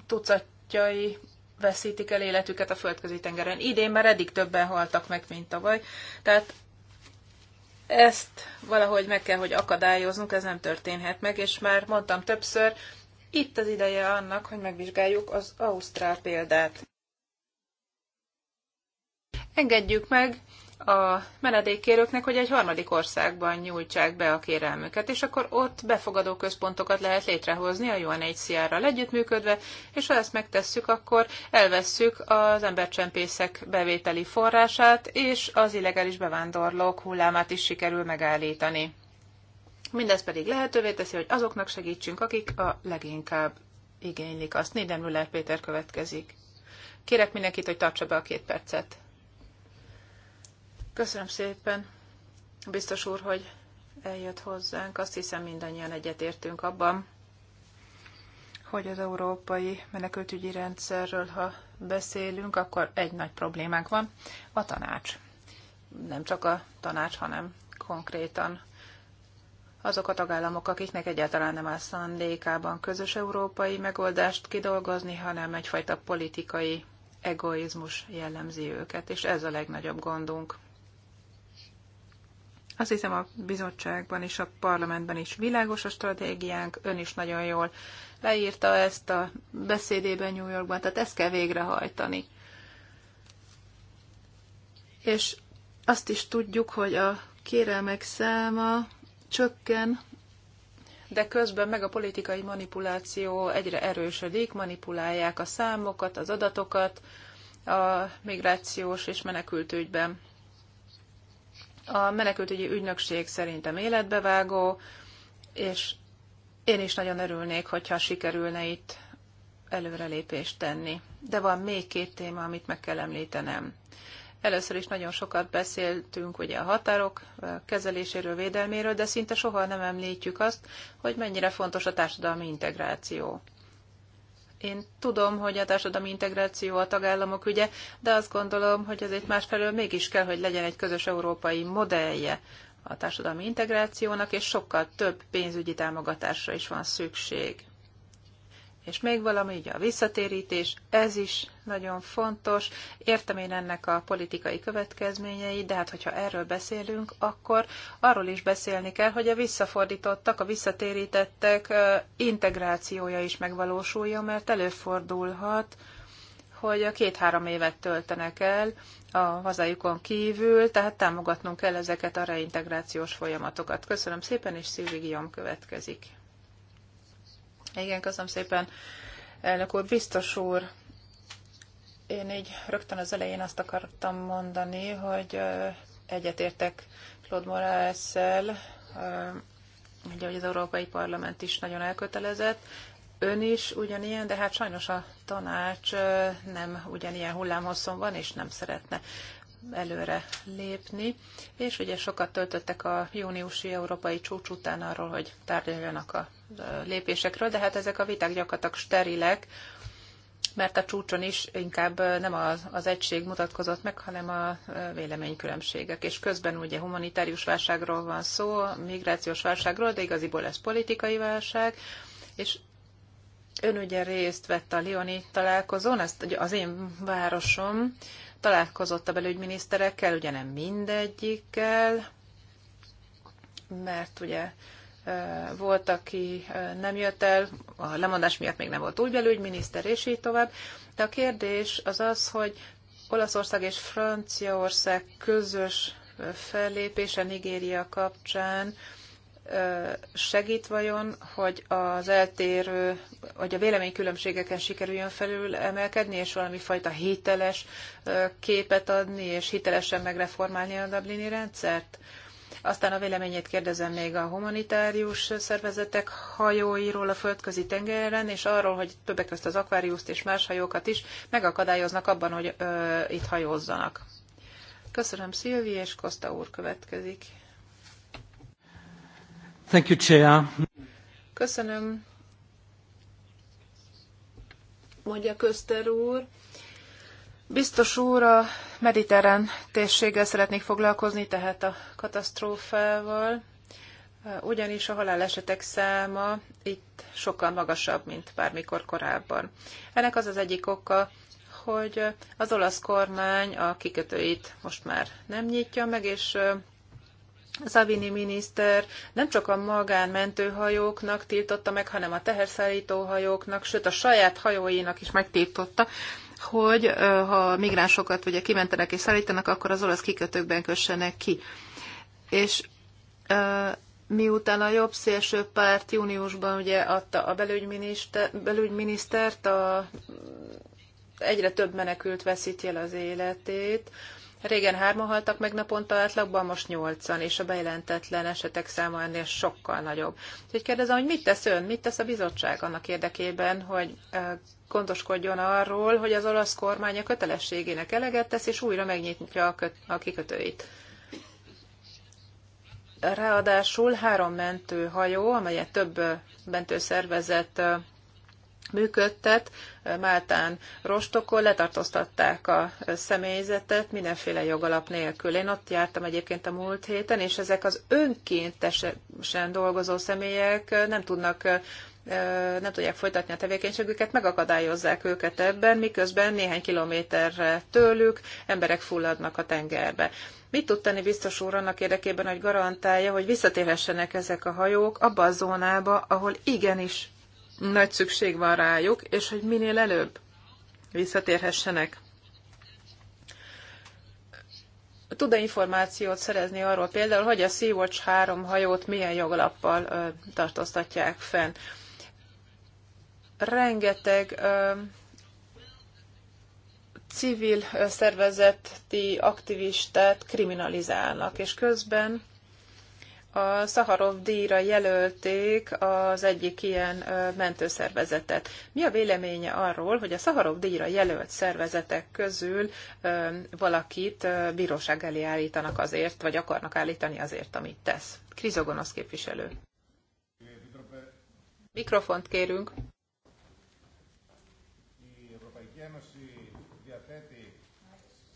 tucatjai veszítik el életüket a földközi tengeren. Idén már eddig többen haltak meg, mint tavaly. Tehát ezt valahogy meg kell, hogy akadályoznunk, ez nem történhet meg, és már mondtam többször, itt az ideje annak, hogy megvizsgáljuk az Ausztrál példát. Engedjük meg, a menedékkérőknek, hogy egy harmadik országban nyújtsák be a kérelmüket, és akkor ott befogadó központokat lehet létrehozni a UNHCR-ral együttműködve, és ha ezt megtesszük, akkor elvesszük az embercsempészek bevételi forrását, és az illegális bevándorlók hullámát is sikerül megállítani. Mindez pedig lehetővé teszi, hogy azoknak segítsünk, akik a leginkább igénylik azt. Néden Müller Péter következik. Kérek mindenkit, hogy tartsa be a két percet. Köszönöm szépen, biztos úr, hogy eljött hozzánk. Azt hiszem mindannyian egyetértünk abban, hogy az európai menekültügyi rendszerről, ha beszélünk, akkor egy nagy problémánk van, a tanács. Nem csak a tanács, hanem konkrétan azok a tagállamok, akiknek egyáltalán nem áll szándékában közös európai megoldást kidolgozni, hanem egyfajta politikai egoizmus jellemzi őket, és ez a legnagyobb gondunk. Azt hiszem a bizottságban és a parlamentben is világos a stratégiánk, ön is nagyon jól leírta ezt a beszédében New Yorkban, tehát ezt kell végrehajtani. És azt is tudjuk, hogy a kérelmek száma csökken, de közben meg a politikai manipuláció egyre erősödik, manipulálják a számokat, az adatokat a migrációs és menekültügyben. A menekültügyi ügynökség szerintem életbevágó, és én is nagyon örülnék, hogyha sikerülne itt előrelépést tenni. De van még két téma, amit meg kell említenem. Először is nagyon sokat beszéltünk ugye a határok kezeléséről, védelméről, de szinte soha nem említjük azt, hogy mennyire fontos a társadalmi integráció. Én tudom, hogy a társadalmi integráció a tagállamok ügye, de azt gondolom, hogy azért másfelől mégis kell, hogy legyen egy közös európai modellje a társadalmi integrációnak, és sokkal több pénzügyi támogatásra is van szükség. És még valami, ugye a visszatérítés, ez is nagyon fontos. Értem én ennek a politikai következményei, de hát hogyha erről beszélünk, akkor arról is beszélni kell, hogy a visszafordítottak, a visszatérítettek integrációja is megvalósulja, mert előfordulhat, hogy a két-három évet töltenek el a hazájukon kívül, tehát támogatnunk kell ezeket a reintegrációs folyamatokat. Köszönöm szépen, és Szilvi Guillaume következik. Igen, köszönöm szépen. Elnök úr, biztos úr, én így rögtön az elején azt akartam mondani, hogy egyetértek Claude Moraes-szel, ugye, hogy az Európai Parlament is nagyon elkötelezett, ön is ugyanilyen, de hát sajnos a tanács nem ugyanilyen hullámhosszon van, és nem szeretne előre lépni, és ugye sokat töltöttek a júniusi európai csúcs után arról, hogy tárgyaljanak a lépésekről, de hát ezek a viták gyakorlatilag sterilek, mert a csúcson is inkább nem az, az egység mutatkozott meg, hanem a véleménykülönbségek. És közben ugye humanitárius válságról van szó, migrációs válságról, de igaziból ez politikai válság, és ön ugye részt vett a Lioni találkozón, ezt az én városom, Találkozott a belügyminiszterekkel, ugye nem mindegyikkel, mert ugye volt, aki nem jött el, a lemondás miatt még nem volt új belügyminiszter, és így tovább. De a kérdés az az, hogy Olaszország és Franciaország közös fellépése Nigéria kapcsán segít vajon, hogy az eltérő, hogy a véleménykülönbségeken sikerüljön felül emelkedni, és valami fajta hiteles képet adni, és hitelesen megreformálni a Dublini rendszert? Aztán a véleményét kérdezem még a humanitárius szervezetek hajóiról a földközi tengeren, és arról, hogy többek között az akváriuszt és más hajókat is megakadályoznak abban, hogy ö, itt hajózzanak. Köszönöm Szilvi, és Kosta úr következik. Thank you, Chair. Köszönöm, mondja Köster úr. Biztos úr, a mediterrán térséggel szeretnék foglalkozni, tehát a katasztrófával, ugyanis a halálesetek száma itt sokkal magasabb, mint bármikor korábban. Ennek az az egyik oka, hogy az olasz kormány a kikötőit most már nem nyitja meg, és Szavini miniszter nem csak a magánmentőhajóknak tiltotta meg, hanem a teherszállító hajóknak, sőt a saját hajóinak is megtiltotta, hogy ha migránsokat ugye kimentenek és szállítanak, akkor az olasz kikötőkben kössenek ki. És miután a jobb szélső párt júniusban ugye adta a belügyminiszter, belügyminisztert, a, egyre több menekült veszíti el az életét, Régen hárman haltak meg naponta átlagban, most nyolcan, és a bejelentetlen esetek száma ennél sokkal nagyobb. Úgyhogy kérdezem, hogy mit tesz ön, mit tesz a bizottság annak érdekében, hogy gondoskodjon arról, hogy az olasz kormány a kötelességének eleget tesz, és újra megnyitja a, köt- a kikötőit. Ráadásul három mentőhajó, amelyet több mentőszervezet működtet, Máltán rostokon letartóztatták a személyzetet mindenféle jogalap nélkül. Én ott jártam egyébként a múlt héten, és ezek az önkéntesen dolgozó személyek nem tudnak nem tudják folytatni a tevékenységüket, megakadályozzák őket ebben, miközben néhány kilométerre tőlük emberek fulladnak a tengerbe. Mit tud tenni biztos úr annak érdekében, hogy garantálja, hogy visszatérhessenek ezek a hajók abba a zónába, ahol igenis nagy szükség van rájuk, és hogy minél előbb visszatérhessenek. Tud-e információt szerezni arról például, hogy a Sea-Watch 3 hajót milyen joglappal ö, tartóztatják fenn? Rengeteg ö, civil szervezeti aktivistát kriminalizálnak, és közben a Szaharov díjra jelölték az egyik ilyen mentőszervezetet. Mi a véleménye arról, hogy a Szaharov díjra jelölt szervezetek közül valakit bíróság elé állítanak azért, vagy akarnak állítani azért, amit tesz? Krizogonosz képviselő. Mikrofont kérünk.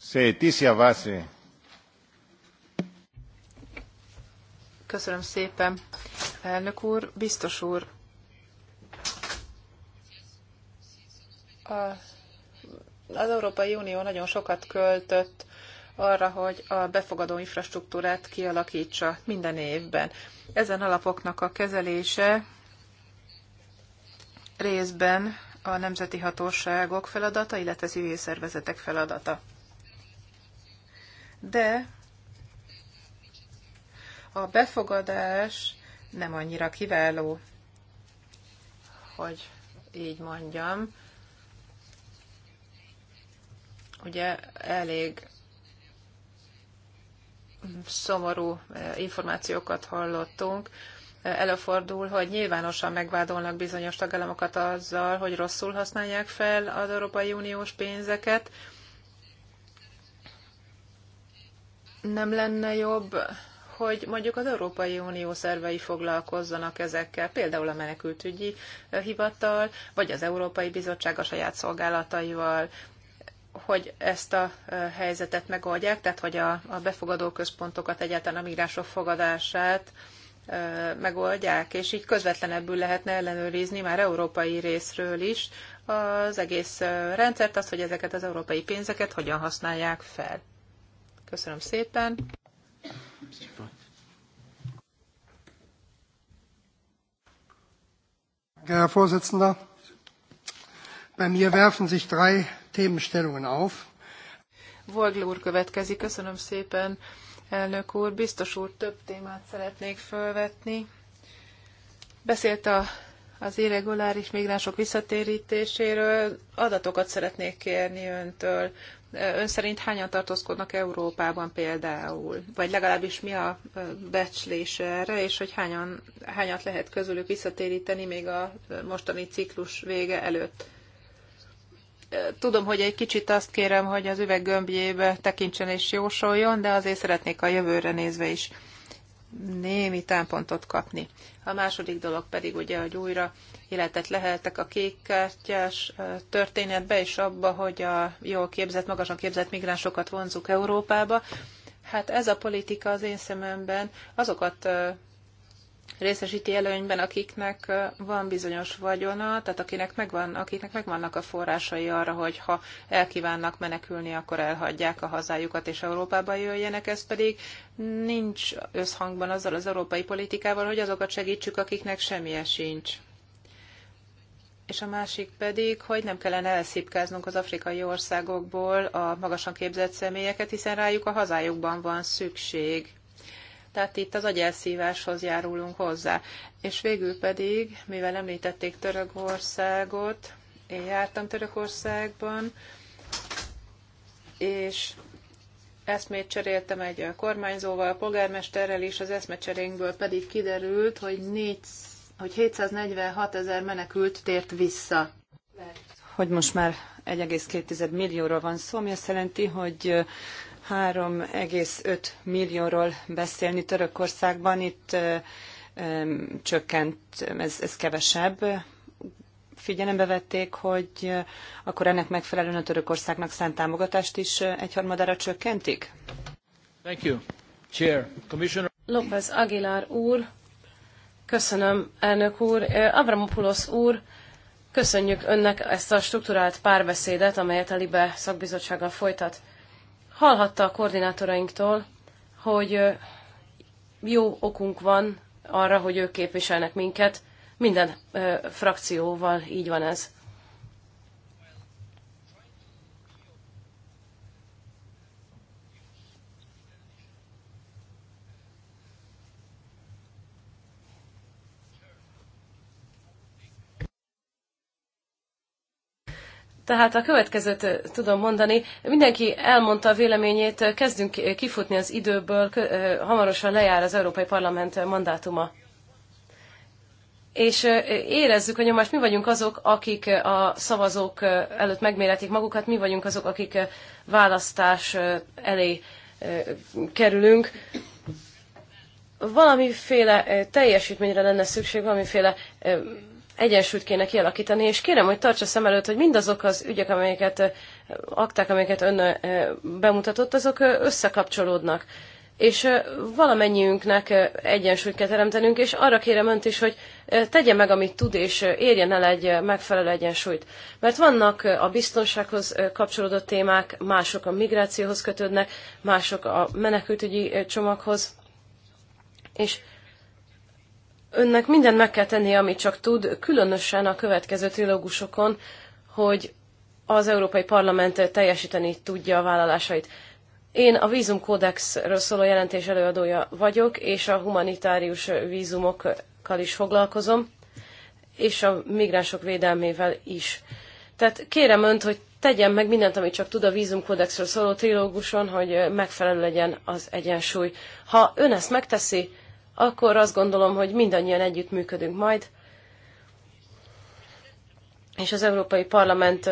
Σε αιτήσια βάση Köszönöm szépen, elnök úr, biztos úr. A, az Európai Unió nagyon sokat költött arra, hogy a befogadó infrastruktúrát kialakítsa minden évben. Ezen alapoknak a kezelése részben a nemzeti hatóságok feladata, illetve civil szervezetek feladata. De a befogadás nem annyira kiváló, hogy így mondjam. Ugye elég szomorú eh, információkat hallottunk, eh, előfordul, hogy nyilvánosan megvádolnak bizonyos tagállamokat azzal, hogy rosszul használják fel az Európai Uniós pénzeket. Nem lenne jobb hogy mondjuk az Európai Unió szervei foglalkozzanak ezekkel, például a menekültügyi hivatal, vagy az Európai Bizottság a saját szolgálataival, hogy ezt a helyzetet megoldják, tehát hogy a, a befogadó központokat egyáltalán a migránsok fogadását megoldják, és így közvetlenebbül lehetne ellenőrizni már európai részről is az egész rendszert, azt, hogy ezeket az európai pénzeket hogyan használják fel. Köszönöm szépen! Herr Vorsitzender, bei mir werfen sich drei Themenstellungen auf. Vogel úr következik. Köszönöm szépen, elnök úr. Biztos úr, több témát szeretnék felvetni. Beszélt a, az irreguláris migránsok visszatérítéséről. Adatokat szeretnék kérni öntől. Ön szerint hányan tartózkodnak Európában például? Vagy legalábbis mi a becslés erre, és hogy hányan, hányat lehet közülük visszatéríteni még a mostani ciklus vége előtt? Tudom, hogy egy kicsit azt kérem, hogy az üveg gömbjébe tekintsen és jósoljon, de azért szeretnék a jövőre nézve is némi támpontot kapni. A második dolog pedig ugye, hogy újra életet leheltek a kékkártyás történetbe, és abba, hogy a jól képzett, magasan képzett migránsokat vonzuk Európába. Hát ez a politika az én szememben azokat részesíti előnyben, akiknek van bizonyos vagyona, tehát akinek megvan, akiknek megvannak a forrásai arra, hogy ha elkívánnak menekülni, akkor elhagyják a hazájukat és Európába jöjjenek, ez pedig nincs összhangban azzal az európai politikával, hogy azokat segítsük, akiknek semmi sincs és a másik pedig, hogy nem kellene elszipkáznunk az afrikai országokból a magasan képzett személyeket, hiszen rájuk a hazájukban van szükség tehát itt az agyelszíváshoz járulunk hozzá. És végül pedig, mivel említették Törökországot, én jártam Törökországban, és eszmét cseréltem egy kormányzóval, polgármesterrel is, az eszmecserénkből pedig kiderült, hogy, négy, hogy 746 ezer menekült tért vissza. Hogy most már 1,2 millióról van szó, ami azt jelenti, hogy 3,5 millióról beszélni Törökországban, itt csökkent, ez, ez kevesebb. Figyelembe vették, hogy akkor ennek megfelelően a Törökországnak szánt támogatást is egyharmadára csökkentik? Thank you. Chair, Commissioner. López Aguilar úr, köszönöm, elnök úr, Avramopoulos úr, köszönjük önnek ezt a strukturált párbeszédet, amelyet a Libe szakbizottsággal folytat. Hallhatta a koordinátorainktól, hogy jó okunk van arra, hogy ők képviselnek minket, minden frakcióval így van ez. Tehát a következőt tudom mondani. Mindenki elmondta a véleményét, kezdünk kifutni az időből, hamarosan lejár az Európai Parlament mandátuma. És érezzük a nyomást, mi vagyunk azok, akik a szavazók előtt megméretik magukat, mi vagyunk azok, akik választás elé kerülünk valamiféle teljesítményre lenne szükség, valamiféle egyensúlyt kéne kialakítani, és kérem, hogy tartsa szem előtt, hogy mindazok az ügyek, amelyeket, akták, amelyeket ön bemutatott, azok összekapcsolódnak. És valamennyiünknek egyensúlyt kell teremtenünk, és arra kérem önt is, hogy tegye meg, amit tud, és érjen el egy megfelelő egyensúlyt. Mert vannak a biztonsághoz kapcsolódó témák, mások a migrációhoz kötődnek, mások a menekültügyi csomaghoz, és önnek mindent meg kell tennie, amit csak tud, különösen a következő trilógusokon, hogy az Európai Parlament teljesíteni tudja a vállalásait. Én a vízumkódexről szóló jelentés előadója vagyok, és a humanitárius vízumokkal is foglalkozom, és a migránsok védelmével is. Tehát kérem önt, hogy tegyen meg mindent, amit csak tud a vízumkódexről szóló trilóguson, hogy megfelelő legyen az egyensúly. Ha ön ezt megteszi, akkor azt gondolom, hogy mindannyian együtt működünk majd, és az Európai Parlament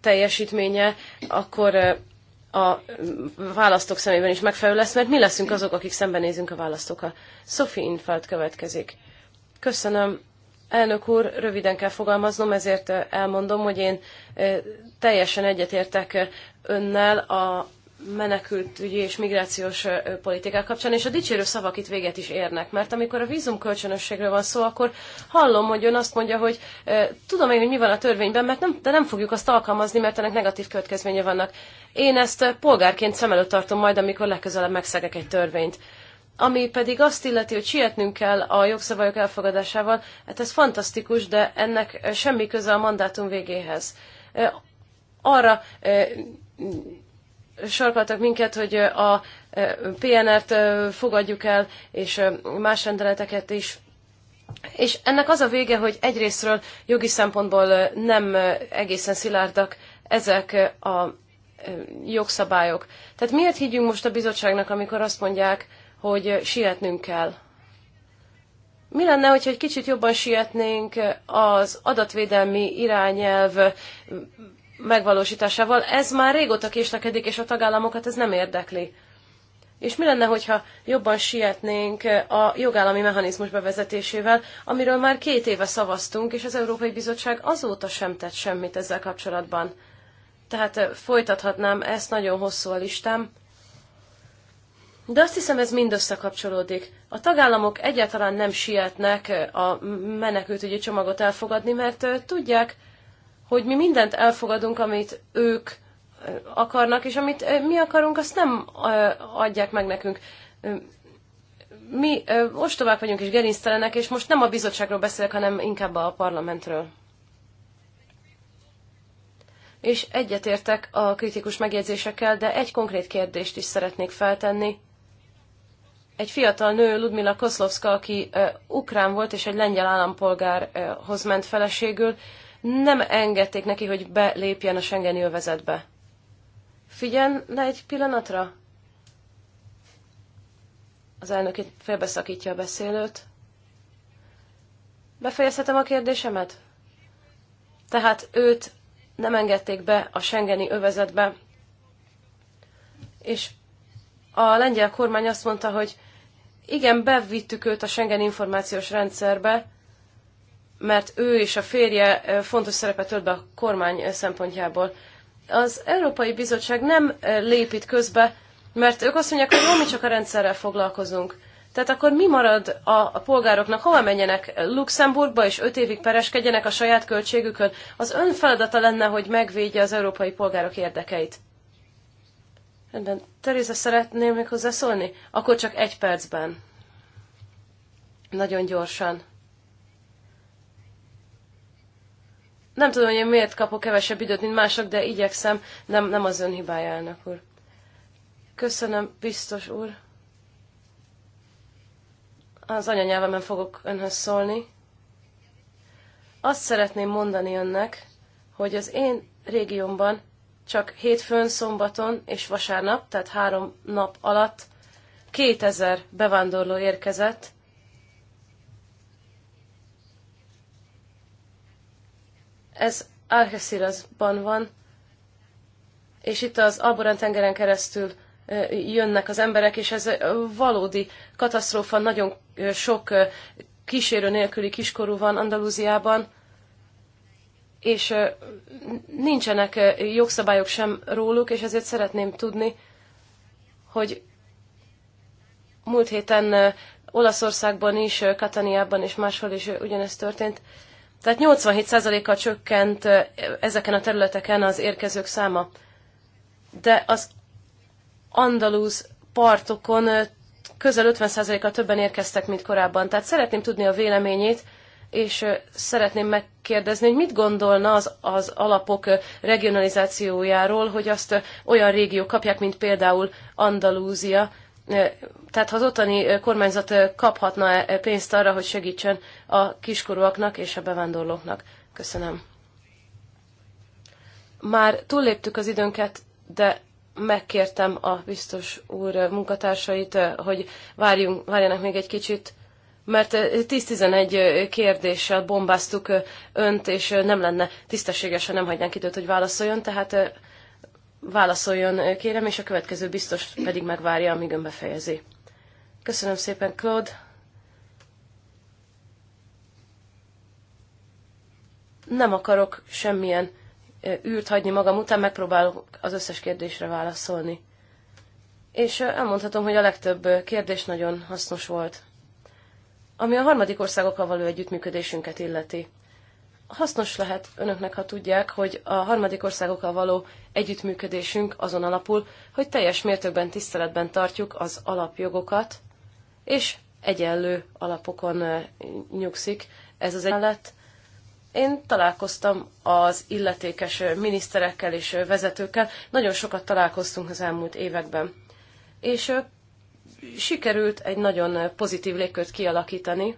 teljesítménye akkor a választók szemében is megfelelő lesz, mert mi leszünk azok, akik szembenézünk a választókkal. Sophie Infeld következik. Köszönöm. Elnök úr, röviden kell fogalmaznom, ezért elmondom, hogy én teljesen egyetértek önnel a menekültügyi és migrációs politikák kapcsán, és a dicsérő szavak itt véget is érnek, mert amikor a vízum kölcsönösségről van szó, akkor hallom, hogy ön azt mondja, hogy tudom én, hogy mi van a törvényben, mert nem, de nem fogjuk azt alkalmazni, mert ennek negatív következménye vannak. Én ezt polgárként szem előtt tartom majd, amikor legközelebb megszegek egy törvényt. Ami pedig azt illeti, hogy sietnünk kell a jogszabályok elfogadásával, hát ez fantasztikus, de ennek semmi köze a mandátum végéhez. Arra sarkaltak minket, hogy a PNR-t fogadjuk el, és más rendeleteket is. És ennek az a vége, hogy egyrésztről jogi szempontból nem egészen szilárdak ezek a jogszabályok. Tehát miért higgyünk most a bizottságnak, amikor azt mondják, hogy sietnünk kell? Mi lenne, hogyha egy kicsit jobban sietnénk az adatvédelmi irányelv megvalósításával. Ez már régóta késlekedik, és a tagállamokat ez nem érdekli. És mi lenne, hogyha jobban sietnénk a jogállami mechanizmus bevezetésével, amiről már két éve szavaztunk, és az Európai Bizottság azóta sem tett semmit ezzel kapcsolatban. Tehát folytathatnám, ezt nagyon hosszú a listám. De azt hiszem, ez mind összekapcsolódik. A tagállamok egyáltalán nem sietnek a menekültügyi csomagot elfogadni, mert tudják, hogy mi mindent elfogadunk, amit ők akarnak, és amit mi akarunk, azt nem adják meg nekünk. Mi most tovább vagyunk és gerinctelenek, és most nem a bizottságról beszélek, hanem inkább a parlamentről. És egyetértek a kritikus megjegyzésekkel, de egy konkrét kérdést is szeretnék feltenni. Egy fiatal nő, Ludmila Koszlovska, aki uh, ukrán volt és egy lengyel állampolgárhoz uh, ment feleségül, uh, nem engedték neki, hogy belépjen a Schengeni övezetbe. Figyelj le egy pillanatra! Az elnök itt félbeszakítja a beszélőt. Befejezhetem a kérdésemet? Tehát őt nem engedték be a Schengeni övezetbe, és a lengyel kormány azt mondta, hogy igen, bevittük őt a Schengen információs rendszerbe, mert ő és a férje fontos szerepet tölt be a kormány szempontjából. Az Európai Bizottság nem lép itt közbe, mert ők azt mondják, hogy jó, mi csak a rendszerrel foglalkozunk. Tehát akkor mi marad a, a polgároknak, hova menjenek Luxemburgba, és öt évig pereskedjenek a saját költségükön? Az ön feladata lenne, hogy megvédje az európai polgárok érdekeit. Rendben. Teréza, szeretném még hozzászólni? Akkor csak egy percben. Nagyon gyorsan. Nem tudom, hogy én miért kapok kevesebb időt, mint mások, de igyekszem, nem, nem az ön hibája, elnök úr. Köszönöm, biztos úr. Az anyanyelvemen fogok önhöz szólni. Azt szeretném mondani önnek, hogy az én régiómban csak hétfőn, szombaton és vasárnap, tehát három nap alatt 2000 bevándorló érkezett, Ez Algeciras-ban van, és itt az Alborán tengeren keresztül jönnek az emberek, és ez valódi katasztrófa, nagyon sok kísérő nélküli kiskorú van Andalúziában, és nincsenek jogszabályok sem róluk, és ezért szeretném tudni, hogy múlt héten Olaszországban is, Kataniában és máshol is ugyanezt történt, tehát 87%-kal csökkent ezeken a területeken az érkezők száma. De az andalúz partokon közel 50%-kal többen érkeztek, mint korábban. Tehát szeretném tudni a véleményét, és szeretném megkérdezni, hogy mit gondolna az, az alapok regionalizációjáról, hogy azt olyan régiók kapják, mint például Andalúzia, tehát ha az ottani kormányzat kaphatna -e pénzt arra, hogy segítsen a kiskorúaknak és a bevándorlóknak? Köszönöm. Már túlléptük az időnket, de megkértem a biztos úr munkatársait, hogy várjunk, várjanak még egy kicsit, mert 10-11 kérdéssel bombáztuk önt, és nem lenne tisztességes, ha nem hagynánk időt, hogy válaszoljon, tehát válaszoljon, kérem, és a következő biztos pedig megvárja, amíg ön befejezi. Köszönöm szépen, Claude. Nem akarok semmilyen űrt hagyni magam után, megpróbálok az összes kérdésre válaszolni. És elmondhatom, hogy a legtöbb kérdés nagyon hasznos volt. Ami a harmadik országokkal való együttműködésünket illeti hasznos lehet önöknek, ha tudják, hogy a harmadik országokkal való együttműködésünk azon alapul, hogy teljes mértékben tiszteletben tartjuk az alapjogokat, és egyenlő alapokon nyugszik ez az egyenlet. Én találkoztam az illetékes miniszterekkel és vezetőkkel, nagyon sokat találkoztunk az elmúlt években. És sikerült egy nagyon pozitív légkört kialakítani,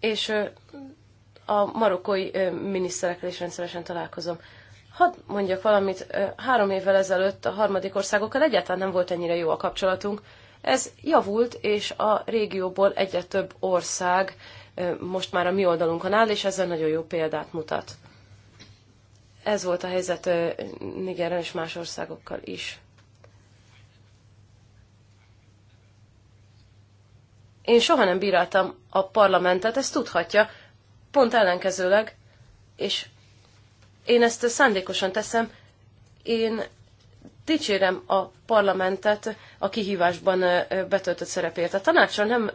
és a marokkói miniszterekkel is rendszeresen találkozom. Hadd mondjak valamit, három évvel ezelőtt a harmadik országokkal egyáltalán nem volt ennyire jó a kapcsolatunk. Ez javult, és a régióból egyre több ország most már a mi oldalunkon áll, és ezzel nagyon jó példát mutat. Ez volt a helyzet Nigerrel és más országokkal is. Én soha nem bíráltam a parlamentet, ezt tudhatja, pont ellenkezőleg, és én ezt szándékosan teszem, én dicsérem a parlamentet a kihívásban betöltött szerepért. A tanácsal nem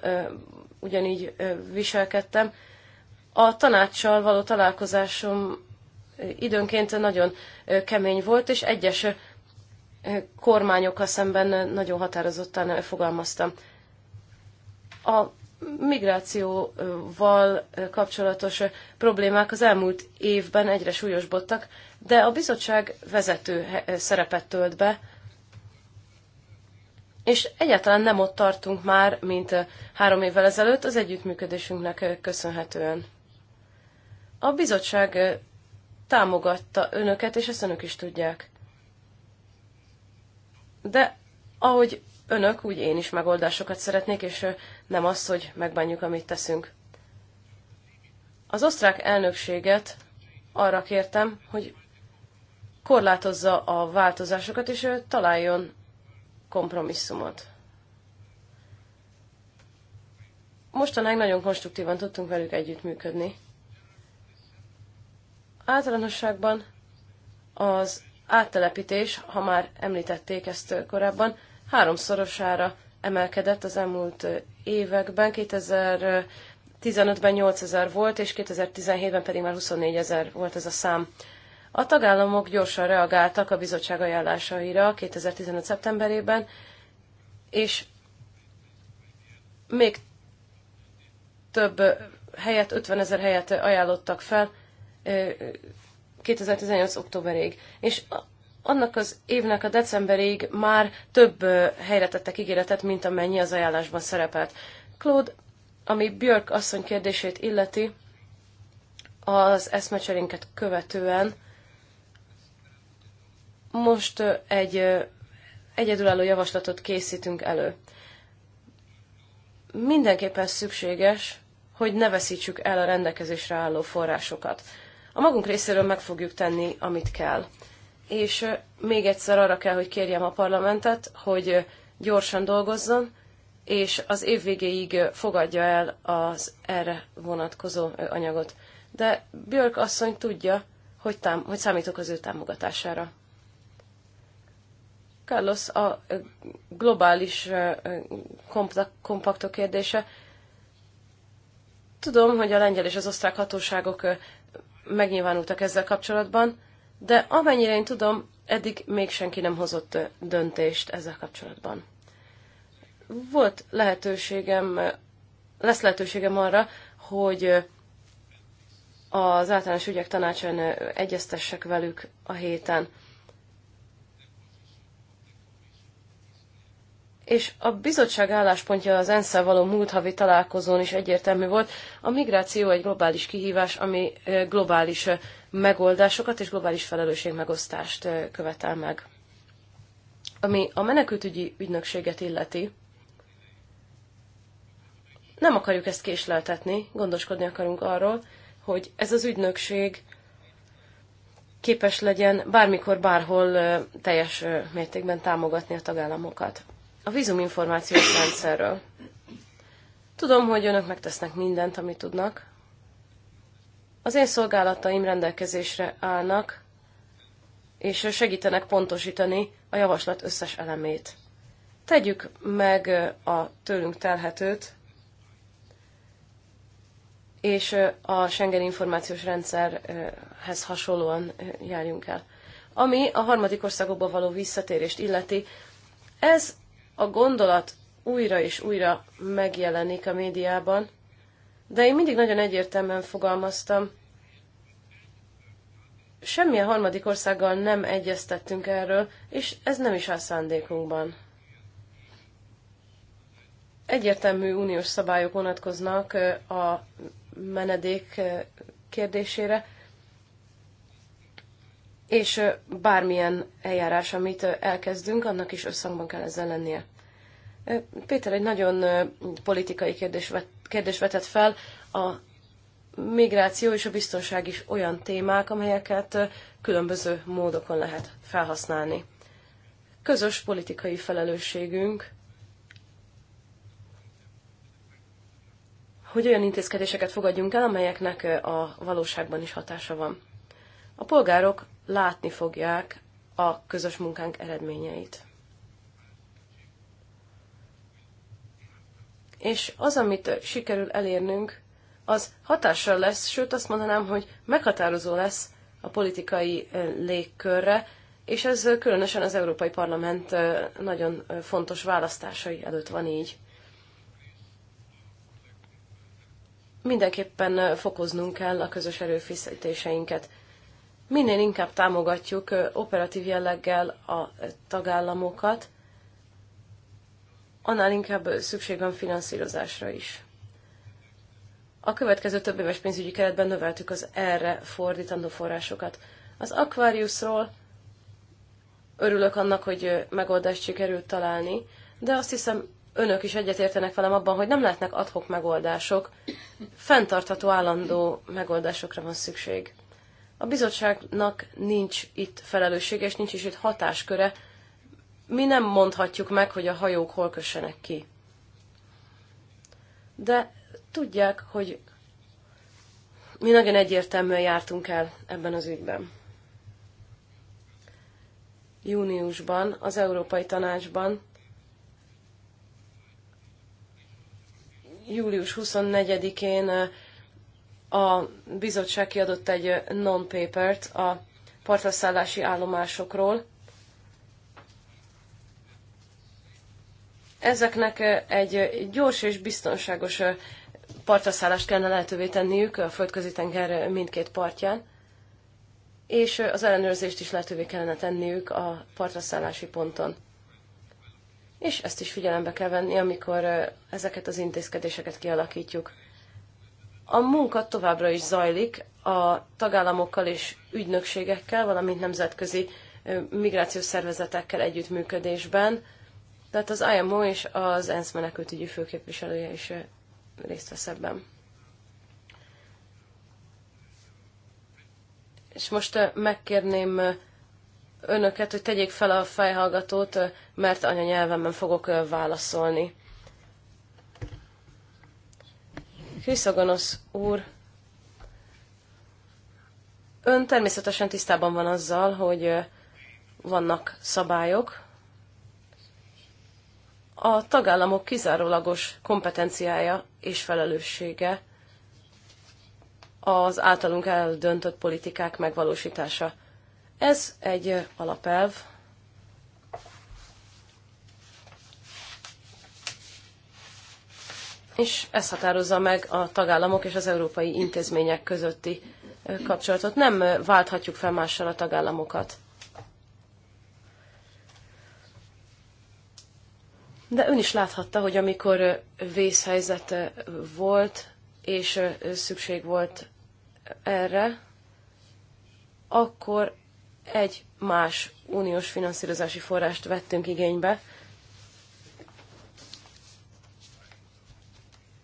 ugyanígy viselkedtem. A tanácssal való találkozásom időnként nagyon kemény volt, és egyes kormányokkal szemben nagyon határozottan fogalmaztam. A migrációval kapcsolatos problémák az elmúlt évben egyre súlyosbodtak, de a bizottság vezető szerepet tölt be, és egyáltalán nem ott tartunk már, mint három évvel ezelőtt az együttműködésünknek köszönhetően. A bizottság támogatta önöket, és ezt önök is tudják. De ahogy önök, úgy én is megoldásokat szeretnék, és nem az, hogy megbánjuk, amit teszünk. Az osztrák elnökséget arra kértem, hogy korlátozza a változásokat, és ő találjon kompromisszumot. Mostanáig nagyon konstruktívan tudtunk velük együttműködni. Általánosságban az áttelepítés, ha már említették ezt korábban, háromszorosára emelkedett az elmúlt években. 2015-ben 8000 volt, és 2017-ben pedig már 24 ezer volt ez a szám. A tagállamok gyorsan reagáltak a bizottság ajánlásaira 2015. szeptemberében, és még több helyet, 50 ezer helyet ajánlottak fel 2018. októberig. És annak az évnek a decemberig már több helyre tettek ígéretet, mint amennyi az ajánlásban szerepelt. Claude, ami Björk asszony kérdését illeti, az eszmecserénket követően most egy egyedülálló javaslatot készítünk elő. Mindenképpen szükséges, hogy ne veszítsük el a rendelkezésre álló forrásokat. A magunk részéről meg fogjuk tenni, amit kell és még egyszer arra kell, hogy kérjem a parlamentet, hogy gyorsan dolgozzon, és az év végéig fogadja el az erre vonatkozó anyagot. De Björk asszony tudja, hogy, tám- hogy számítok az ő támogatására. Carlos, a globális kompaktok kérdése. Tudom, hogy a lengyel és az osztrák hatóságok megnyilvánultak ezzel kapcsolatban, de amennyire én tudom, eddig még senki nem hozott döntést ezzel kapcsolatban. Volt lehetőségem, lesz lehetőségem arra, hogy az általános ügyek tanácsán egyeztessek velük a héten. És a bizottság álláspontja az ensz való múlt havi találkozón is egyértelmű volt. A migráció egy globális kihívás, ami globális megoldásokat és globális felelősségmegosztást követel meg. Ami a menekültügyi ügynökséget illeti, nem akarjuk ezt késleltetni, gondoskodni akarunk arról, hogy ez az ügynökség képes legyen bármikor, bárhol teljes mértékben támogatni a tagállamokat. A vízuminformációs rendszerről. Tudom, hogy önök megtesznek mindent, amit tudnak. Az én szolgálataim rendelkezésre állnak, és segítenek pontosítani a javaslat összes elemét. Tegyük meg a tőlünk telhetőt, és a Schengen információs rendszerhez hasonlóan járjunk el. Ami a harmadik országokba való visszatérést illeti, ez a gondolat újra és újra megjelenik a médiában, de én mindig nagyon egyértelműen fogalmaztam. Semmilyen harmadik országgal nem egyeztettünk erről, és ez nem is a szándékunkban. Egyértelmű uniós szabályok vonatkoznak a menedék kérdésére, és bármilyen eljárás, amit elkezdünk, annak is összhangban kell ezzel lennie. Péter egy nagyon politikai kérdés kérdés vetett fel, a migráció és a biztonság is olyan témák, amelyeket különböző módokon lehet felhasználni. Közös politikai felelősségünk, hogy olyan intézkedéseket fogadjunk el, amelyeknek a valóságban is hatása van. A polgárok látni fogják a közös munkánk eredményeit. és az, amit sikerül elérnünk, az hatással lesz, sőt azt mondanám, hogy meghatározó lesz a politikai légkörre, és ez különösen az Európai Parlament nagyon fontos választásai előtt van így. Mindenképpen fokoznunk kell a közös erőfeszítéseinket. Minél inkább támogatjuk operatív jelleggel a tagállamokat, annál inkább szükség van finanszírozásra is. A következő több éves pénzügyi keretben növeltük az erre fordítandó forrásokat. Az Aquariusról örülök annak, hogy megoldást sikerült találni, de azt hiszem, önök is egyetértenek velem abban, hogy nem lehetnek adhok megoldások, fenntartható állandó megoldásokra van szükség. A bizottságnak nincs itt felelőssége, és nincs is itt hatásköre, mi nem mondhatjuk meg, hogy a hajók hol kössenek ki. De tudják, hogy mi nagyon egyértelműen jártunk el ebben az ügyben. Júniusban az Európai Tanácsban július 24-én eh, a bizottság kiadott egy eh, non-papert a partaszállási állomásokról, Ezeknek egy gyors és biztonságos partraszállást kellene lehetővé tenniük a földközi tenger mindkét partján, és az ellenőrzést is lehetővé kellene tenniük a partraszállási ponton. És ezt is figyelembe kell venni, amikor ezeket az intézkedéseket kialakítjuk. A munka továbbra is zajlik a tagállamokkal és ügynökségekkel, valamint nemzetközi migrációs szervezetekkel együttműködésben, tehát az IMO és az ENSZ menekültügyi főképviselője is eh, részt vesz ebben. És most eh, megkérném eh, önöket, hogy tegyék fel a fejhallgatót, mert anyanyelvemben fogok válaszolni. Kriszogonosz úr, ön természetesen tisztában van azzal, hogy vannak szabályok, a tagállamok kizárólagos kompetenciája és felelőssége az általunk eldöntött politikák megvalósítása. Ez egy alapelv. És ez határozza meg a tagállamok és az európai intézmények közötti kapcsolatot. Nem válthatjuk fel mással a tagállamokat. De ön is láthatta, hogy amikor vészhelyzet volt, és szükség volt erre, akkor egy más uniós finanszírozási forrást vettünk igénybe,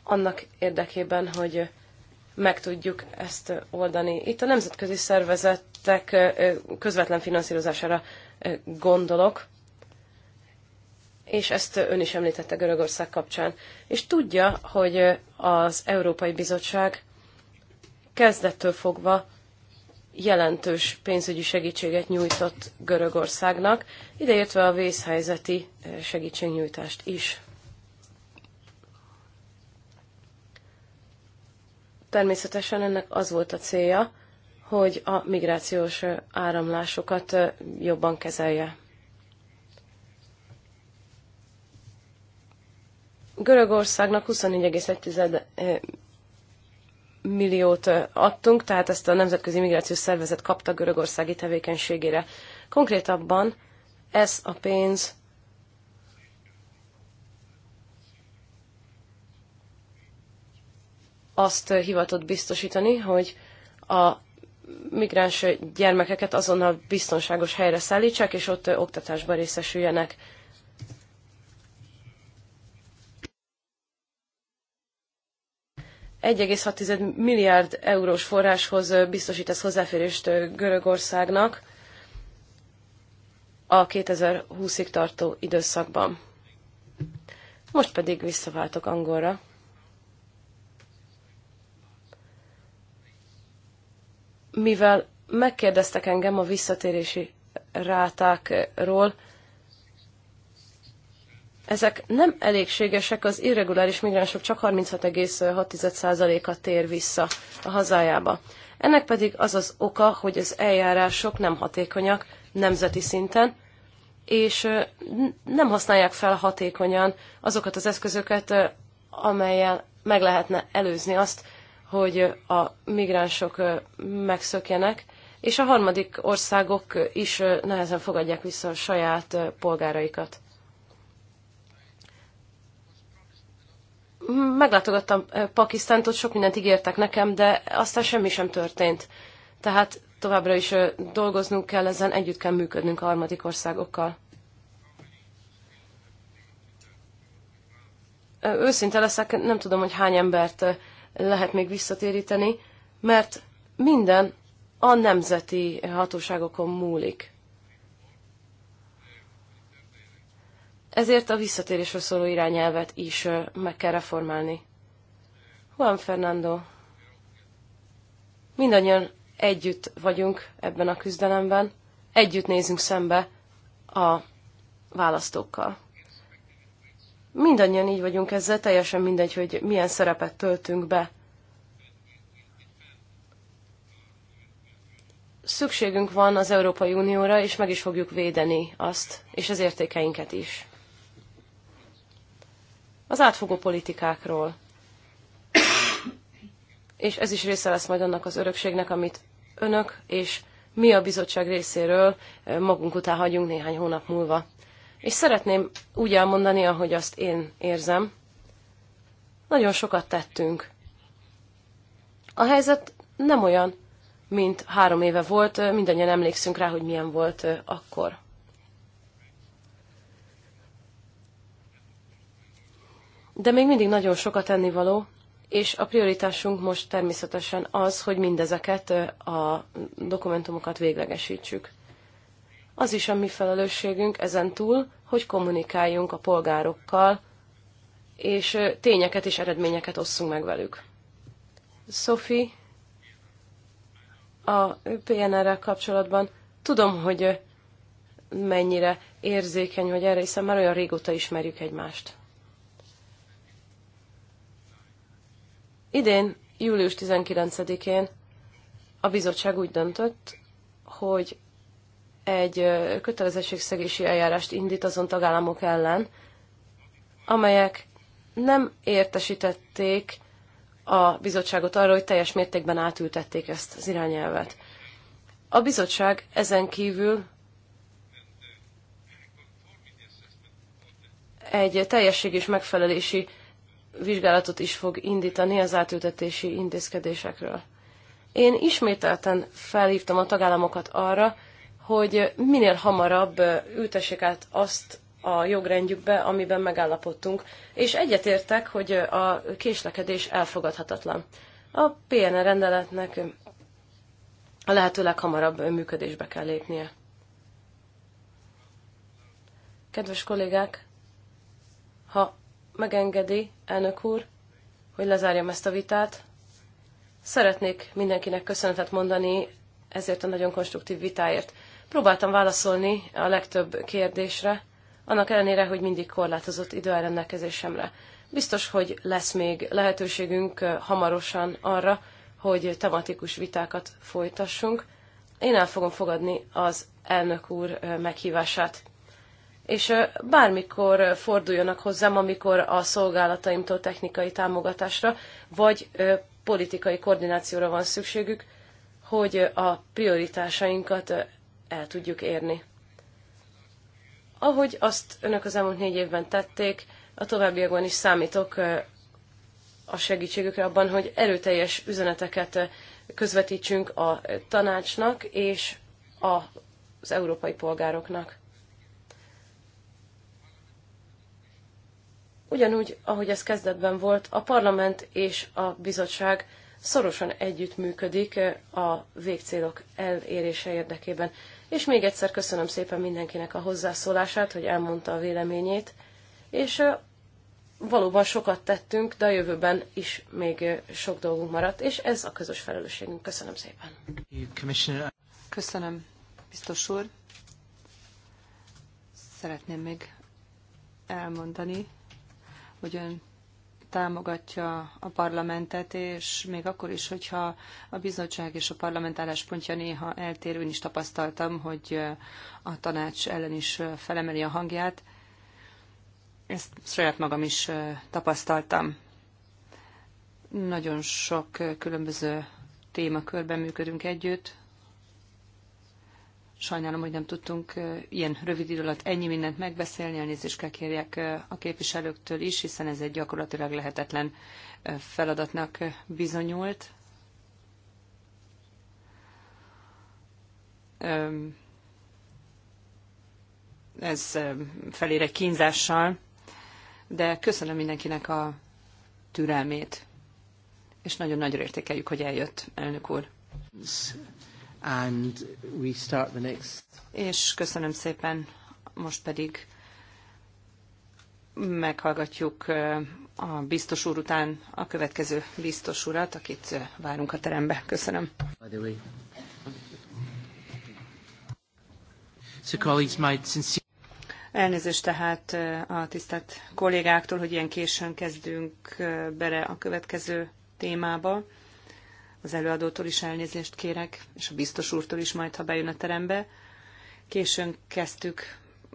annak érdekében, hogy meg tudjuk ezt oldani. Itt a nemzetközi szervezetek közvetlen finanszírozására gondolok, és ezt ön is említette Görögország kapcsán. És tudja, hogy az Európai Bizottság kezdettől fogva jelentős pénzügyi segítséget nyújtott Görögországnak, ideértve a vészhelyzeti segítségnyújtást is. Természetesen ennek az volt a célja, hogy a migrációs áramlásokat jobban kezelje. Görögországnak 24,1 eh, milliót eh, adtunk, tehát ezt a Nemzetközi Migrációs Szervezet kapta görögországi tevékenységére. Konkrétabban ez a pénz azt eh, hivatott biztosítani, hogy a migráns gyermekeket azonnal biztonságos helyre szállítsák, és ott oktatásba részesüljenek. 1,6 milliárd eurós forráshoz biztosít ez hozzáférést Görögországnak a 2020-ig tartó időszakban. Most pedig visszaváltok angolra. Mivel megkérdeztek engem a visszatérési rátákról, ezek nem elégségesek, az irreguláris migránsok csak 36,6%-a tér vissza a hazájába. Ennek pedig az az oka, hogy az eljárások nem hatékonyak nemzeti szinten, és nem használják fel hatékonyan azokat az eszközöket, amelyel meg lehetne előzni azt, hogy a migránsok megszökjenek, és a harmadik országok is nehezen fogadják vissza a saját polgáraikat. meglátogattam eh, Pakisztánt, ott sok mindent ígértek nekem, de aztán semmi sem történt. Tehát továbbra is eh, dolgoznunk kell ezen, együtt kell működnünk a harmadik országokkal. Eh, őszinte leszek, nem tudom, hogy hány embert lehet még visszatéríteni, mert minden a nemzeti hatóságokon múlik. ezért a visszatérésről szóló irányelvet is meg kell reformálni. Juan Fernando, mindannyian együtt vagyunk ebben a küzdelemben, együtt nézünk szembe a választókkal. Mindannyian így vagyunk ezzel, teljesen mindegy, hogy milyen szerepet töltünk be. Szükségünk van az Európai Unióra, és meg is fogjuk védeni azt, és az értékeinket is az átfogó politikákról. És ez is része lesz majd annak az örökségnek, amit önök és mi a bizottság részéről eh, magunk után hagyunk néhány hónap múlva. És szeretném úgy elmondani, ahogy azt én érzem. Nagyon sokat tettünk. A helyzet nem olyan, mint három éve volt, eh, mindannyian emlékszünk rá, hogy milyen volt eh, akkor. de még mindig nagyon sokat tennivaló, és a prioritásunk most természetesen az, hogy mindezeket a dokumentumokat véglegesítsük. Az is a mi felelősségünk ezen túl, hogy kommunikáljunk a polgárokkal, és tényeket és eredményeket osszunk meg velük. Sophie, a PNR-rel kapcsolatban tudom, hogy mennyire érzékeny, hogy erre, hiszen már olyan régóta ismerjük egymást. Idén, július 19-én a bizottság úgy döntött, hogy egy kötelezettségszegési eljárást indít azon tagállamok ellen, amelyek nem értesítették a bizottságot arról, hogy teljes mértékben átültették ezt az irányelvet. A bizottság ezen kívül egy teljesség és megfelelési vizsgálatot is fog indítani az átültetési intézkedésekről. Én ismételten felhívtam a tagállamokat arra, hogy minél hamarabb ültessék át azt a jogrendjükbe, amiben megállapodtunk, és egyetértek, hogy a késlekedés elfogadhatatlan. A PNR rendeletnek a lehető leghamarabb működésbe kell lépnie. Kedves kollégák, ha megengedi, elnök úr, hogy lezárjam ezt a vitát. Szeretnék mindenkinek köszönetet mondani ezért a nagyon konstruktív vitáért. Próbáltam válaszolni a legtöbb kérdésre, annak ellenére, hogy mindig korlátozott idő áll rendelkezésemre. Biztos, hogy lesz még lehetőségünk hamarosan arra, hogy tematikus vitákat folytassunk. Én el fogom fogadni az elnök úr meghívását és bármikor forduljanak hozzám, amikor a szolgálataimtól technikai támogatásra, vagy politikai koordinációra van szükségük, hogy a prioritásainkat el tudjuk érni. Ahogy azt önök az elmúlt négy évben tették, a továbbiakban is számítok a segítségükre abban, hogy erőteljes üzeneteket közvetítsünk a tanácsnak és az európai polgároknak. Ugyanúgy, ahogy ez kezdetben volt, a parlament és a bizottság szorosan együttműködik a végcélok elérése érdekében. És még egyszer köszönöm szépen mindenkinek a hozzászólását, hogy elmondta a véleményét, és valóban sokat tettünk, de a jövőben is még sok dolgunk maradt, és ez a közös felelősségünk. Köszönöm szépen. Köszönöm, biztos úr. Szeretném még elmondani, hogy ön támogatja a parlamentet, és még akkor is, hogyha a bizottság és a parlament álláspontja néha eltérő, is tapasztaltam, hogy eh, a tanács ellen is eh, felemeli a hangját. Ezt saját magam is eh, tapasztaltam. Nagyon sok különböző témakörben működünk együtt, Sajnálom, hogy nem tudtunk ilyen rövid idő alatt ennyi mindent megbeszélni, elnézést kell kérjek a képviselőktől is, hiszen ez egy gyakorlatilag lehetetlen feladatnak bizonyult. Ez felére kínzással, de köszönöm mindenkinek a türelmét, és nagyon nagyra értékeljük, hogy eljött, elnök úr. And we start the next... És köszönöm szépen. Most pedig meghallgatjuk a biztos úr után a következő biztos urat, akit várunk a terembe. Köszönöm. Elnézést tehát a tisztelt kollégáktól, hogy ilyen későn kezdünk bele a következő témába az előadótól is elnézést kérek, és a biztos úrtól is majd, ha bejön a terembe. Későn kezdtük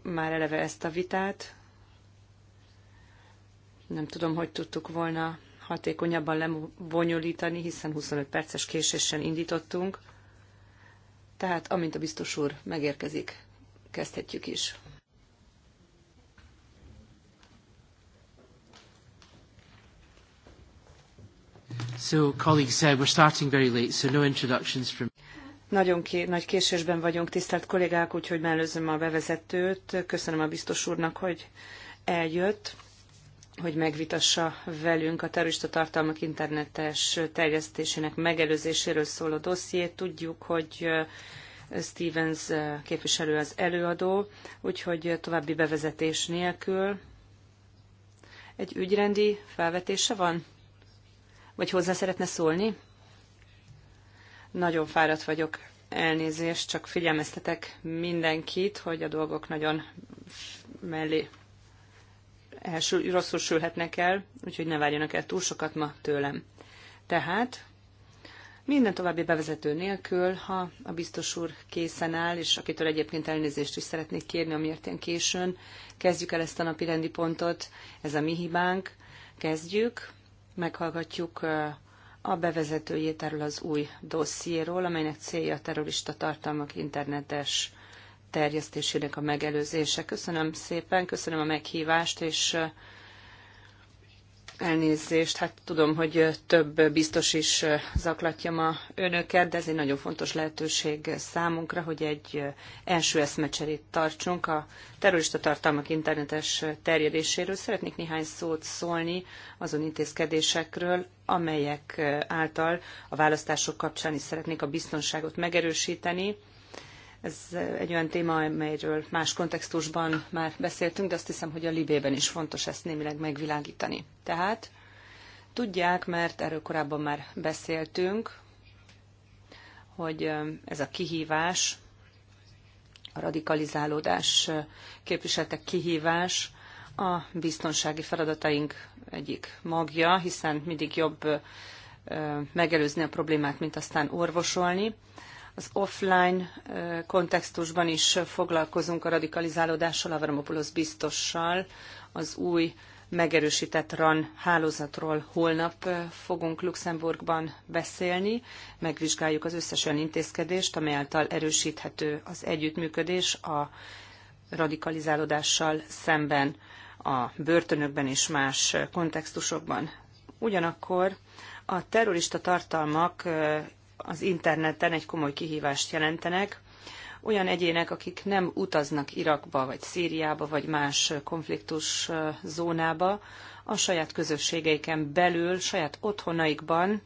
már eleve ezt a vitát. Nem tudom, hogy tudtuk volna hatékonyabban lebonyolítani, hiszen 25 perces késésen indítottunk. Tehát amint a biztos úr megérkezik, kezdhetjük is. So, colleagues, uh, we're starting very late, so no introductions from... Nagyon ké- nagy késésben vagyunk, tisztelt kollégák, úgyhogy mellőzöm a bevezetőt. Köszönöm a biztos úrnak, hogy eljött hogy megvitassa velünk a terrorista tartalmak internetes terjesztésének megelőzéséről szóló dossziét. Tudjuk, hogy uh, Stevens uh, képviselő az előadó, úgyhogy további bevezetés nélkül. Egy ügyrendi felvetése van? Vagy hozzá szeretne szólni? Nagyon fáradt vagyok, elnézést, csak figyelmeztetek mindenkit, hogy a dolgok nagyon mellé elsül, rosszul sülhetnek el, úgyhogy ne várjanak el túl sokat ma tőlem. Tehát minden további bevezető nélkül, ha a biztos úr készen áll, és akitől egyébként elnézést is szeretnék kérni, amiért én későn, kezdjük el ezt a napi rendi pontot, ez a mi hibánk, kezdjük meghallgatjuk a bevezetőjét erről az új dossziéról, amelynek célja a terrorista tartalmak internetes terjesztésének a megelőzése. Köszönöm szépen, köszönöm a meghívást, és Elnézést, hát tudom, hogy több biztos is zaklatja ma önöket, de ez egy nagyon fontos lehetőség számunkra, hogy egy első eszmecserét tartsunk a terrorista tartalmak internetes terjedéséről. Szeretnék néhány szót szólni azon intézkedésekről, amelyek által a választások kapcsán is szeretnék a biztonságot megerősíteni, ez egy olyan téma, amelyről más kontextusban már beszéltünk, de azt hiszem, hogy a Libében is fontos ezt némileg megvilágítani. Tehát tudják, mert erről korábban már beszéltünk, hogy ez a kihívás, a radikalizálódás képviseltek kihívás a biztonsági feladataink egyik magja, hiszen mindig jobb megelőzni a problémát, mint aztán orvosolni az offline kontextusban is foglalkozunk a radikalizálódással, a Avramopoulos biztossal, az új megerősített RAN hálózatról holnap fogunk Luxemburgban beszélni. Megvizsgáljuk az összes olyan intézkedést, amely által erősíthető az együttműködés a radikalizálódással szemben a börtönökben és más kontextusokban. Ugyanakkor a terrorista tartalmak az interneten egy komoly kihívást jelentenek. Olyan egyének, akik nem utaznak Irakba, vagy Szíriába, vagy más konfliktus zónába, a saját közösségeiken belül, saját otthonaikban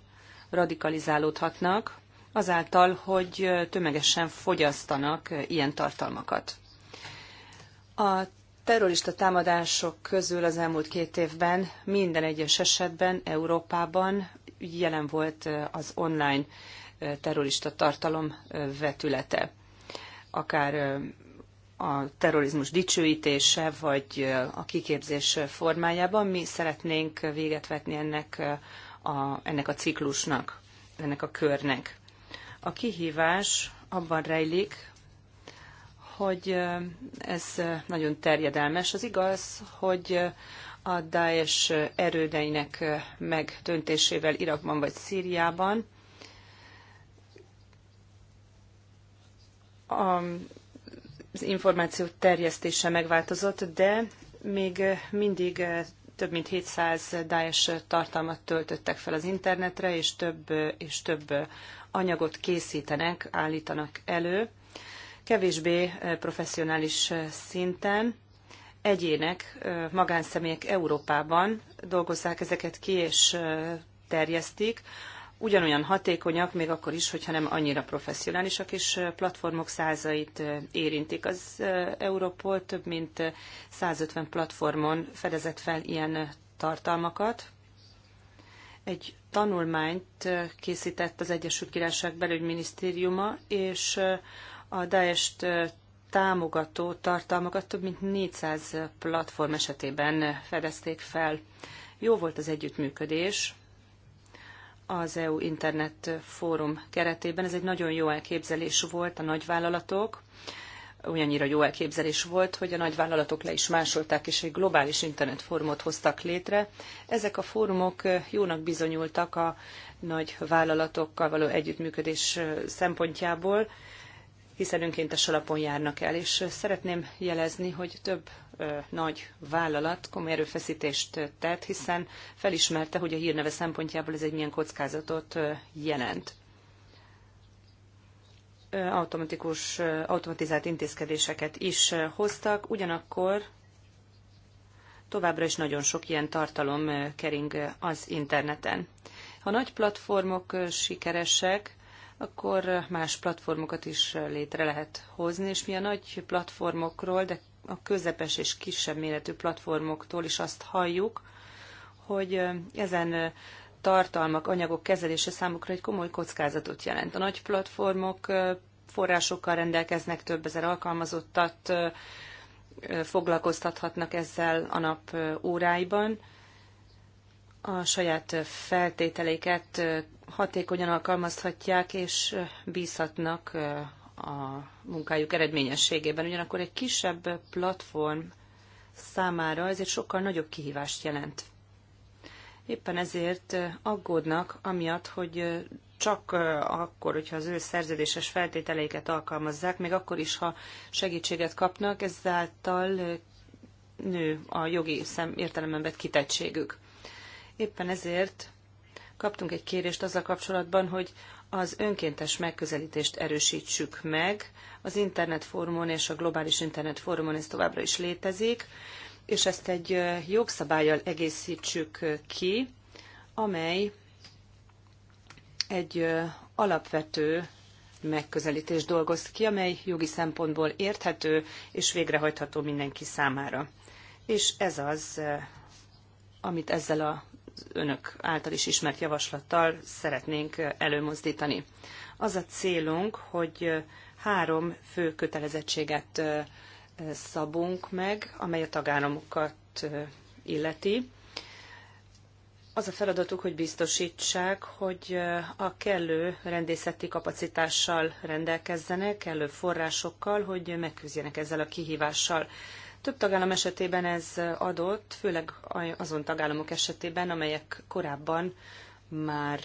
radikalizálódhatnak, azáltal, hogy tömegesen fogyasztanak ilyen tartalmakat. A terrorista támadások közül az elmúlt két évben minden egyes esetben Európában jelen volt az online terrorista tartalom vetülete. Akár a terrorizmus dicsőítése, vagy a kiképzés formájában. Mi szeretnénk véget vetni ennek a, ennek a ciklusnak, ennek a körnek. A kihívás abban rejlik, hogy ez nagyon terjedelmes. Az igaz, hogy a Daesh erődeinek megdöntésével Irakban vagy Szíriában. Az információ terjesztése megváltozott, de még mindig több mint 700 Daesh tartalmat töltöttek fel az internetre, és több, és több anyagot készítenek, állítanak elő, kevésbé professzionális szinten egyének, magánszemélyek Európában dolgozzák ezeket ki és terjesztik, ugyanolyan hatékonyak, még akkor is, hogyha nem annyira professzionálisak, és platformok százait érintik. Az Europol több mint 150 platformon fedezett fel ilyen tartalmakat. Egy tanulmányt készített az Egyesült Királyság belügyminisztériuma, és a Daest támogató tartalmakat több mint 400 platform esetében fedezték fel. Jó volt az együttműködés az EU Internet Fórum keretében. Ez egy nagyon jó elképzelés volt a nagyvállalatok. Olyannyira jó elképzelés volt, hogy a nagyvállalatok le is másolták, és egy globális internetfórumot hoztak létre. Ezek a fórumok jónak bizonyultak a nagy vállalatokkal való együttműködés szempontjából hiszen önkéntes alapon járnak el, és szeretném jelezni, hogy több ö, nagy vállalat komoly erőfeszítést tett, hiszen felismerte, hogy a hírneve szempontjából ez egy milyen kockázatot ö, jelent. Ö, automatikus, ö, automatizált intézkedéseket is ö, hoztak, ugyanakkor továbbra is nagyon sok ilyen tartalom kering az interneten. Ha nagy platformok sikeresek, akkor más platformokat is létre lehet hozni, és mi a nagy platformokról, de a közepes és kisebb méretű platformoktól is azt halljuk, hogy ezen tartalmak, anyagok kezelése számukra egy komoly kockázatot jelent. A nagy platformok forrásokkal rendelkeznek, több ezer alkalmazottat foglalkoztathatnak ezzel a nap óráiban, a saját feltételeiket hatékonyan alkalmazhatják, és bízhatnak a munkájuk eredményességében. Ugyanakkor egy kisebb platform számára ez egy sokkal nagyobb kihívást jelent. Éppen ezért aggódnak, amiatt, hogy csak akkor, hogyha az ő szerződéses feltételeiket alkalmazzák, még akkor is, ha segítséget kapnak, ezáltal nő a jogi szem értelemben vett kitettségük. Éppen ezért kaptunk egy kérést azzal kapcsolatban, hogy az önkéntes megközelítést erősítsük meg. Az internetfórumon és a globális internetfórumon ez továbbra is létezik, és ezt egy jogszabályjal egészítsük ki, amely egy alapvető megközelítés dolgoz ki, amely jogi szempontból érthető és végrehajtható mindenki számára. És ez az, amit ezzel a önök által is ismert javaslattal szeretnénk előmozdítani. Az a célunk, hogy három fő kötelezettséget szabunk meg, amely a tagállamokat illeti. Az a feladatuk, hogy biztosítsák, hogy a kellő rendészeti kapacitással rendelkezzenek, kellő forrásokkal, hogy megküzdjenek ezzel a kihívással. Több tagállam esetében ez adott, főleg azon tagállamok esetében, amelyek korábban már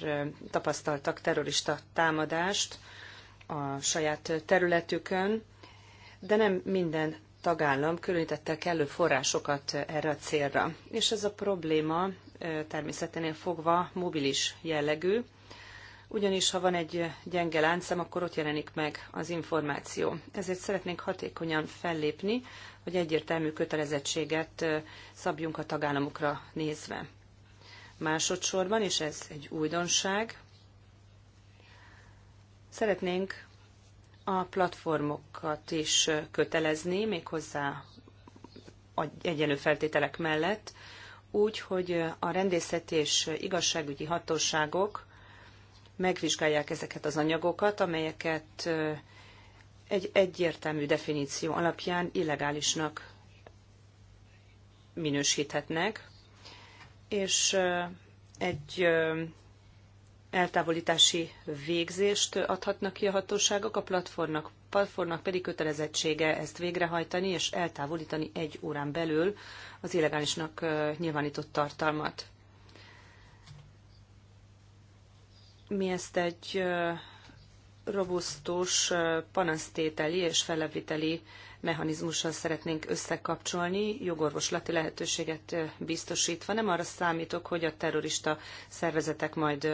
tapasztaltak terrorista támadást a saját területükön, de nem minden tagállam különítette kellő forrásokat erre a célra. És ez a probléma természeténél fogva mobilis jellegű, ugyanis ha van egy gyenge láncem, akkor ott jelenik meg az információ. Ezért szeretnénk hatékonyan fellépni, hogy egyértelmű kötelezettséget szabjunk a tagállamokra nézve. Másodszorban, és ez egy újdonság, szeretnénk a platformokat is kötelezni, méghozzá egyenlő feltételek mellett, úgy, hogy a rendészeti és igazságügyi hatóságok megvizsgálják ezeket az anyagokat, amelyeket egy egyértelmű definíció alapján illegálisnak minősíthetnek, és egy eltávolítási végzést adhatnak ki a hatóságok, a platformnak, platformnak pedig kötelezettsége ezt végrehajtani és eltávolítani egy órán belül az illegálisnak nyilvánított tartalmat. Mi ezt egy robusztus panasztételi és feleviteli mechanizmussal szeretnénk összekapcsolni, jogorvoslati lehetőséget biztosítva. Nem arra számítok, hogy a terrorista szervezetek majd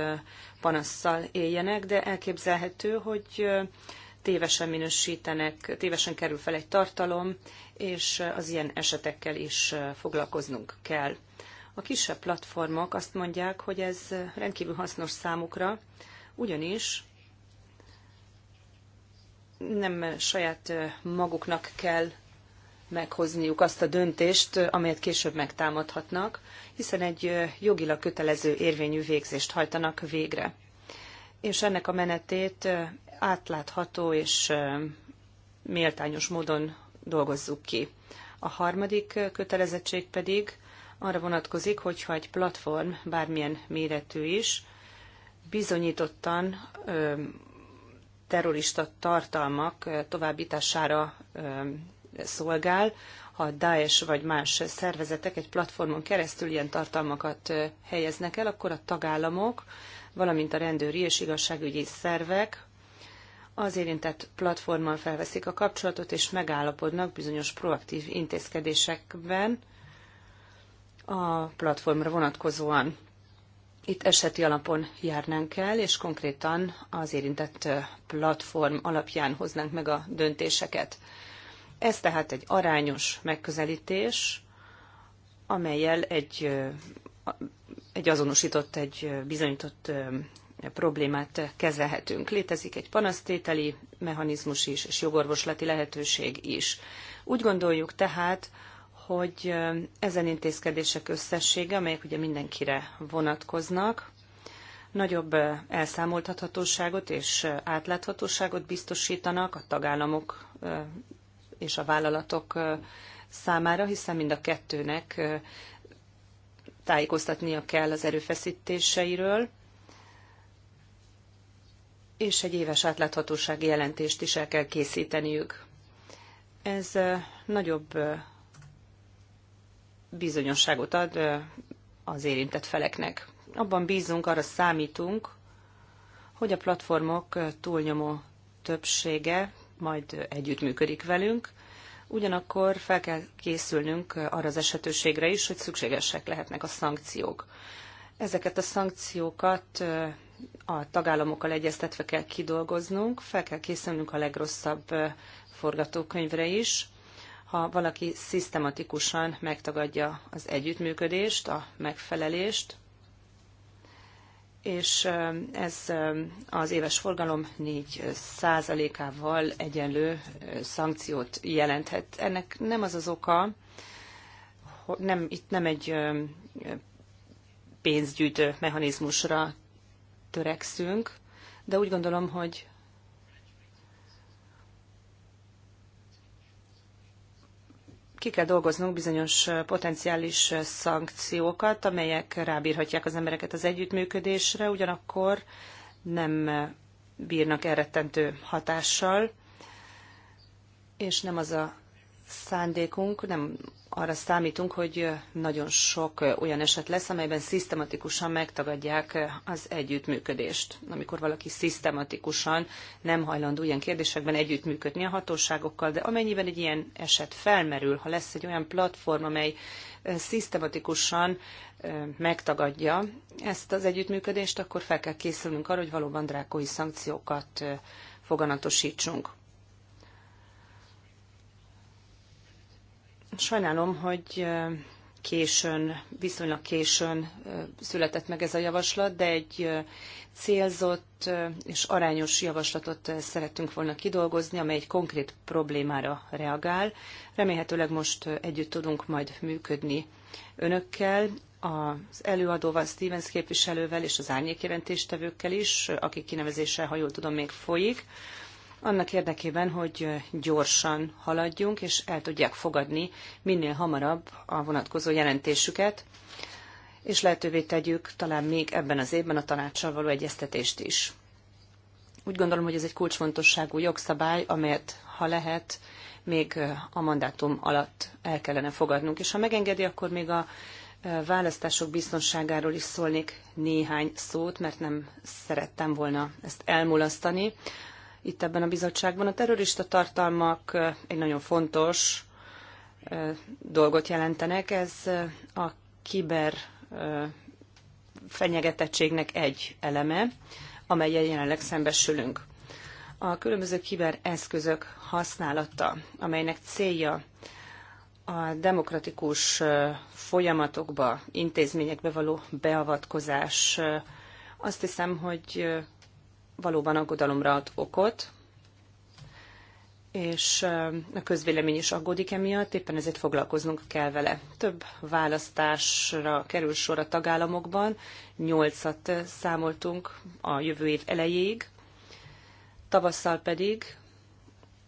panasszal éljenek, de elképzelhető, hogy tévesen minősítenek, tévesen kerül fel egy tartalom, és az ilyen esetekkel is foglalkoznunk kell. A kisebb platformok azt mondják, hogy ez rendkívül hasznos számukra, ugyanis nem saját maguknak kell meghozniuk azt a döntést, amelyet később megtámadhatnak, hiszen egy jogilag kötelező érvényű végzést hajtanak végre. És ennek a menetét átlátható és méltányos módon dolgozzuk ki. A harmadik kötelezettség pedig arra vonatkozik, hogyha egy platform, bármilyen méretű is, bizonyítottan ö, terrorista tartalmak továbbítására szolgál, ha Daesh vagy más szervezetek egy platformon keresztül ilyen tartalmakat helyeznek el, akkor a tagállamok, valamint a rendőri és igazságügyi szervek az érintett platformmal felveszik a kapcsolatot, és megállapodnak bizonyos proaktív intézkedésekben, a platformra vonatkozóan. Itt eseti alapon járnánk el, és konkrétan az érintett platform alapján hoznánk meg a döntéseket. Ez tehát egy arányos megközelítés, amelyel egy, egy azonosított, egy bizonyított problémát kezelhetünk. Létezik egy panasztételi mechanizmus is, és jogorvoslati lehetőség is. Úgy gondoljuk tehát, hogy ezen intézkedések összessége, amelyek ugye mindenkire vonatkoznak, nagyobb elszámoltathatóságot és átláthatóságot biztosítanak a tagállamok és a vállalatok számára, hiszen mind a kettőnek tájékoztatnia kell az erőfeszítéseiről, és egy éves átláthatósági jelentést is el kell készíteniük. Ez nagyobb bizonyosságot ad az érintett feleknek. Abban bízunk, arra számítunk, hogy a platformok túlnyomó többsége majd együttműködik velünk, ugyanakkor fel kell készülnünk arra az esetőségre is, hogy szükségesek lehetnek a szankciók. Ezeket a szankciókat a tagállamokkal egyeztetve kell kidolgoznunk, fel kell készülnünk a legrosszabb forgatókönyvre is, ha valaki szisztematikusan megtagadja az együttműködést, a megfelelést, és ez az éves forgalom 4 százalékával egyenlő szankciót jelenthet. Ennek nem az az oka, hogy nem, itt nem egy pénzgyűjtő mechanizmusra törekszünk, de úgy gondolom, hogy ki kell dolgoznunk bizonyos potenciális szankciókat, amelyek rábírhatják az embereket az együttműködésre, ugyanakkor nem bírnak elrettentő hatással, és nem az a szándékunk, nem arra számítunk, hogy nagyon sok olyan eset lesz, amelyben szisztematikusan megtagadják az együttműködést. Amikor valaki szisztematikusan nem hajlandó ilyen kérdésekben együttműködni a hatóságokkal, de amennyiben egy ilyen eset felmerül, ha lesz egy olyan platform, amely eh, szisztematikusan eh, megtagadja ezt az együttműködést, akkor fel kell készülnünk arra, hogy valóban drákói szankciókat eh, foganatosítsunk. Sajnálom, hogy későn, viszonylag későn született meg ez a javaslat, de egy célzott és arányos javaslatot szerettünk volna kidolgozni, amely egy konkrét problémára reagál. Remélhetőleg most együtt tudunk majd működni önökkel, az előadóval, Stevens képviselővel és az árnyékjelentéstevőkkel is, akik kinevezése, ha jól tudom, még folyik annak érdekében, hogy gyorsan haladjunk, és el tudják fogadni minél hamarabb a vonatkozó jelentésüket, és lehetővé tegyük talán még ebben az évben a tanácssal való egyeztetést is. Úgy gondolom, hogy ez egy kulcsfontosságú jogszabály, amelyet, ha lehet, még a mandátum alatt el kellene fogadnunk. És ha megengedi, akkor még a e, választások biztonságáról is szólnék néhány szót, mert nem szerettem volna ezt elmulasztani itt ebben a bizottságban. A terrorista tartalmak egy nagyon fontos dolgot jelentenek. Ez a kiber fenyegetettségnek egy eleme, amelyen jelenleg szembesülünk. A különböző kiber eszközök használata, amelynek célja a demokratikus folyamatokba, intézményekbe való beavatkozás, azt hiszem, hogy valóban aggodalomra ad okot, és a közvélemény is aggódik emiatt, éppen ezért foglalkoznunk kell vele. Több választásra kerül sor a tagállamokban, nyolcat számoltunk a jövő év elejéig, tavasszal pedig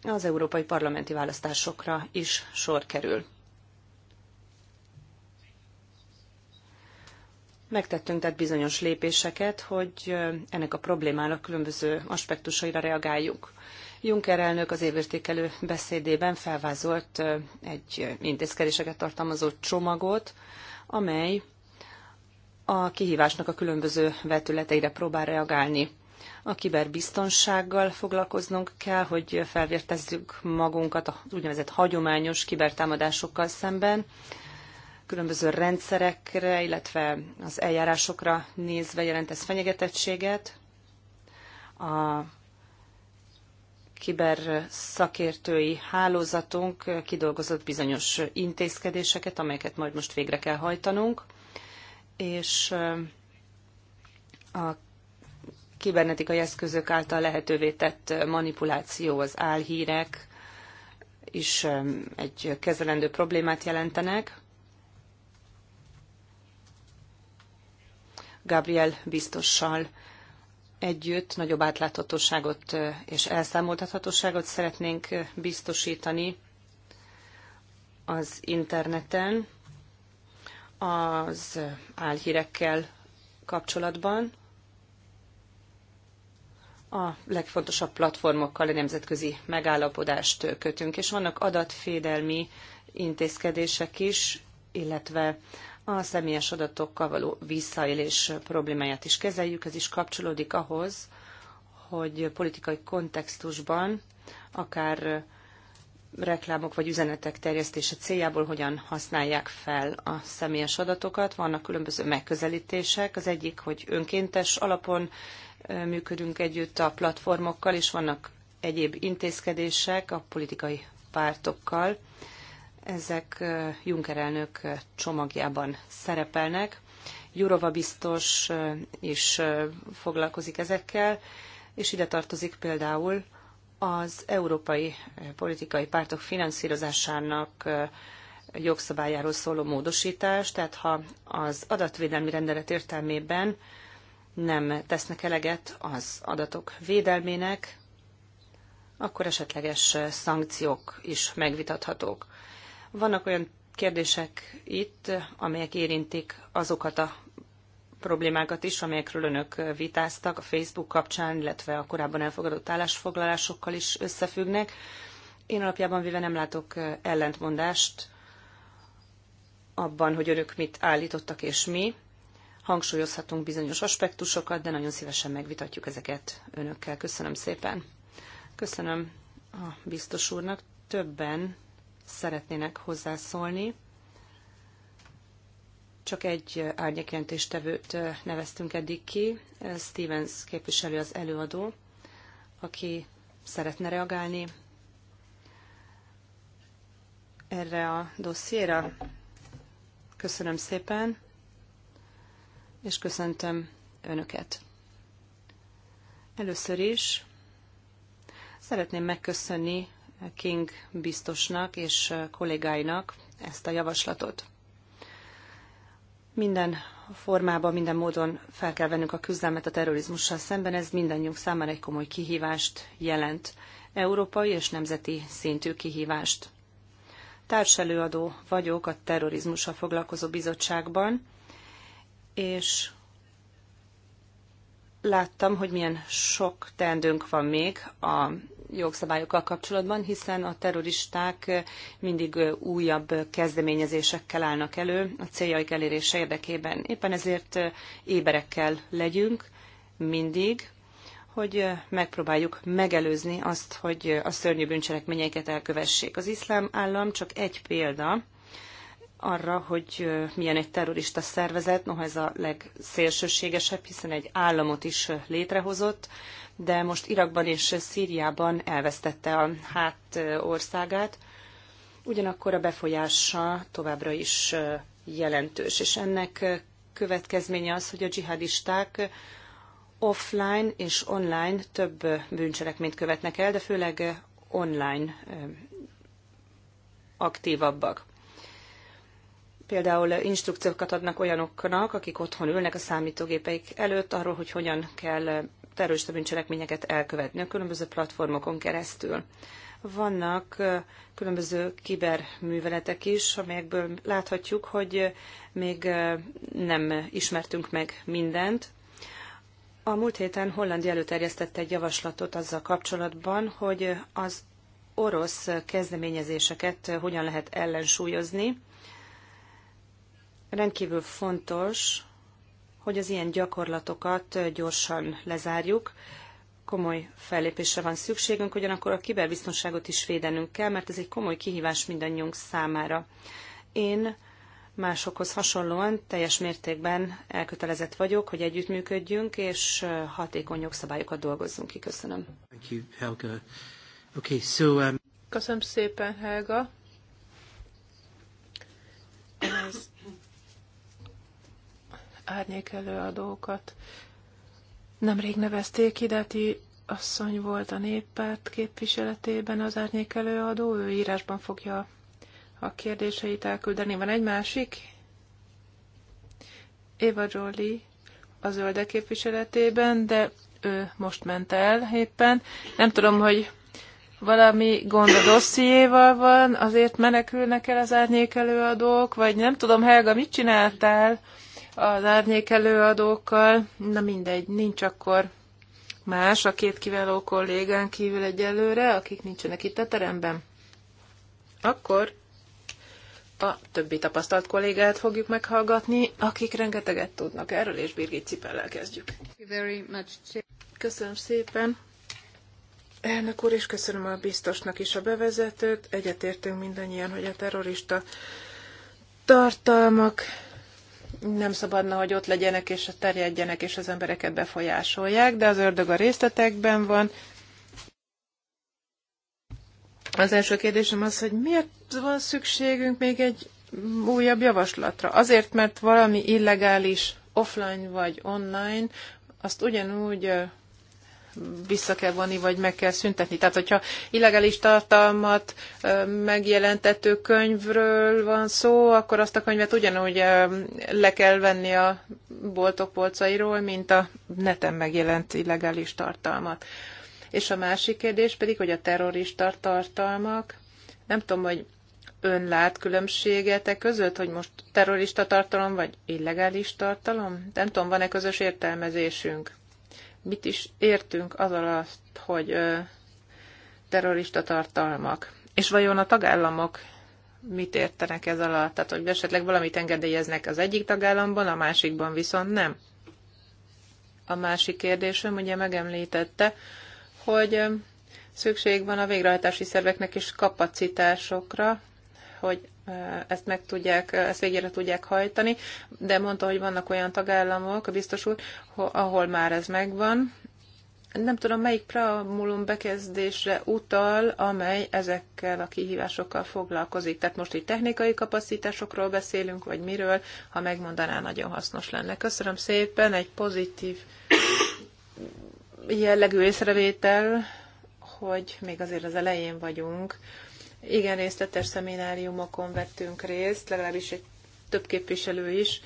az európai parlamenti választásokra is sor kerül. Megtettünk tehát bizonyos lépéseket, hogy ennek a problémának különböző aspektusaira reagáljuk. Juncker elnök az évértékelő beszédében felvázolt egy intézkedéseket tartalmazó csomagot, amely a kihívásnak a különböző vetületeire próbál reagálni. A kiberbiztonsággal foglalkoznunk kell, hogy felvértezzük magunkat az úgynevezett hagyományos kibertámadásokkal szemben, különböző rendszerekre, illetve az eljárásokra nézve jelent ez fenyegetettséget. A kiber szakértői hálózatunk kidolgozott bizonyos intézkedéseket, amelyeket majd most végre kell hajtanunk, és a kibernetikai eszközök által lehetővé tett manipuláció, az álhírek is um, egy kezelendő problémát jelentenek. Gabriel biztossal együtt nagyobb átláthatóságot és elszámoltathatóságot szeretnénk biztosítani az interneten, az álhírekkel kapcsolatban, a legfontosabb platformokkal a nemzetközi megállapodást kötünk, és vannak adatfédelmi intézkedések is, illetve a személyes adatokkal való visszaélés problémáját is kezeljük. Ez is kapcsolódik ahhoz, hogy politikai kontextusban akár reklámok vagy üzenetek terjesztése céljából hogyan használják fel a személyes adatokat. Vannak különböző megközelítések. Az egyik, hogy önkéntes alapon működünk együtt a platformokkal, és vannak egyéb intézkedések a politikai pártokkal ezek Juncker elnök csomagjában szerepelnek. Jurova biztos is foglalkozik ezekkel, és ide tartozik például az európai politikai pártok finanszírozásának jogszabályáról szóló módosítás, tehát ha az adatvédelmi rendelet értelmében nem tesznek eleget az adatok védelmének, akkor esetleges szankciók is megvitathatók. Vannak olyan kérdések itt, amelyek érintik azokat a problémákat is, amelyekről önök vitáztak a Facebook kapcsán, illetve a korábban elfogadott állásfoglalásokkal is összefüggnek. Én alapjában véve nem látok ellentmondást abban, hogy önök mit állítottak és mi. Hangsúlyozhatunk bizonyos aspektusokat, de nagyon szívesen megvitatjuk ezeket önökkel. Köszönöm szépen. Köszönöm a biztos úrnak. Többen szeretnének hozzászólni. Csak egy árnyékjelentéstevőt neveztünk eddig ki, Stevens képviselő az előadó, aki szeretne reagálni erre a dossziéra. Köszönöm szépen, és köszöntöm Önöket. Először is szeretném megköszönni King biztosnak és kollégáinak ezt a javaslatot. Minden formában, minden módon fel kell vennünk a küzdelmet a terrorizmussal szemben, ez mindannyiunk számára egy komoly kihívást jelent, európai és nemzeti szintű kihívást. Társelőadó vagyok a terrorizmussal foglalkozó bizottságban, és láttam, hogy milyen sok teendőnk van még a jogszabályokkal kapcsolatban, hiszen a terroristák mindig újabb kezdeményezésekkel állnak elő a céljaik elérése érdekében. Éppen ezért éberekkel legyünk mindig, hogy megpróbáljuk megelőzni azt, hogy a szörnyű bűncselekményeket elkövessék. Az iszlám állam csak egy példa, arra, hogy milyen egy terrorista szervezet, noha ez a legszélsőségesebb, hiszen egy államot is létrehozott, de most Irakban és Szíriában elvesztette a hát országát, ugyanakkor a befolyása továbbra is jelentős, és ennek következménye az, hogy a dzsihadisták offline és online több bűncselekményt követnek el, de főleg online aktívabbak. Például instrukciókat adnak olyanoknak, akik otthon ülnek a számítógépeik előtt arról, hogy hogyan kell terrorista bűncselekményeket elkövetni a különböző platformokon keresztül. Vannak különböző kiberműveletek is, amelyekből láthatjuk, hogy még nem ismertünk meg mindent. A múlt héten Hollandia előterjesztette egy javaslatot azzal kapcsolatban, hogy az orosz kezdeményezéseket hogyan lehet ellensúlyozni, Rendkívül fontos, hogy az ilyen gyakorlatokat gyorsan lezárjuk. Komoly fellépésre van szükségünk, ugyanakkor a kiberbiztonságot is védenünk kell, mert ez egy komoly kihívás mindannyiunk számára. Én másokhoz hasonlóan teljes mértékben elkötelezett vagyok, hogy együttműködjünk, és hatékony jogszabályokat dolgozzunk ki. Köszönöm. Thank you, Helga. Okay, so, um... Köszönöm szépen, Helga. árnyék előadókat. Nemrég nevezték ide, ti asszony volt a néppárt képviseletében az árnyék előadó, ő írásban fogja a kérdéseit elküldeni. Van egy másik? Eva Jolie a zöldek képviseletében, de ő most ment el éppen. Nem tudom, hogy valami gond a dossziéval van, azért menekülnek el az árnyék előadók, vagy nem tudom, Helga, mit csináltál? az árnyék előadókkal. Na mindegy, nincs akkor más a két kiváló kollégán kívül egyelőre, akik nincsenek itt a teremben. Akkor a többi tapasztalt kollégát fogjuk meghallgatni, akik rengeteget tudnak erről, és Birgit Cipellel kezdjük. Köszönöm szépen. Elnök úr, és köszönöm a biztosnak is a bevezetőt. Egyetértünk mindannyian, hogy a terrorista tartalmak nem szabadna, hogy ott legyenek és terjedjenek, és az embereket befolyásolják, de az ördög a részletekben van. Az első kérdésem az, hogy miért van szükségünk még egy újabb javaslatra? Azért, mert valami illegális offline vagy online, azt ugyanúgy vissza kell vonni, vagy meg kell szüntetni. Tehát, hogyha illegális tartalmat megjelentető könyvről van szó, akkor azt a könyvet ugyanúgy le kell venni a boltok polcairól, mint a neten megjelent illegális tartalmat. És a másik kérdés pedig, hogy a terrorista tartalmak, nem tudom, hogy ön lát különbséget e között, hogy most terrorista tartalom vagy illegális tartalom? Nem tudom, van-e közös értelmezésünk? mit is értünk az alatt, hogy ö, terrorista tartalmak. És vajon a tagállamok mit értenek ez alatt? Tehát, hogy esetleg valamit engedélyeznek az egyik tagállamban, a másikban viszont nem. A másik kérdésem ugye megemlítette, hogy szükség van a végrehajtási szerveknek is kapacitásokra, hogy ezt meg tudják, ezt végére tudják hajtani, de mondta, hogy vannak olyan tagállamok, a biztos úr, ahol már ez megvan. Nem tudom, melyik preamulum bekezdésre utal, amely ezekkel a kihívásokkal foglalkozik. Tehát most itt technikai kapacitásokról beszélünk, vagy miről, ha megmondaná, nagyon hasznos lenne. Köszönöm szépen, egy pozitív jellegű észrevétel, hogy még azért az elején vagyunk igen részletes szemináriumokon vettünk részt, legalábbis egy több képviselő is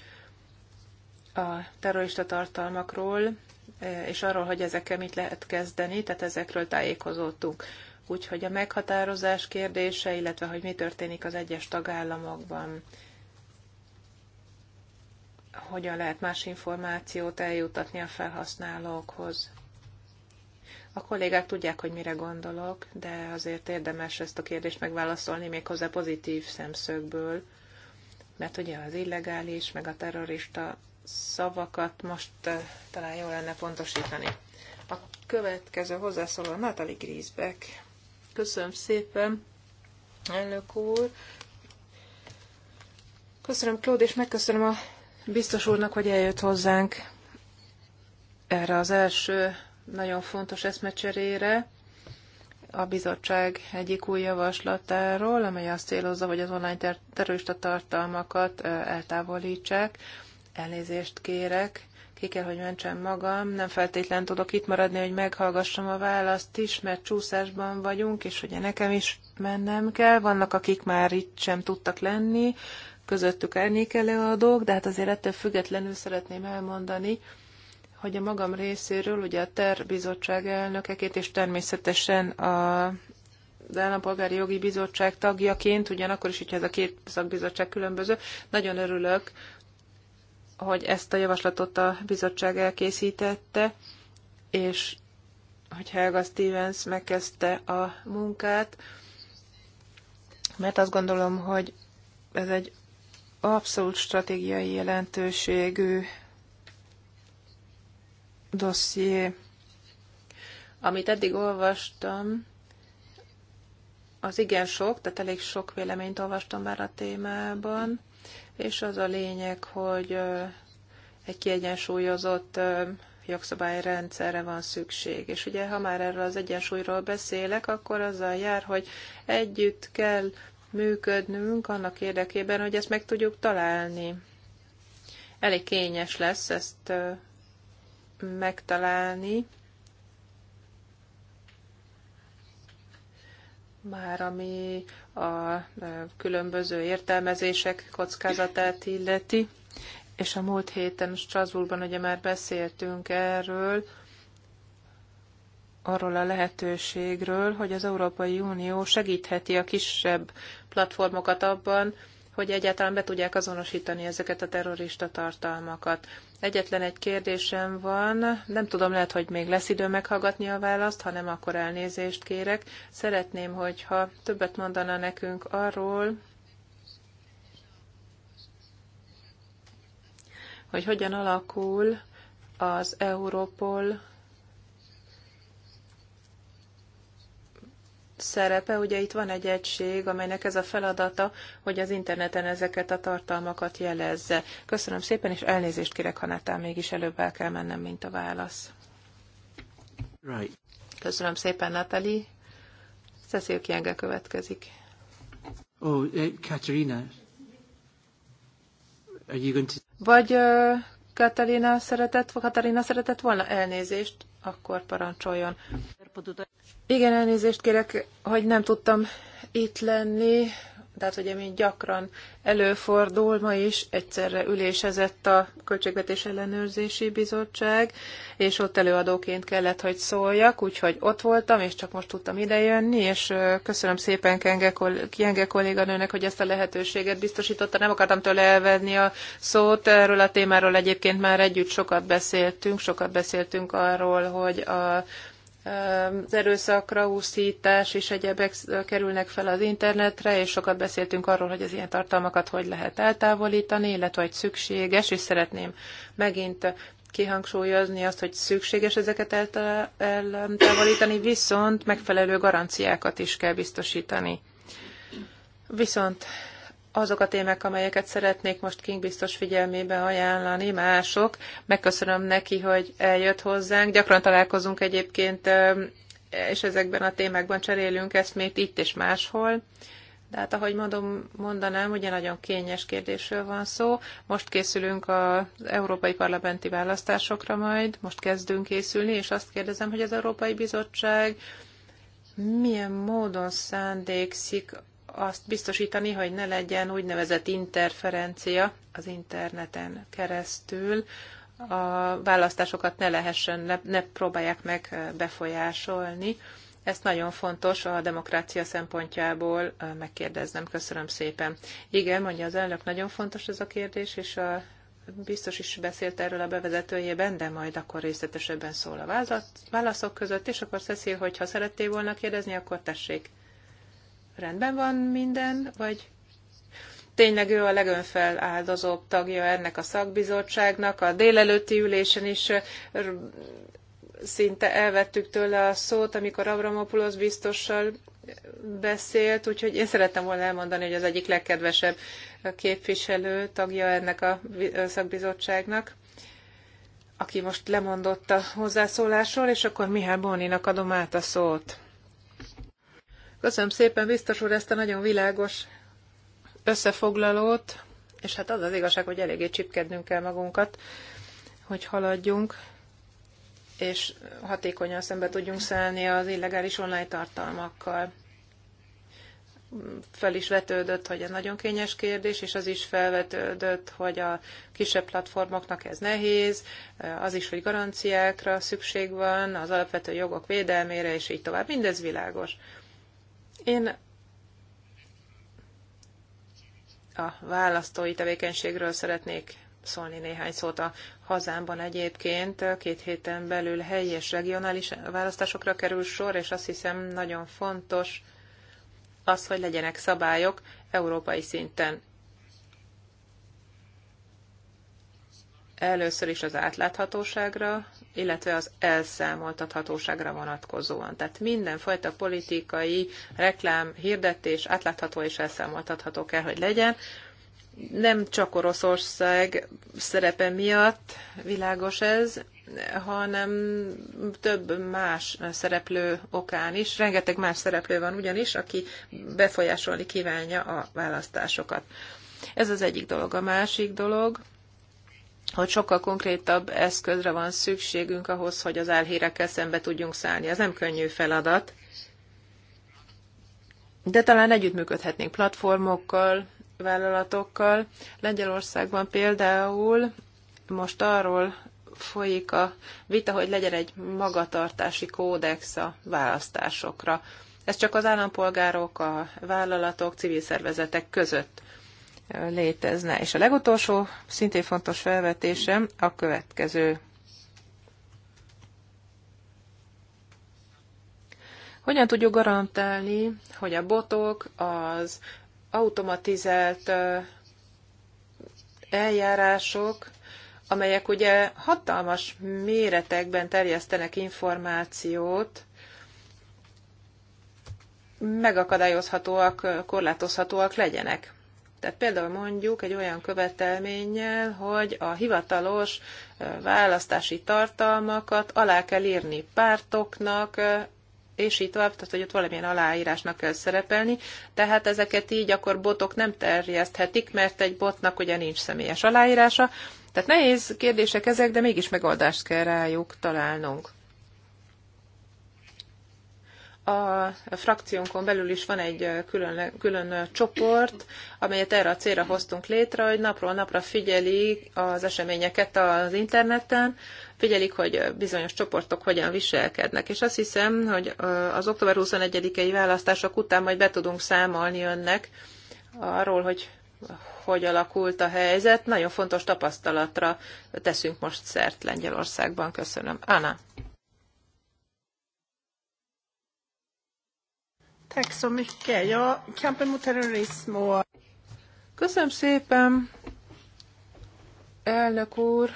a terrorista tartalmakról, e, és arról, hogy ezekkel mit lehet kezdeni, tehát ezekről tájékozódtunk. Úgyhogy a meghatározás kérdése, illetve hogy mi történik az egyes tagállamokban, hogyan lehet más információt eljutatni a felhasználókhoz. A kollégák tudják, hogy mire gondolok, de azért érdemes ezt a kérdést megválaszolni méghozzá pozitív szemszögből, mert ugye az illegális, meg a terrorista szavakat most eh, talán jól lenne pontosítani. A következő hozzászóló Natali Griesbeck. Köszönöm szépen, elnök úr. Köszönöm, Klód, és megköszönöm a biztos úrnak, hogy eljött hozzánk erre az első nagyon fontos eszmecserére a bizottság egyik új javaslatáról, amely azt célozza, hogy az online ter- terrorista tartalmakat eltávolítsák. Elnézést kérek, ki kell, hogy mentsem magam, nem feltétlen tudok itt maradni, hogy meghallgassam a választ is, mert csúszásban vagyunk, és ugye nekem is mennem kell. Vannak, akik már itt sem tudtak lenni, közöttük árnyék előadók, de hát azért ettől függetlenül szeretném elmondani, hogy a magam részéről ugye a TER bizottság elnökeként és természetesen a az Állampolgári Jogi Bizottság tagjaként, ugyanakkor is, hogyha ez a két szakbizottság különböző, nagyon örülök, hogy ezt a javaslatot a bizottság elkészítette, és hogy Helga Stevens megkezdte a munkát, mert azt gondolom, hogy ez egy abszolút stratégiai jelentőségű dosszié. Amit eddig olvastam, az igen sok, tehát elég sok véleményt olvastam már a témában, és az a lényeg, hogy egy kiegyensúlyozott jogszabályrendszerre van szükség. És ugye, ha már erről az egyensúlyról beszélek, akkor azzal jár, hogy együtt kell működnünk annak érdekében, hogy ezt meg tudjuk találni. Elég kényes lesz ezt megtalálni, már ami a e, különböző értelmezések kockázatát illeti, és a múlt héten Strasbourgban ugye már beszéltünk erről, arról a lehetőségről, hogy az Európai Unió segítheti a kisebb platformokat abban, hogy egyáltalán be tudják azonosítani ezeket a terrorista tartalmakat. Egyetlen egy kérdésem van, nem tudom, lehet, hogy még lesz idő meghallgatni a választ, ha nem, akkor elnézést kérek. Szeretném, hogyha többet mondana nekünk arról, hogy hogyan alakul az Europol szerepe. Ugye itt van egy egység, amelynek ez a feladata, hogy az interneten ezeket a tartalmakat jelezze. Köszönöm szépen, és elnézést kérek, ha netán mégis előbb el kell mennem, mint a válasz. Right. Köszönöm szépen, Natali. Cecil Kienge következik. Oh, eh, Katerina. Are you going to... Vagy uh, Katarina szeretett, Katarina szeretett volna elnézést, akkor parancsoljon. Igen, elnézést kérek, hogy nem tudtam itt lenni, tehát hogy mint gyakran előfordul, ma is egyszerre ülésezett a Költségvetés Ellenőrzési Bizottság, és ott előadóként kellett, hogy szóljak, úgyhogy ott voltam, és csak most tudtam idejönni, és köszönöm szépen Kenge, Kenge kolléganőnek, hogy ezt a lehetőséget biztosította. Nem akartam tőle elvenni a szót, erről a témáról egyébként már együtt sokat beszéltünk, sokat beszéltünk arról, hogy a az erőszakra, úszítás és egyebek kerülnek fel az internetre, és sokat beszéltünk arról, hogy az ilyen tartalmakat hogy lehet eltávolítani, illetve hogy szükséges, és szeretném megint kihangsúlyozni azt, hogy szükséges ezeket eltávolítani, viszont megfelelő garanciákat is kell biztosítani. Viszont azok a témák, amelyeket szeretnék most King biztos figyelmébe ajánlani, mások. Megköszönöm neki, hogy eljött hozzánk. Gyakran találkozunk egyébként, és ezekben a témákban cserélünk még itt és máshol. De hát ahogy mondom, mondanám, ugye nagyon kényes kérdésről van szó. Most készülünk az európai parlamenti választásokra majd, most kezdünk készülni, és azt kérdezem, hogy az Európai Bizottság milyen módon szándékszik azt biztosítani, hogy ne legyen úgynevezett interferencia az interneten keresztül, a választásokat ne lehessen, ne próbálják meg befolyásolni. Ezt nagyon fontos a demokrácia szempontjából megkérdeznem. Köszönöm szépen. Igen, mondja az elnök, nagyon fontos ez a kérdés, és a biztos is beszélt erről a bevezetőjében, de majd akkor részletesebben szól a válaszok között, és akkor Cecil, hogyha szerettél volna kérdezni, akkor tessék rendben van minden, vagy tényleg ő a legönfeláldozóbb tagja ennek a szakbizottságnak. A délelőtti ülésen is szinte elvettük tőle a szót, amikor Avramopoulos biztossal beszélt, úgyhogy én szerettem volna elmondani, hogy az egyik legkedvesebb képviselő tagja ennek a szakbizottságnak, aki most lemondott a hozzászólásról, és akkor Mihály Bóninak adom át a szót. Köszönöm szépen, biztos úr, ezt a nagyon világos összefoglalót, és hát az az igazság, hogy eléggé csipkednünk kell magunkat, hogy haladjunk, és hatékonyan szembe tudjunk szállni az illegális online tartalmakkal. Fel is vetődött, hogy ez nagyon kényes kérdés, és az is felvetődött, hogy a kisebb platformoknak ez nehéz, az is, hogy garanciákra szükség van, az alapvető jogok védelmére, és így tovább. Mindez világos. Én a választói tevékenységről szeretnék szólni néhány szót a hazámban egyébként. Két héten belül helyi és regionális választásokra kerül sor, és azt hiszem nagyon fontos az, hogy legyenek szabályok európai szinten. Először is az átláthatóságra illetve az elszámoltathatóságra vonatkozóan. Tehát mindenfajta politikai reklám, hirdetés átlátható és elszámoltatható kell, hogy legyen. Nem csak Oroszország szerepe miatt világos ez, hanem több más szereplő okán is. Rengeteg más szereplő van ugyanis, aki befolyásolni kívánja a választásokat. Ez az egyik dolog. A másik dolog, hogy sokkal konkrétabb eszközre van szükségünk ahhoz, hogy az álhírekkel szembe tudjunk szállni. Ez nem könnyű feladat, de talán együttműködhetnénk platformokkal, vállalatokkal. Lengyelországban például most arról folyik a vita, hogy legyen egy magatartási kódex a választásokra. Ez csak az állampolgárok, a vállalatok, civil szervezetek között létezne. És a legutolsó, szintén fontos felvetésem a következő. Hogyan tudjuk garantálni, hogy a botok az automatizált eljárások, amelyek ugye hatalmas méretekben terjesztenek információt, megakadályozhatóak, korlátozhatóak legyenek. Tehát például mondjuk egy olyan követelménnyel, hogy a hivatalos választási tartalmakat alá kell írni pártoknak, és így tovább, tehát hogy ott valamilyen aláírásnak kell szerepelni, tehát ezeket így akkor botok nem terjeszthetik, mert egy botnak ugye nincs személyes aláírása, tehát nehéz kérdések ezek, de mégis megoldást kell rájuk találnunk a frakciónkon belül is van egy külön, külön csoport, amelyet erre a célra hoztunk létre, hogy napról napra figyelik az eseményeket az interneten, figyelik, hogy bizonyos csoportok hogyan viselkednek. És azt hiszem, hogy az október 21-i választások után majd be tudunk számolni önnek arról, hogy hogy alakult a helyzet. Nagyon fontos tapasztalatra teszünk most szert Lengyelországban. Köszönöm. Anna. Tack så mycket. Ja, kampen mot terrorism och... Köszönöm szépen, elnök úr!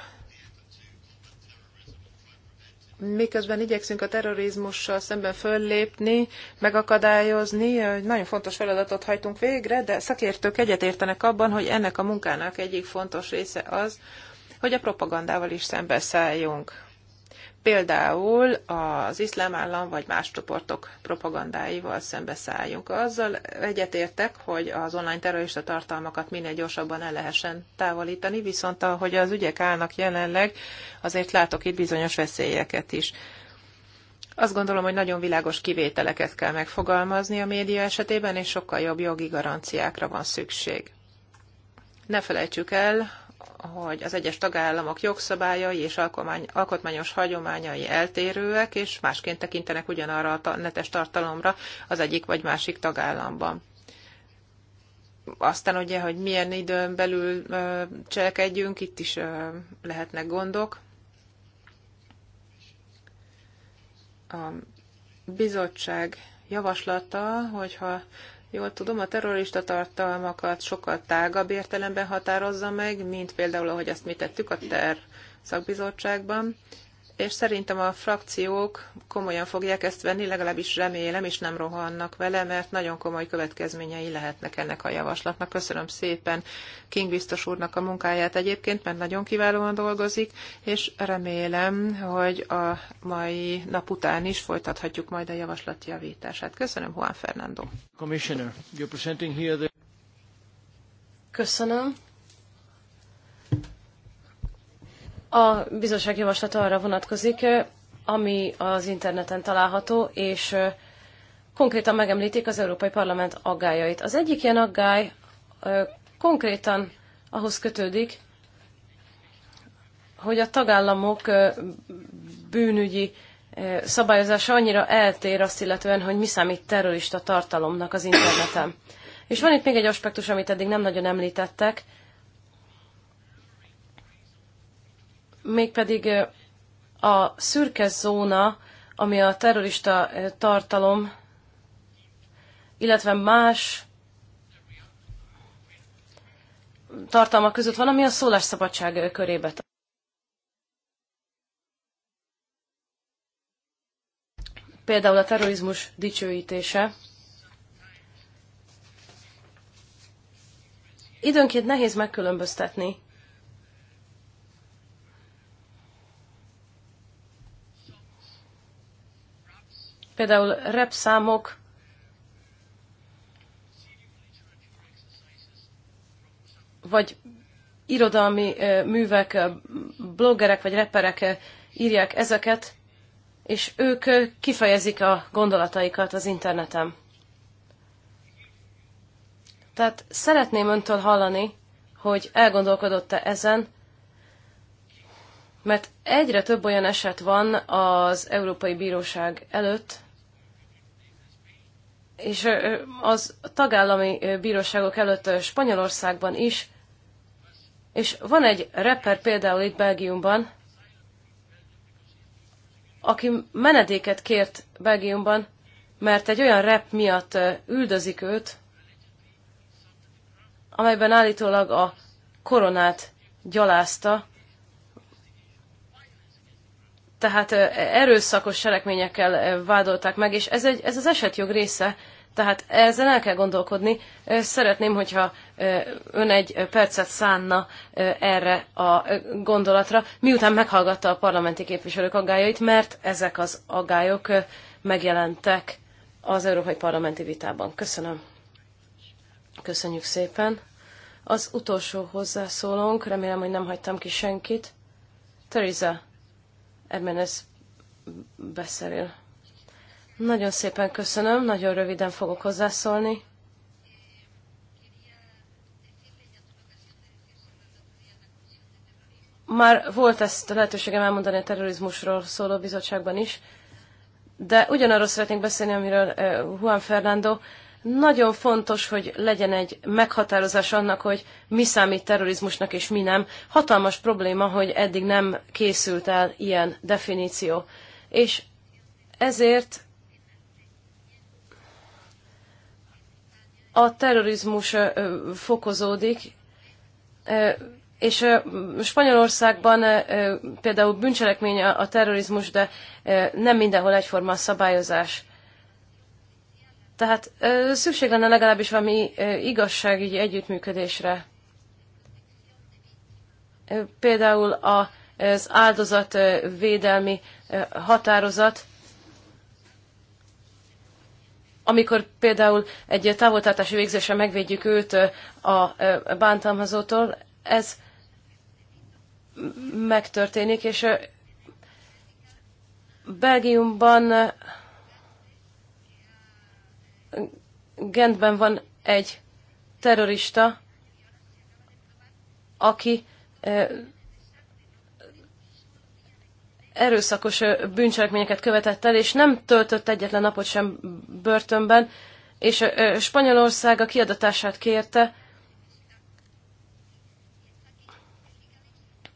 miközben igyekszünk a terrorizmussal szemben föllépni, megakadályozni, nagyon fontos feladatot hajtunk végre, de szakértők egyetértenek abban, hogy ennek a munkának egyik fontos része az, hogy a propagandával is szembeszálljunk például az iszlám állam vagy más csoportok propagandáival szembeszálljunk. Azzal egyetértek, hogy az online terrorista tartalmakat minél gyorsabban el lehessen távolítani, viszont ahogy az ügyek állnak jelenleg, azért látok itt bizonyos veszélyeket is. Azt gondolom, hogy nagyon világos kivételeket kell megfogalmazni a média esetében, és sokkal jobb jogi garanciákra van szükség. Ne felejtsük el, hogy az egyes tagállamok jogszabályai és alkomány, alkotmányos hagyományai eltérőek, és másként tekintenek ugyanarra a netes tartalomra az egyik vagy másik tagállamban. Aztán ugye, hogy milyen időn belül ö, cselekedjünk, itt is ö, lehetnek gondok. A bizottság javaslata, hogyha jól tudom, a terrorista tartalmakat sokkal tágabb értelemben határozza meg, mint például, ahogy azt mi tettük a TER szakbizottságban, és szerintem a frakciók komolyan fogják ezt venni, legalábbis remélem, és nem rohannak vele, mert nagyon komoly következményei lehetnek ennek a javaslatnak. Köszönöm szépen King biztos úrnak a munkáját egyébként, mert nagyon kiválóan dolgozik, és remélem, hogy a mai nap után is folytathatjuk majd a javaslat javítását. Köszönöm, Juan Fernando. Commissioner, you're presenting here the... Köszönöm. A bizottság javaslata arra vonatkozik, ami az interneten található, és konkrétan megemlítik az Európai Parlament aggájait. Az egyik ilyen aggály konkrétan ahhoz kötődik, hogy a tagállamok bűnügyi szabályozása annyira eltér azt illetően, hogy mi számít terrorista tartalomnak az interneten. És van itt még egy aspektus, amit eddig nem nagyon említettek, mégpedig a szürke zóna, ami a terrorista tartalom, illetve más tartalmak között van, ami a szólásszabadság körébe Például a terrorizmus dicsőítése. Időnként nehéz megkülönböztetni például repszámok, vagy irodalmi művek, bloggerek vagy reperek írják ezeket, és ők kifejezik a gondolataikat az interneten. Tehát szeretném öntől hallani, hogy elgondolkodott-e ezen, mert egyre több olyan eset van az Európai Bíróság előtt, és az tagállami bíróságok előtt Spanyolországban is, és van egy rapper például itt Belgiumban, aki menedéket kért Belgiumban, mert egy olyan rep miatt üldözik őt, amelyben állítólag a koronát gyalázta, tehát erőszakos cselekményekkel vádolták meg, és ez, egy, ez az esetjog része, tehát ezzel el kell gondolkodni. Szeretném, hogyha ön egy percet szánna erre a gondolatra, miután meghallgatta a parlamenti képviselők aggájait, mert ezek az aggályok megjelentek az Európai Parlamenti vitában. Köszönöm. Köszönjük szépen. Az utolsó hozzászólónk, remélem, hogy nem hagytam ki senkit. Teresa, ez beszél. Nagyon szépen köszönöm, nagyon röviden fogok hozzászólni. Már volt ezt a lehetőségem elmondani a terrorizmusról szóló bizottságban is, de ugyanarról szeretnék beszélni, amiről eh, Juan Fernando nagyon fontos, hogy legyen egy meghatározás annak, hogy mi számít terrorizmusnak és mi nem. Hatalmas probléma, hogy eddig nem készült el ilyen definíció. És ezért a terrorizmus fokozódik, és Spanyolországban például bűncselekmény a terrorizmus, de nem mindenhol egyforma a szabályozás. Tehát szükség lenne legalábbis valami igazságügyi együttműködésre. Például az áldozat védelmi határozat, amikor például egy távoltartási végzésre megvédjük őt a bántalmazótól, ez megtörténik, és Belgiumban Gentben van egy terrorista, aki erőszakos bűncselekményeket követett el, és nem töltött egyetlen napot sem börtönben, és Spanyolország a kiadatását kérte,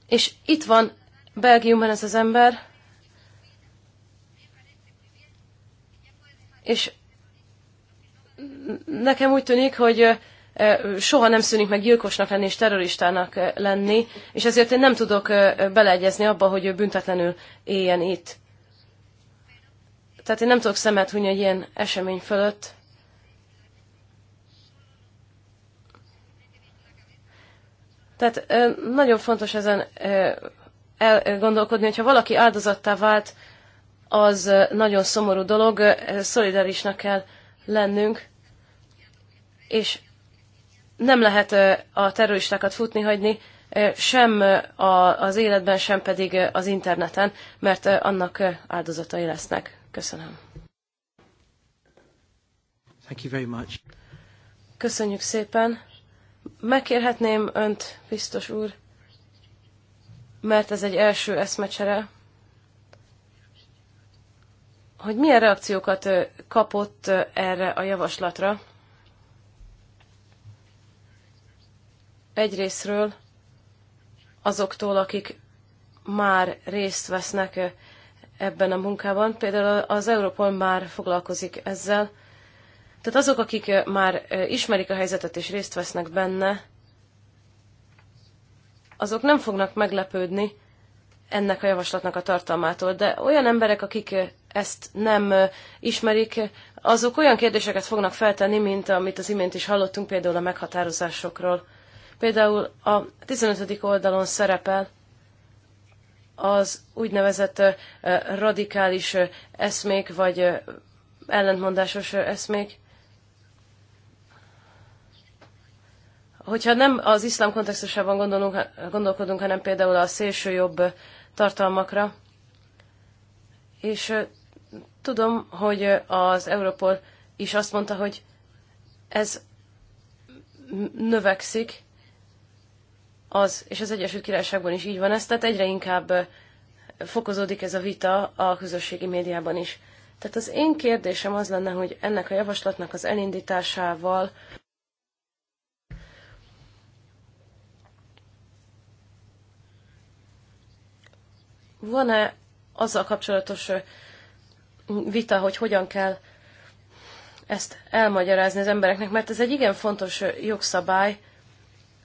és itt van Belgiumban ez az ember, és nekem úgy tűnik, hogy soha nem szűnik meg gyilkosnak lenni és terroristának lenni, és ezért én nem tudok beleegyezni abba, hogy ő büntetlenül éljen itt. Tehát én nem tudok szemet hunyni egy ilyen esemény fölött. Tehát nagyon fontos ezen elgondolkodni, hogyha valaki áldozattá vált, az nagyon szomorú dolog, szolidarisnak kell lennünk és nem lehet a terroristákat futni hagyni, sem az életben, sem pedig az interneten, mert annak áldozatai lesznek. Köszönöm. Thank you very much. Köszönjük szépen. Megkérhetném önt, biztos úr, mert ez egy első eszmecsere, hogy milyen reakciókat kapott erre a javaslatra. egyrésztről azoktól, akik már részt vesznek ebben a munkában. Például az Europol már foglalkozik ezzel. Tehát azok, akik már ismerik a helyzetet és részt vesznek benne, azok nem fognak meglepődni ennek a javaslatnak a tartalmától, de olyan emberek, akik ezt nem ismerik, azok olyan kérdéseket fognak feltenni, mint amit az imént is hallottunk, például a meghatározásokról. Például a 15. oldalon szerepel az úgynevezett radikális eszmék, vagy ellentmondásos eszmék. Hogyha nem az iszlám kontextusában gondolunk, gondolkodunk, hanem például a szélső jobb tartalmakra, és tudom, hogy az Europol is azt mondta, hogy ez növekszik, az, és az Egyesült Királyságban is így van ez, tehát egyre inkább fokozódik ez a vita a közösségi médiában is. Tehát az én kérdésem az lenne, hogy ennek a javaslatnak az elindításával van-e azzal kapcsolatos vita, hogy hogyan kell ezt elmagyarázni az embereknek, mert ez egy igen fontos jogszabály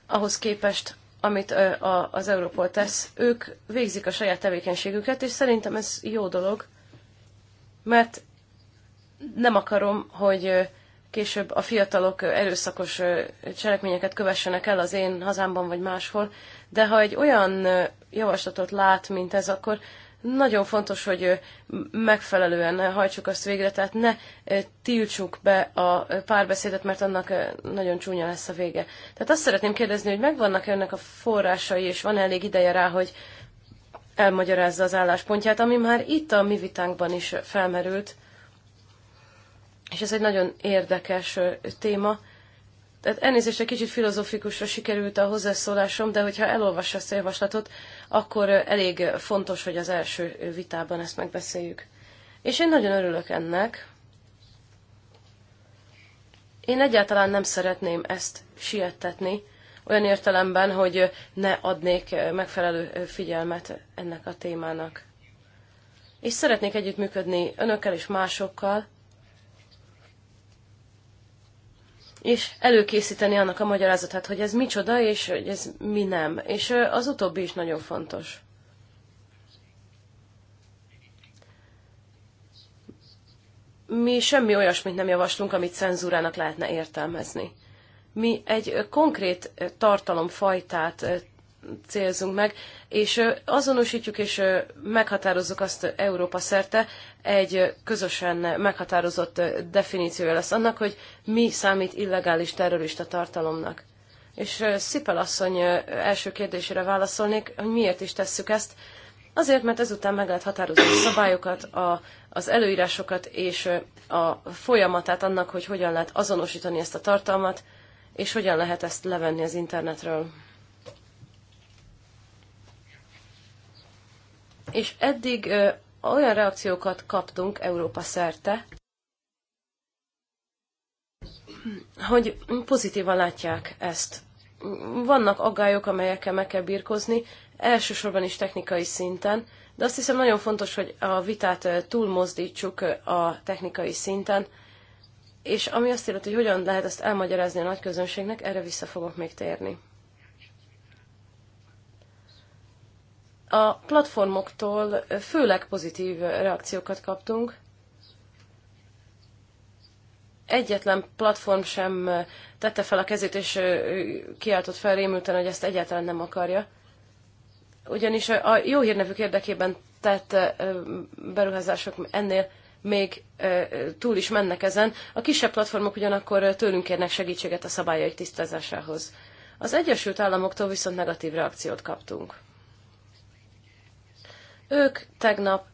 ahhoz képest, amit az Európol tesz, ők végzik a saját tevékenységüket, és szerintem ez jó dolog, mert nem akarom, hogy később a fiatalok erőszakos cselekményeket kövessenek el az én hazámban vagy máshol, de ha egy olyan javaslatot lát, mint ez, akkor nagyon fontos, hogy megfelelően hajtsuk azt végre, tehát ne tiltsuk be a párbeszédet, mert annak nagyon csúnya lesz a vége. Tehát azt szeretném kérdezni, hogy megvannak -e önnek a forrásai, és van -e elég ideje rá, hogy elmagyarázza az álláspontját, ami már itt a mi vitánkban is felmerült, és ez egy nagyon érdekes téma. Tehát elnézést, egy kicsit filozofikusra sikerült a hozzászólásom, de hogyha elolvassa ezt a javaslatot, akkor elég fontos, hogy az első vitában ezt megbeszéljük. És én nagyon örülök ennek. Én egyáltalán nem szeretném ezt siettetni, olyan értelemben, hogy ne adnék megfelelő figyelmet ennek a témának. És szeretnék együttműködni önökkel és másokkal, és előkészíteni annak a magyarázatát, hogy ez micsoda, és hogy ez mi nem. És az utóbbi is nagyon fontos. Mi semmi olyasmit nem javaslunk, amit cenzúrának lehetne értelmezni. Mi egy konkrét tartalomfajtát célzunk meg, és azonosítjuk és meghatározzuk azt Európa szerte, egy közösen meghatározott definíciója lesz annak, hogy mi számít illegális terrorista tartalomnak. És Szipel asszony első kérdésére válaszolnék, hogy miért is tesszük ezt. Azért, mert ezután meg lehet határozni a szabályokat, a, az előírásokat és a folyamatát annak, hogy hogyan lehet azonosítani ezt a tartalmat, és hogyan lehet ezt levenni az internetről. és eddig olyan reakciókat kaptunk Európa szerte, hogy pozitívan látják ezt. Vannak aggályok, amelyekkel meg kell birkozni, elsősorban is technikai szinten, de azt hiszem nagyon fontos, hogy a vitát túlmozdítsuk a technikai szinten, és ami azt illeti, hogy hogyan lehet ezt elmagyarázni a nagyközönségnek, erre vissza fogok még térni. A platformoktól főleg pozitív reakciókat kaptunk. Egyetlen platform sem tette fel a kezét, és kiáltott fel rémülten, hogy ezt egyáltalán nem akarja. Ugyanis a jó hírnevük érdekében tett beruházások ennél még túl is mennek ezen. A kisebb platformok ugyanakkor tőlünk kérnek segítséget a szabályai tisztázásához. Az Egyesült Államoktól viszont negatív reakciót kaptunk. Ők tegnap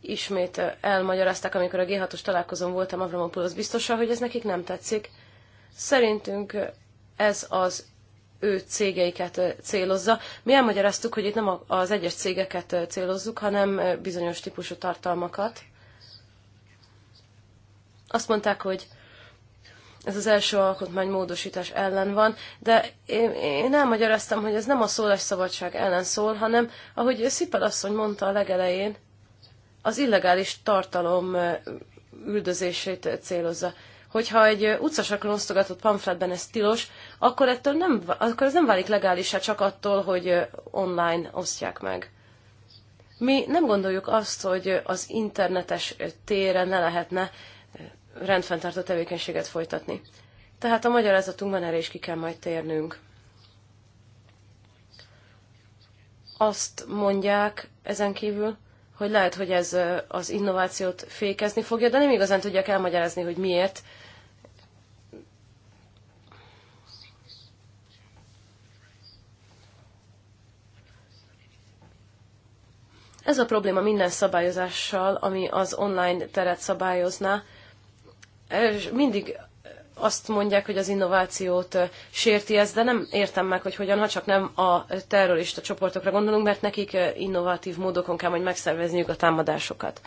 ismét elmagyarázták, amikor a G6-os találkozón voltam Avramopoulos biztosan, hogy ez nekik nem tetszik. Szerintünk ez az ő cégeiket célozza. Mi elmagyaráztuk, hogy itt nem az egyes cégeket célozzuk, hanem bizonyos típusú tartalmakat. Azt mondták, hogy ez az első módosítás ellen van, de én, én elmagyaráztam, hogy ez nem a szólásszabadság ellen szól, hanem, ahogy Szipel asszony mondta a legelején, az illegális tartalom üldözését célozza. Hogyha egy utcasakon osztogatott pamfletben ez tilos, akkor, ettől nem, akkor ez nem válik legálisá csak attól, hogy online osztják meg. Mi nem gondoljuk azt, hogy az internetes téren ne lehetne rendfenntartó tevékenységet folytatni. Tehát a magyarázatunkban erre is ki kell majd térnünk. Azt mondják ezen kívül, hogy lehet, hogy ez az innovációt fékezni fogja, de nem igazán tudják elmagyarázni, hogy miért. Ez a probléma minden szabályozással, ami az online teret szabályozná, mindig azt mondják, hogy az innovációt sérti ez, de nem értem meg, hogy hogyan, ha csak nem a terrorista csoportokra gondolunk, mert nekik innovatív módokon kell majd megszervezniük a támadásokat.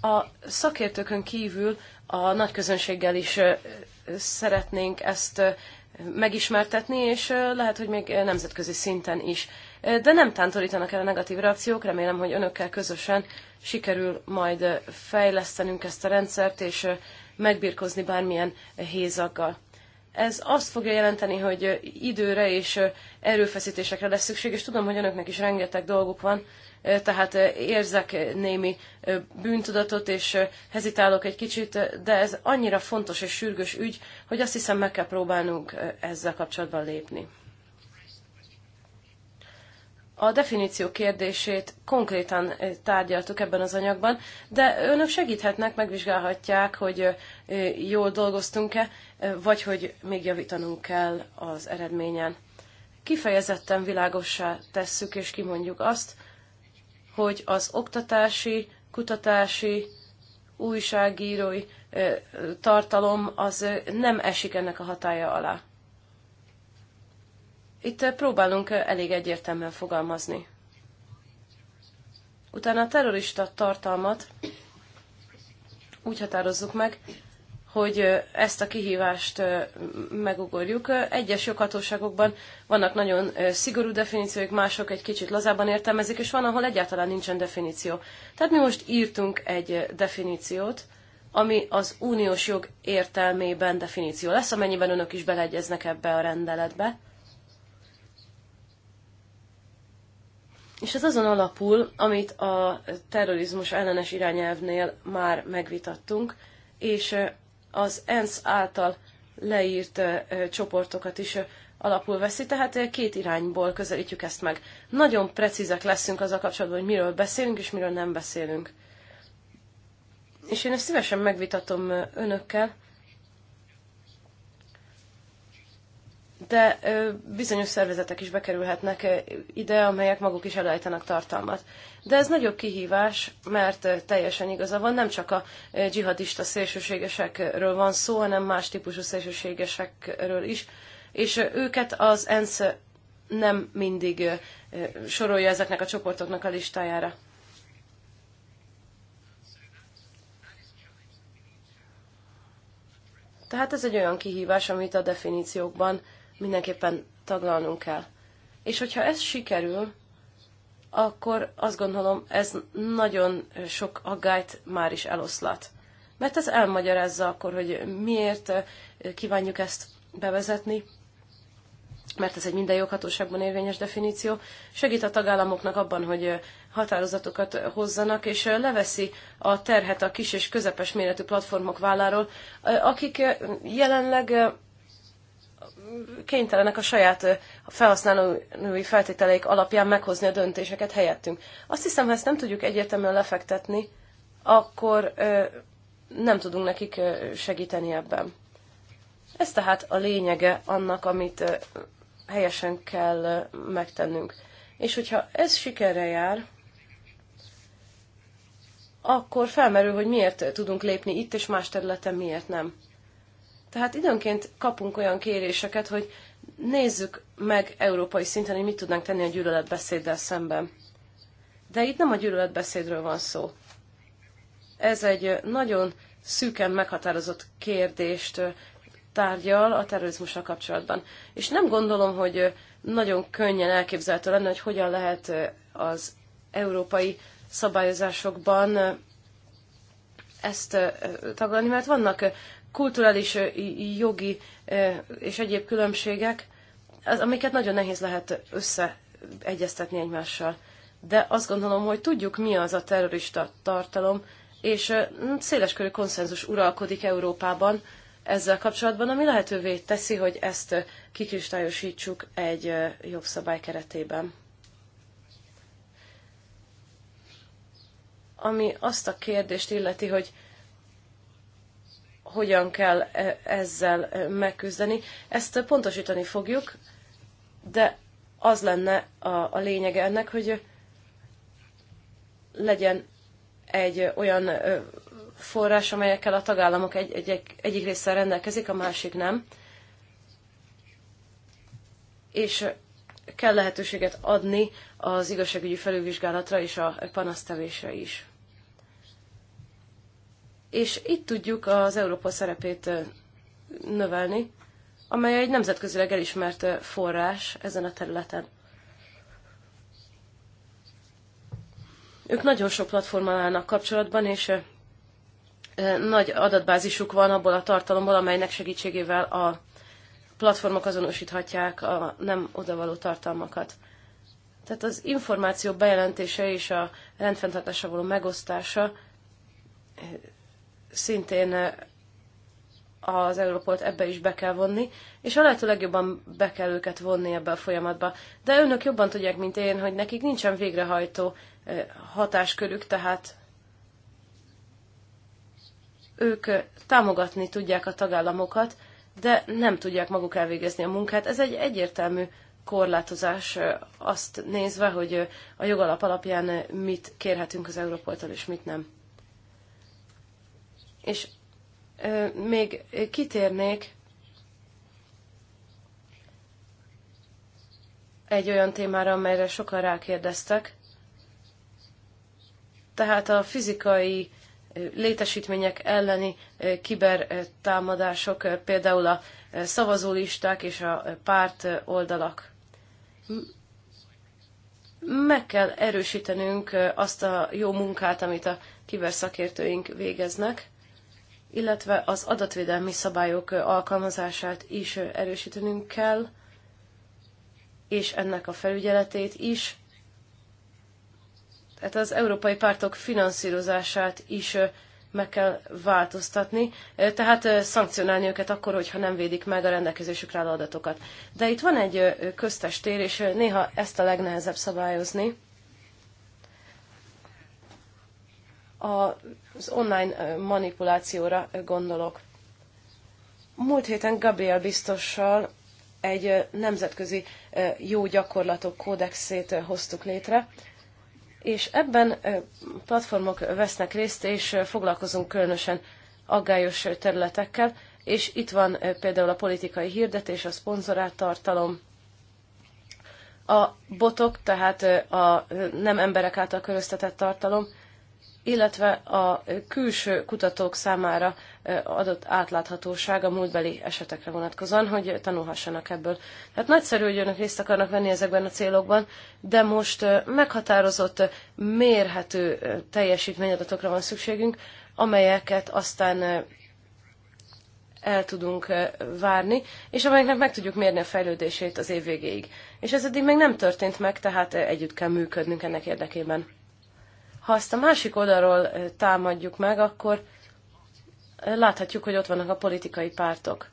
A szakértőkön kívül a nagy közönséggel is szeretnénk ezt megismertetni, és lehet, hogy még nemzetközi szinten is de nem tántorítanak el a negatív reakciók. Remélem, hogy önökkel közösen sikerül majd fejlesztenünk ezt a rendszert, és megbirkozni bármilyen hézaggal. Ez azt fogja jelenteni, hogy időre és erőfeszítésekre lesz szükség, és tudom, hogy önöknek is rengeteg dolguk van, tehát érzek némi bűntudatot, és hezitálok egy kicsit, de ez annyira fontos és sürgős ügy, hogy azt hiszem meg kell próbálnunk ezzel kapcsolatban lépni. A definíció kérdését konkrétan eh, tárgyaltuk ebben az anyagban, de önök segíthetnek, megvizsgálhatják, hogy eh, jól dolgoztunk-e, eh, vagy hogy még javítanunk kell az eredményen. Kifejezetten világossá tesszük és kimondjuk azt, hogy az oktatási, kutatási, újságírói tartalom az nem esik ennek a hatája alá. Itt eh, próbálunk eh, elég egyértelműen fogalmazni. Utána a terrorista tartalmat úgy határozzuk meg, hogy eh, ezt a kihívást megugorjuk. Egyes joghatóságokban vannak nagyon szigorú definíciók, mások egy kicsit lazábban értelmezik, és van, ahol egyáltalán nincsen definíció. Tehát mi most írtunk egy definíciót, ami az uniós jog értelmében definíció lesz, amennyiben önök is beleegyeznek ebbe a rendeletbe. És ez azon alapul, amit a terrorizmus ellenes irányelvnél már megvitattunk, és az ENSZ által leírt csoportokat is alapul veszi, tehát két irányból közelítjük ezt meg. Nagyon precízek leszünk az a kapcsolatban, hogy miről beszélünk és miről nem beszélünk. És én ezt szívesen megvitatom önökkel, de bizonyos szervezetek is bekerülhetnek ide, amelyek maguk is elejtenek tartalmat. De ez nagyobb kihívás, mert teljesen igaza van, nem csak a dzsihadista szélsőségesekről van szó, hanem más típusú szélsőségesekről is, és őket az ENSZ nem mindig sorolja ezeknek a csoportoknak a listájára. Tehát ez egy olyan kihívás, amit a definíciókban mindenképpen taglalnunk kell. És hogyha ez sikerül, akkor azt gondolom, ez nagyon sok aggályt már is eloszlat. Mert ez elmagyarázza akkor, hogy miért kívánjuk ezt bevezetni, mert ez egy minden joghatóságban érvényes definíció, segít a tagállamoknak abban, hogy határozatokat hozzanak, és leveszi a terhet a kis és közepes méretű platformok válláról, akik jelenleg kénytelenek a saját felhasználói feltételeik alapján meghozni a döntéseket helyettünk. Azt hiszem, ha ezt nem tudjuk egyértelműen lefektetni, akkor nem tudunk nekik segíteni ebben. Ez tehát a lényege annak, amit helyesen kell megtennünk. És hogyha ez sikerre jár, akkor felmerül, hogy miért tudunk lépni itt, és más területen miért nem. Tehát időnként kapunk olyan kéréseket, hogy nézzük meg európai szinten, hogy mit tudnánk tenni a gyűlöletbeszéddel szemben. De itt nem a gyűlöletbeszédről van szó. Ez egy nagyon szűken meghatározott kérdést tárgyal a terrorizmussal kapcsolatban. És nem gondolom, hogy nagyon könnyen elképzelhető lenne, hogy hogyan lehet az európai szabályozásokban ezt taglalni, mert vannak kulturális, jogi és egyéb különbségek, az, amiket nagyon nehéz lehet összeegyeztetni egymással. De azt gondolom, hogy tudjuk, mi az a terrorista tartalom, és széleskörű konszenzus uralkodik Európában ezzel kapcsolatban, ami lehetővé teszi, hogy ezt kikristályosítsuk egy jogszabály keretében. Ami azt a kérdést illeti, hogy hogyan kell e, ezzel e, megküzdeni. Ezt pontosítani fogjuk, de az lenne a, a lényege ennek, hogy legyen egy olyan e, forrás, amelyekkel a tagállamok egy, egy, egyik része rendelkezik, a másik nem. És kell lehetőséget adni az igazságügyi felülvizsgálatra és a panasztevésre is és itt tudjuk az Európa szerepét növelni, amely egy nemzetközileg elismert forrás ezen a területen. Ők nagyon sok platformmal állnak kapcsolatban, és nagy adatbázisuk van abból a tartalomból, amelynek segítségével a platformok azonosíthatják a nem odavaló tartalmakat. Tehát az információ bejelentése és a rendfenntartása való megosztása szintén az Európolt ebbe is be kell vonni, és a lehető legjobban be kell őket vonni ebbe a folyamatba. De önök jobban tudják, mint én, hogy nekik nincsen végrehajtó hatáskörük, tehát ők támogatni tudják a tagállamokat, de nem tudják maguk elvégezni a munkát. Ez egy egyértelmű korlátozás azt nézve, hogy a jogalap alapján mit kérhetünk az Európoltól és mit nem. És még kitérnék egy olyan témára, amelyre sokan rákérdeztek. Tehát a fizikai létesítmények elleni kibertámadások, például a szavazólisták és a párt oldalak. Meg kell erősítenünk azt a jó munkát, amit a kiberszakértőink végeznek illetve az adatvédelmi szabályok alkalmazását is erősítenünk kell, és ennek a felügyeletét is. Tehát az európai pártok finanszírozását is meg kell változtatni, tehát szankcionálni őket akkor, hogyha nem védik meg a rendelkezésükre álló adatokat. De itt van egy köztes tér, és néha ezt a legnehezebb szabályozni. az online manipulációra gondolok. Múlt héten Gabriel biztossal egy nemzetközi jó gyakorlatok kódexét hoztuk létre, és ebben platformok vesznek részt, és foglalkozunk különösen aggályos területekkel, és itt van például a politikai hirdetés, a szponzorált tartalom, a botok, tehát a nem emberek által köröztetett tartalom, illetve a külső kutatók számára adott átláthatóság a múltbeli esetekre vonatkozóan, hogy tanulhassanak ebből. Tehát nagyszerű, hogy önök részt akarnak venni ezekben a célokban, de most meghatározott, mérhető teljesítményadatokra van szükségünk, amelyeket aztán el tudunk várni, és amelyeknek meg tudjuk mérni a fejlődését az év végéig. És ez eddig még nem történt meg, tehát együtt kell működnünk ennek érdekében. Ha ezt a másik oldalról támadjuk meg, akkor láthatjuk, hogy ott vannak a politikai pártok.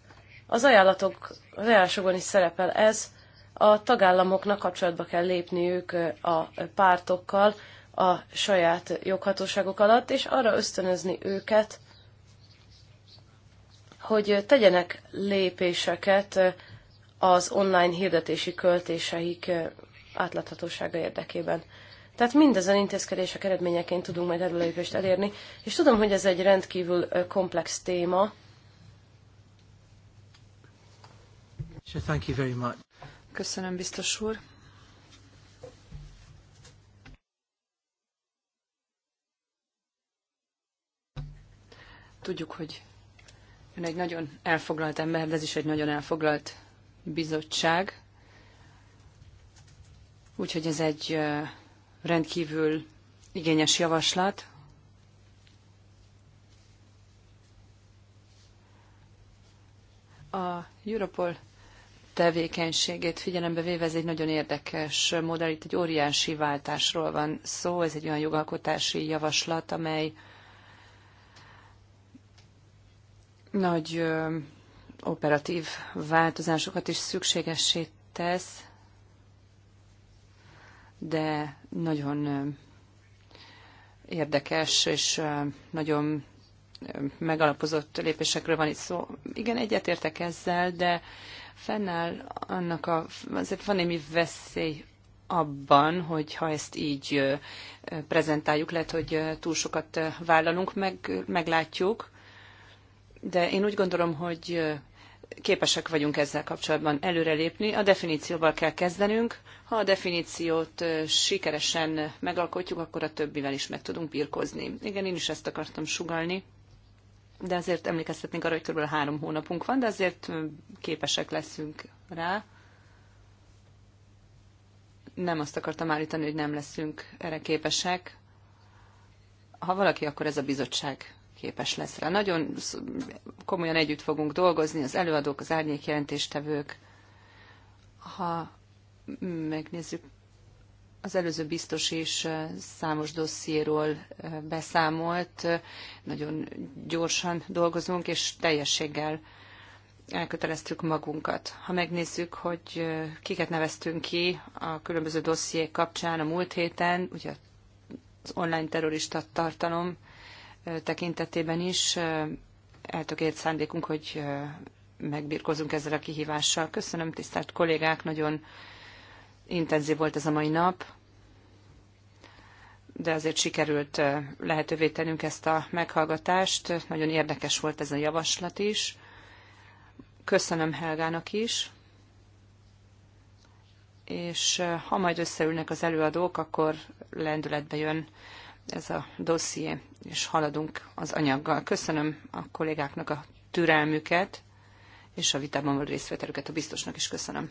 Az ajánlatok, az ajánlásokban is szerepel ez, a tagállamoknak kapcsolatba kell lépniük a pártokkal a saját joghatóságok alatt, és arra ösztönözni őket, hogy tegyenek lépéseket az online hirdetési költéseik átláthatósága érdekében. Tehát mindezen intézkedések eredményeként tudunk majd előlépést elérni, és tudom, hogy ez egy rendkívül komplex téma. Köszönöm, biztos úr. Tudjuk, hogy ön egy nagyon elfoglalt ember, de ez is egy nagyon elfoglalt bizottság. Úgyhogy ez egy rendkívül igényes javaslat. A Europol tevékenységét figyelembe véve ez egy nagyon érdekes modell, itt egy óriási váltásról van szó, ez egy olyan jogalkotási javaslat, amely nagy ö, operatív változásokat is szükségessé tesz, de nagyon érdekes és nagyon megalapozott lépésekről van itt szó. Igen, egyetértek ezzel, de fennáll annak a, azért van némi veszély abban, hogy ha ezt így prezentáljuk, lehet, hogy túl sokat vállalunk, meg, meglátjuk, de én úgy gondolom, hogy képesek vagyunk ezzel kapcsolatban előrelépni. A definícióval kell kezdenünk. Ha a definíciót sikeresen megalkotjuk, akkor a többivel is meg tudunk birkozni. Igen, én is ezt akartam sugalni. De azért emlékeztetnénk arra, hogy kb. három hónapunk van, de azért képesek leszünk rá. Nem azt akartam állítani, hogy nem leszünk erre képesek. Ha valaki, akkor ez a bizottság képes lesz rá. Nagyon komolyan együtt fogunk dolgozni, az előadók, az árnyékjelentéstevők. Ha megnézzük, az előző biztos is számos dossziéról beszámolt, nagyon gyorsan dolgozunk, és teljességgel elköteleztük magunkat. Ha megnézzük, hogy kiket neveztünk ki a különböző dossziék kapcsán a múlt héten, ugye az online terrorista tartalom tekintetében is eltökélt szándékunk, hogy megbírkozunk ezzel a kihívással. Köszönöm, tisztelt kollégák, nagyon intenzív volt ez a mai nap, de azért sikerült lehetővé tennünk ezt a meghallgatást. Nagyon érdekes volt ez a javaslat is. Köszönöm Helgának is és ha majd összeülnek az előadók, akkor lendületbe jön ez a dosszié, és haladunk az anyaggal. Köszönöm a kollégáknak a türelmüket, és a vitában való részvételüket a biztosnak is köszönöm.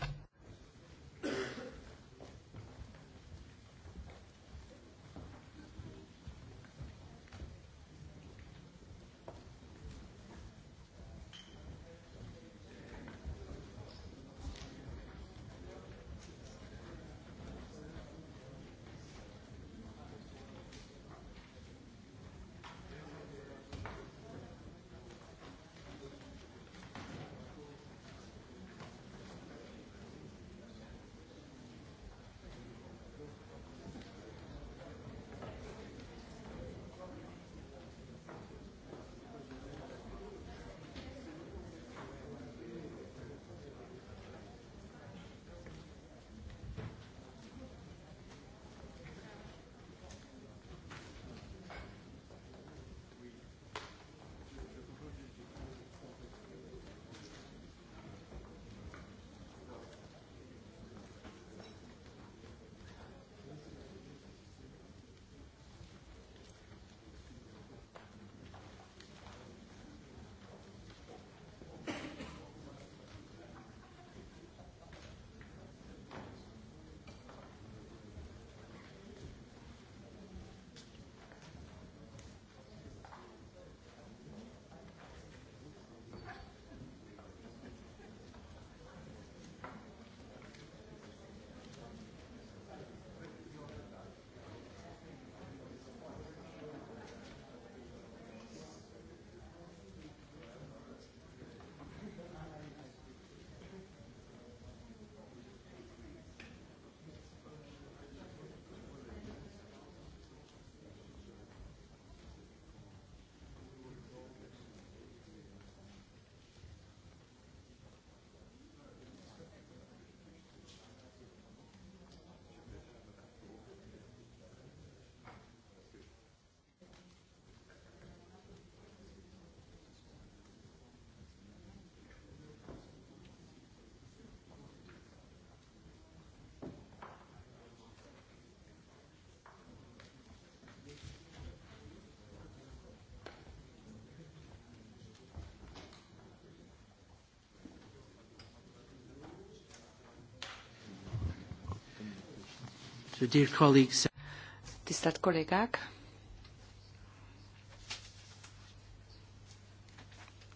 Tisztelt kollégák!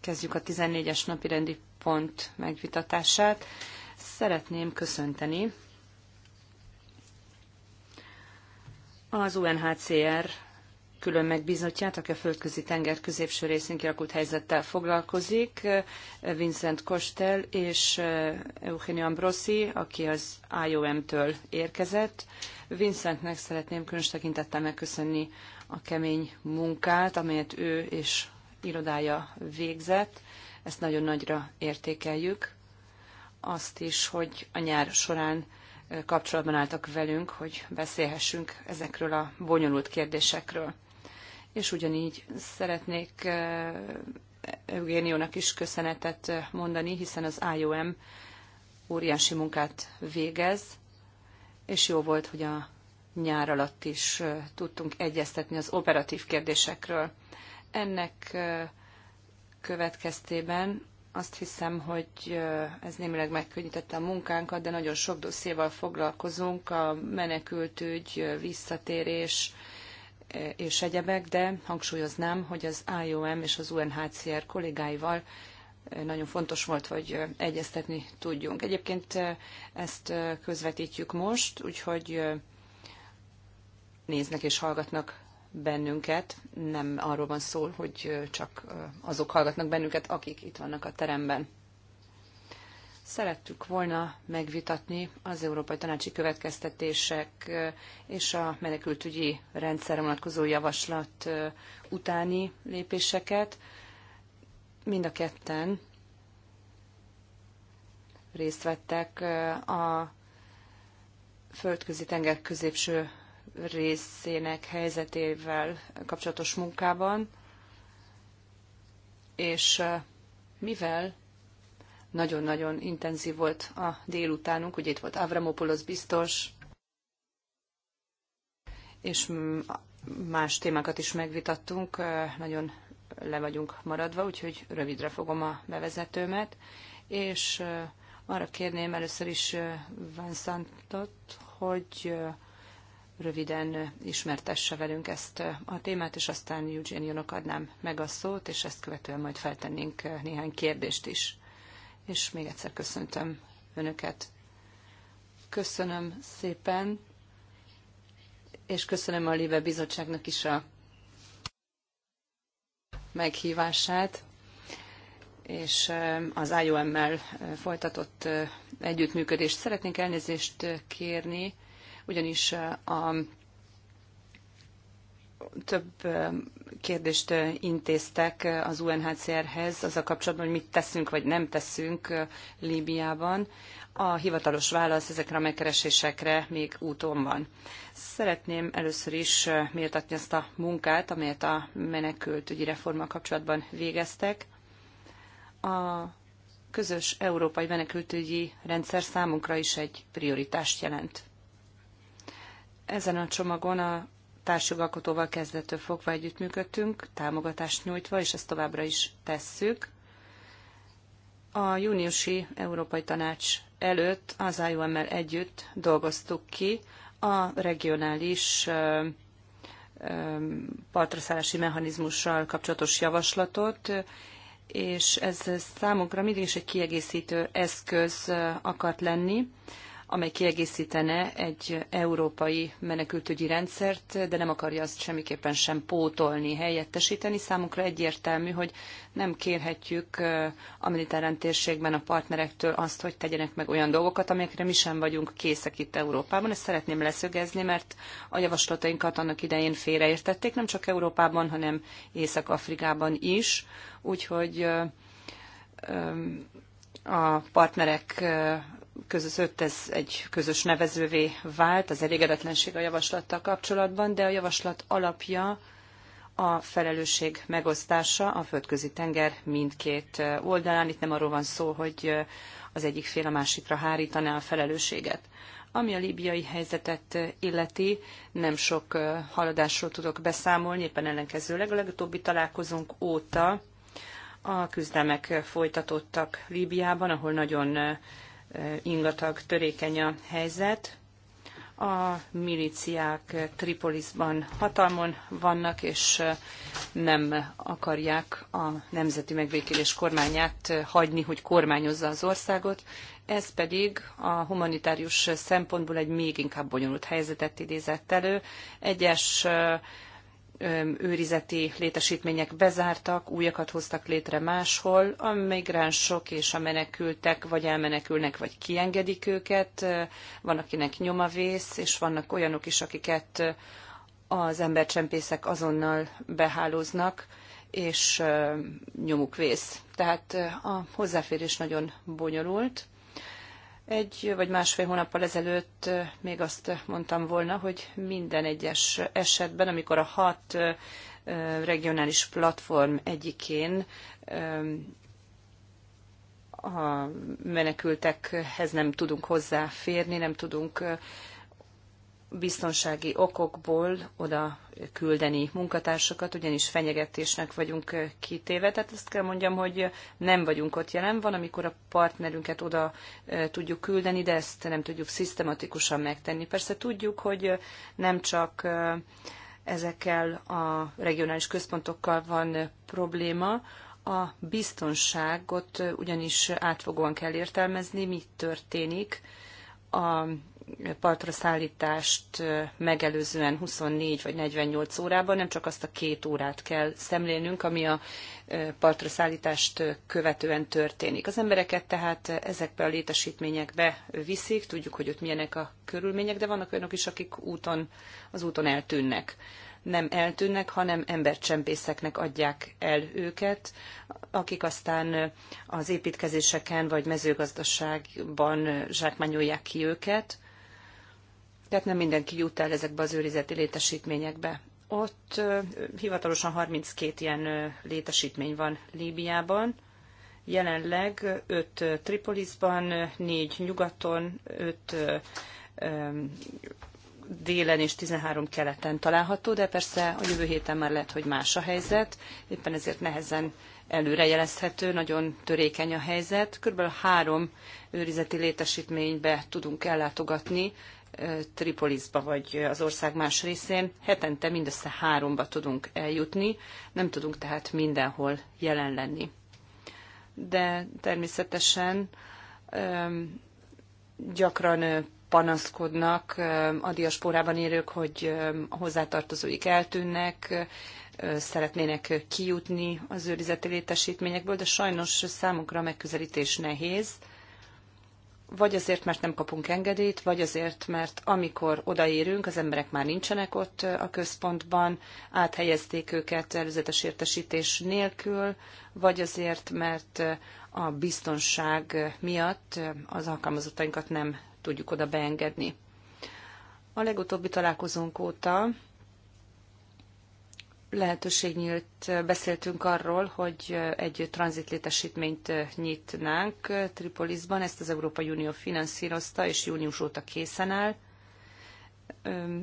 Kezdjük a 14-es napi rendi pont megvitatását. Szeretném köszönteni az UNHCR külön megbízottját, aki a földközi tenger középső részén kialakult helyzettel foglalkozik, Vincent Kostel és eh, Eugenio Ambrosi, aki az IOM-től érkezett. Vincentnek szeretném különös tekintettel megköszönni a kemény munkát, amelyet ő és irodája végzett. Ezt nagyon nagyra értékeljük. Azt is, hogy a nyár során eh, kapcsolatban álltak velünk, hogy beszélhessünk ezekről a bonyolult kérdésekről és ugyanígy szeretnék eh, Eugéniónak is köszönetet mondani, hiszen az IOM óriási munkát végez, és jó volt, hogy a nyár alatt is eh, tudtunk egyeztetni az operatív kérdésekről. Ennek eh, következtében azt hiszem, hogy ez némileg megkönnyítette a munkánkat, de nagyon sok dosszéval foglalkozunk, a menekültügy, visszatérés, és egyebek, de hangsúlyoznám, hogy az IOM és az UNHCR kollégáival nagyon fontos volt, hogy egyeztetni tudjunk. Egyébként ezt közvetítjük most, úgyhogy néznek és hallgatnak bennünket. Nem arról van szó, hogy csak azok hallgatnak bennünket, akik itt vannak a teremben. Szerettük volna megvitatni az Európai Tanácsi Következtetések és a menekültügyi rendszerre vonatkozó javaslat utáni lépéseket. Mind a ketten részt vettek a földközi tenger középső részének helyzetével kapcsolatos munkában, és mivel nagyon-nagyon intenzív volt a délutánunk, ugye itt volt Avramopoulos biztos, és más témákat is megvitattunk, nagyon le vagyunk maradva, úgyhogy rövidre fogom a bevezetőmet, és arra kérném először is Vansantot, hogy röviden ismertesse velünk ezt a témát, és aztán jönök adnám meg a szót, és ezt követően majd feltennénk néhány kérdést is és még egyszer köszöntöm Önöket. Köszönöm szépen, és köszönöm a Libe Bizottságnak is a meghívását, és eh, az IOM-mel eh, folytatott eh, együttműködést szeretnénk elnézést kérni, ugyanis a több kérdést intéztek az UNHCR-hez azzal kapcsolatban, hogy mit teszünk vagy nem teszünk Líbiában. A hivatalos válasz ezekre a megkeresésekre még úton van. Szeretném először is méltatni azt a munkát, amelyet a menekültügyi reformmal kapcsolatban végeztek. A közös európai menekültügyi rendszer számunkra is egy prioritást jelent. Ezen a csomagon a társjogalkotóval kezdettől fogva együttműködtünk, támogatást nyújtva, és ezt továbbra is tesszük. A júniusi Európai Tanács előtt az IOM-mel együtt dolgoztuk ki a regionális partraszállási mechanizmussal kapcsolatos javaslatot, és ez számunkra mindig is egy kiegészítő eszköz akart lenni amely kiegészítene egy európai menekültügyi rendszert, de nem akarja azt semmiképpen sem pótolni, helyettesíteni. Számunkra egyértelmű, hogy nem kérhetjük a mediterrán térségben a partnerektől azt, hogy tegyenek meg olyan dolgokat, amelyekre mi sem vagyunk készek itt Európában. Ezt szeretném leszögezni, mert a javaslatainkat annak idején félreértették, nem csak Európában, hanem Észak-Afrikában is. Úgyhogy a partnerek között ez egy közös nevezővé vált, az elégedetlenség a javaslattal kapcsolatban, de a javaslat alapja a felelősség megosztása a földközi tenger mindkét oldalán. Itt nem arról van szó, hogy az egyik fél a másikra hárítaná a felelősséget. Ami a líbiai helyzetet illeti, nem sok haladásról tudok beszámolni, éppen ellenkezőleg a legutóbbi találkozónk óta a küzdelmek folytatottak Líbiában, ahol nagyon ingatag, törékeny a helyzet. A miliciák Tripolisban hatalmon vannak, és nem akarják a nemzeti megbékélés kormányát hagyni, hogy kormányozza az országot. Ez pedig a humanitárius szempontból egy még inkább bonyolult helyzetet idézett elő. Egyes őrizeti létesítmények bezártak, újakat hoztak létre máshol, a migránsok és a menekültek vagy elmenekülnek, vagy kiengedik őket, van akinek nyomavész, és vannak olyanok is, akiket az embercsempészek azonnal behálóznak, és nyomuk vész. Tehát a hozzáférés nagyon bonyolult egy vagy másfél hónappal ezelőtt még azt mondtam volna, hogy minden egyes esetben, amikor a hat regionális platform egyikén a menekültekhez nem tudunk hozzáférni, nem tudunk biztonsági okokból oda küldeni munkatársakat, ugyanis fenyegetésnek vagyunk kitéve. Tehát ezt kell mondjam, hogy nem vagyunk ott jelen. Van, amikor a partnerünket oda tudjuk küldeni, de ezt nem tudjuk szisztematikusan megtenni. Persze tudjuk, hogy nem csak ezekkel a regionális központokkal van probléma, a biztonságot ugyanis átfogóan kell értelmezni, mi történik a partra szállítást megelőzően 24 vagy 48 órában nem csak azt a két órát kell szemlélnünk, ami a partra szállítást követően történik. Az embereket tehát ezekbe a létesítményekbe viszik, tudjuk, hogy ott milyenek a körülmények, de vannak olyanok is, akik úton, az úton eltűnnek nem eltűnnek, hanem embercsempészeknek adják el őket, akik aztán az építkezéseken vagy mezőgazdaságban zsákmányolják ki őket, tehát nem mindenki jut el ezekbe az őrizeti létesítményekbe. Ott hivatalosan 32 ilyen létesítmény van Líbiában, jelenleg 5 Tripolisban, 4 nyugaton, 5 délen és 13 keleten található, de persze a jövő héten már lehet, hogy más a helyzet, éppen ezért nehezen előrejelezhető, nagyon törékeny a helyzet. Körülbelül három őrizeti létesítménybe tudunk ellátogatni Tripolisba vagy az ország más részén. Hetente mindössze háromba tudunk eljutni, nem tudunk tehát mindenhol jelen lenni. De természetesen gyakran panaszkodnak a diasporában élők, hogy a hozzátartozóik eltűnnek, szeretnének kijutni az őrizeti létesítményekből, de sajnos számunkra a megközelítés nehéz vagy azért, mert nem kapunk engedélyt, vagy azért, mert amikor odaérünk, az emberek már nincsenek ott a központban, áthelyezték őket előzetes értesítés nélkül, vagy azért, mert a biztonság miatt az alkalmazottainkat nem tudjuk oda beengedni. A legutóbbi találkozónk óta lehetőség nyílt, beszéltünk arról, hogy egy tranzitlétesítményt nyitnánk Tripolisban, ezt az Európai Unió finanszírozta, és június óta készen áll.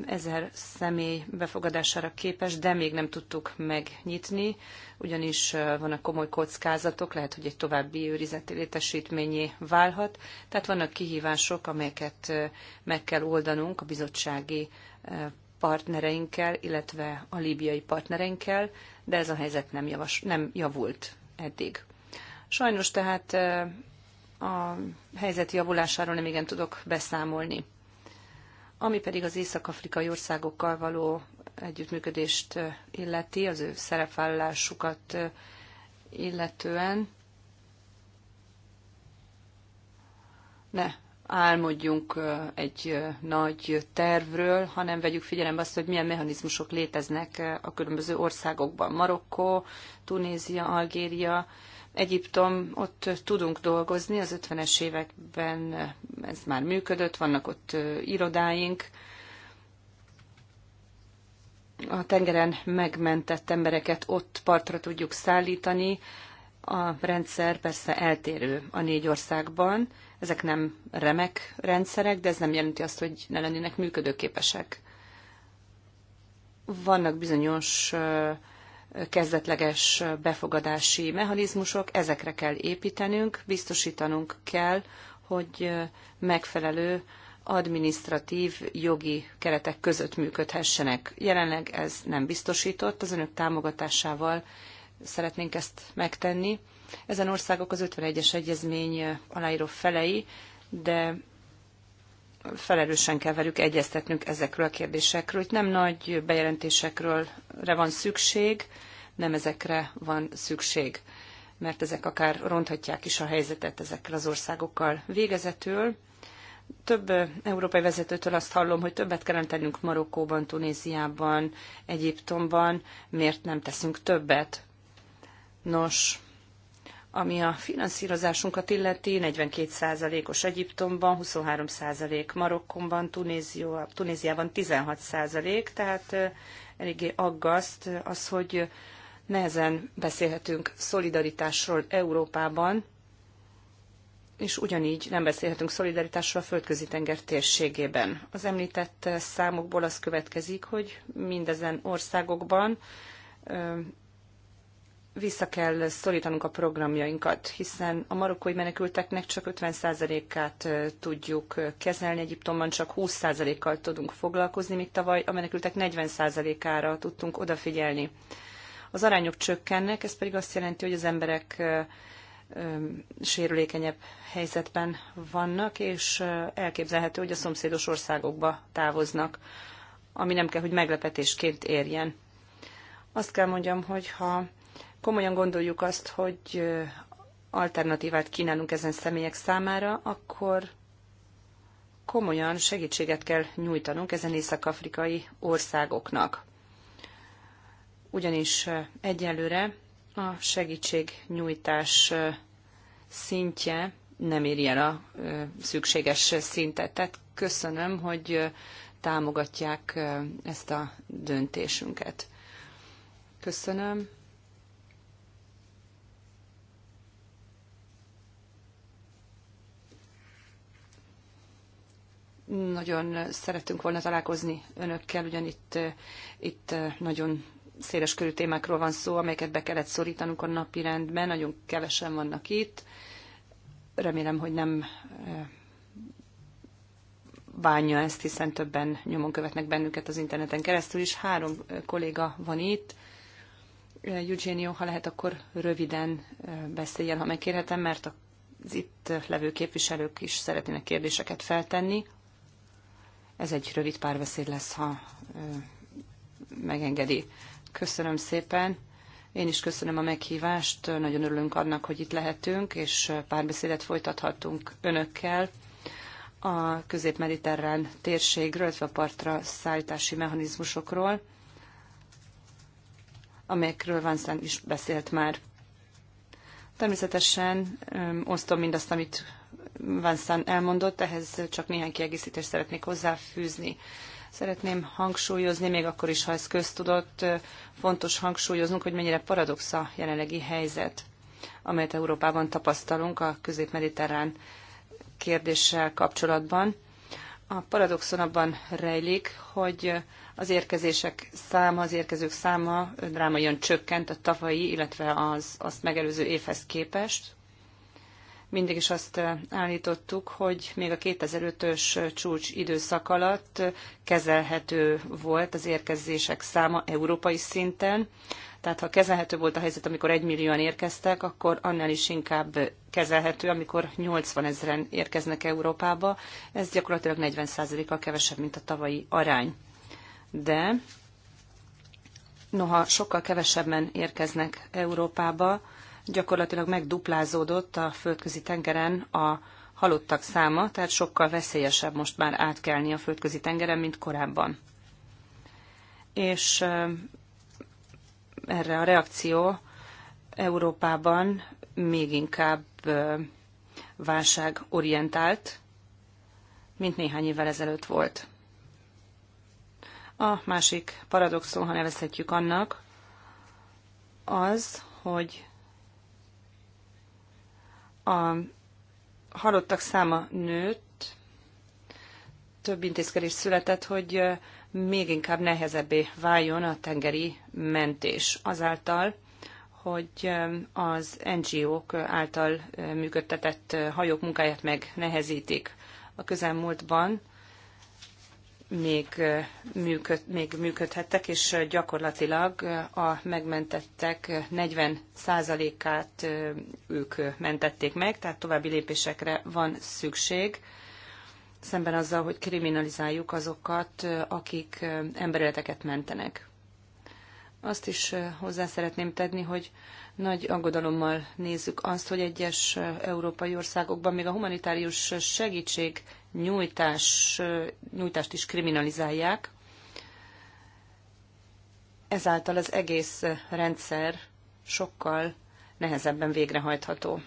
Ezer személy befogadására képes, de még nem tudtuk megnyitni, ugyanis vannak komoly kockázatok, lehet, hogy egy további őrizeti létesítményé válhat. Tehát vannak kihívások, amelyeket meg kell oldanunk a bizottsági partnereinkkel, illetve a líbiai partnereinkkel, de ez a helyzet nem, javas, nem javult eddig. Sajnos tehát a helyzet javulásáról nem igen tudok beszámolni. Ami pedig az észak-afrikai országokkal való együttműködést illeti, az ő szerepvállásukat illetően. Ne, álmodjunk egy nagy tervről, hanem vegyük figyelembe azt, hogy milyen mechanizmusok léteznek a különböző országokban. Marokkó, Tunézia, Algéria, Egyiptom, ott tudunk dolgozni, az 50-es években ez már működött, vannak ott irodáink, a tengeren megmentett embereket ott partra tudjuk szállítani. A rendszer persze eltérő a négy országban, ezek nem remek rendszerek, de ez nem jelenti azt, hogy ne lennének működőképesek. Vannak bizonyos kezdetleges befogadási mechanizmusok, ezekre kell építenünk, biztosítanunk kell, hogy megfelelő administratív jogi keretek között működhessenek. Jelenleg ez nem biztosított, az önök támogatásával szeretnénk ezt megtenni. Ezen országok az 51-es egyezmény aláíró felei, de felelősen kell velük egyeztetnünk ezekről a kérdésekről. Itt nem nagy bejelentésekről van szükség, nem ezekre van szükség, mert ezek akár ronthatják is a helyzetet ezekkel az országokkal. Végezetül több európai vezetőtől azt hallom, hogy többet kellene tennünk Marokkóban, Tunéziában, Egyiptomban, miért nem teszünk többet? Nos, ami a finanszírozásunkat illeti, 42%-os Egyiptomban, 23% Marokkomban, Tunéziában 16%, tehát eléggé aggaszt az, hogy nehezen beszélhetünk szolidaritásról Európában, és ugyanígy nem beszélhetünk szolidaritásról a földközi tenger térségében. Az említett számokból az következik, hogy mindezen országokban vissza kell szorítanunk a programjainkat, hiszen a marokkói menekülteknek csak 50%-át tudjuk kezelni, Egyiptomban csak 20%-kal tudunk foglalkozni, míg tavaly a menekültek 40%-ára tudtunk odafigyelni. Az arányok csökkennek, ez pedig azt jelenti, hogy az emberek sérülékenyebb helyzetben vannak, és elképzelhető, hogy a szomszédos országokba távoznak, ami nem kell, hogy meglepetésként érjen. Azt kell mondjam, hogy ha komolyan gondoljuk azt, hogy alternatívát kínálunk ezen személyek számára, akkor komolyan segítséget kell nyújtanunk ezen észak-afrikai országoknak. Ugyanis egyelőre a segítségnyújtás szintje nem éri el a szükséges szintet. Tehát köszönöm, hogy támogatják ezt a döntésünket. Köszönöm. Nagyon szerettünk volna találkozni önökkel, ugyan itt, eh, itt eh, nagyon széles körű témákról van szó, amelyeket be kellett szorítanunk a napi rendben. Nagyon kevesen vannak itt. Remélem, hogy nem eh, bánja ezt, hiszen többen nyomon követnek bennünket az interneten keresztül is. Három kolléga van itt. Eugenio, ha lehet, akkor röviden beszéljen, ha megkérhetem, mert az itt levő képviselők is szeretnének kérdéseket feltenni. Ez egy rövid párbeszéd lesz, ha megengedi. Köszönöm szépen. Én is köszönöm a meghívást, nagyon örülünk annak, hogy itt lehetünk, és párbeszédet folytathatunk önökkel a közép-mediterrán térségről, illetve a partra szállítási mechanizmusokról, amelyekről Vanszlán is beszélt már. Természetesen ö, osztom mindazt, amit Vanszán elmondott, ehhez csak néhány kiegészítést szeretnék hozzáfűzni. Szeretném hangsúlyozni, még akkor is, ha ez köztudott, fontos hangsúlyoznunk, hogy mennyire paradox a jelenlegi helyzet, amelyet Európában tapasztalunk a közép-mediterrán kérdéssel kapcsolatban. A paradoxon abban rejlik, hogy az érkezések száma, az érkezők száma drámaian csökkent a tavalyi, illetve az azt megelőző évhez képest, mindig is azt eh, állítottuk, hogy még a 2005-ös csúcs időszak alatt kezelhető volt az érkezések száma európai szinten. Tehát ha kezelhető volt a helyzet, amikor egymillióan érkeztek, akkor annál is inkább kezelhető, amikor 80 ezeren érkeznek Európába. Ez gyakorlatilag 40%-kal kevesebb, mint a tavalyi arány. De noha sokkal kevesebben érkeznek Európába, gyakorlatilag megduplázódott a földközi tengeren a halottak száma, tehát sokkal veszélyesebb most már átkelni a földközi tengeren, mint korábban. És erre a reakció Európában még inkább válságorientált, mint néhány évvel ezelőtt volt. A másik paradoxon, ha nevezhetjük annak, az, hogy a halottak száma nőtt, több intézkedés született, hogy még inkább nehezebbé váljon a tengeri mentés azáltal, hogy az NGO-k által működtetett hajók munkáját megnehezítik. A közelmúltban még, működ, még működhettek, és gyakorlatilag a megmentettek 40%-át ők mentették meg, tehát további lépésekre van szükség, szemben azzal, hogy kriminalizáljuk azokat, akik emberületeket mentenek. Azt is hozzá szeretném tenni, hogy nagy aggodalommal nézzük azt, hogy egyes európai országokban még a humanitárius segítség nyújtás, nyújtást is kriminalizálják. Ezáltal az egész rendszer sokkal nehezebben végrehajtható.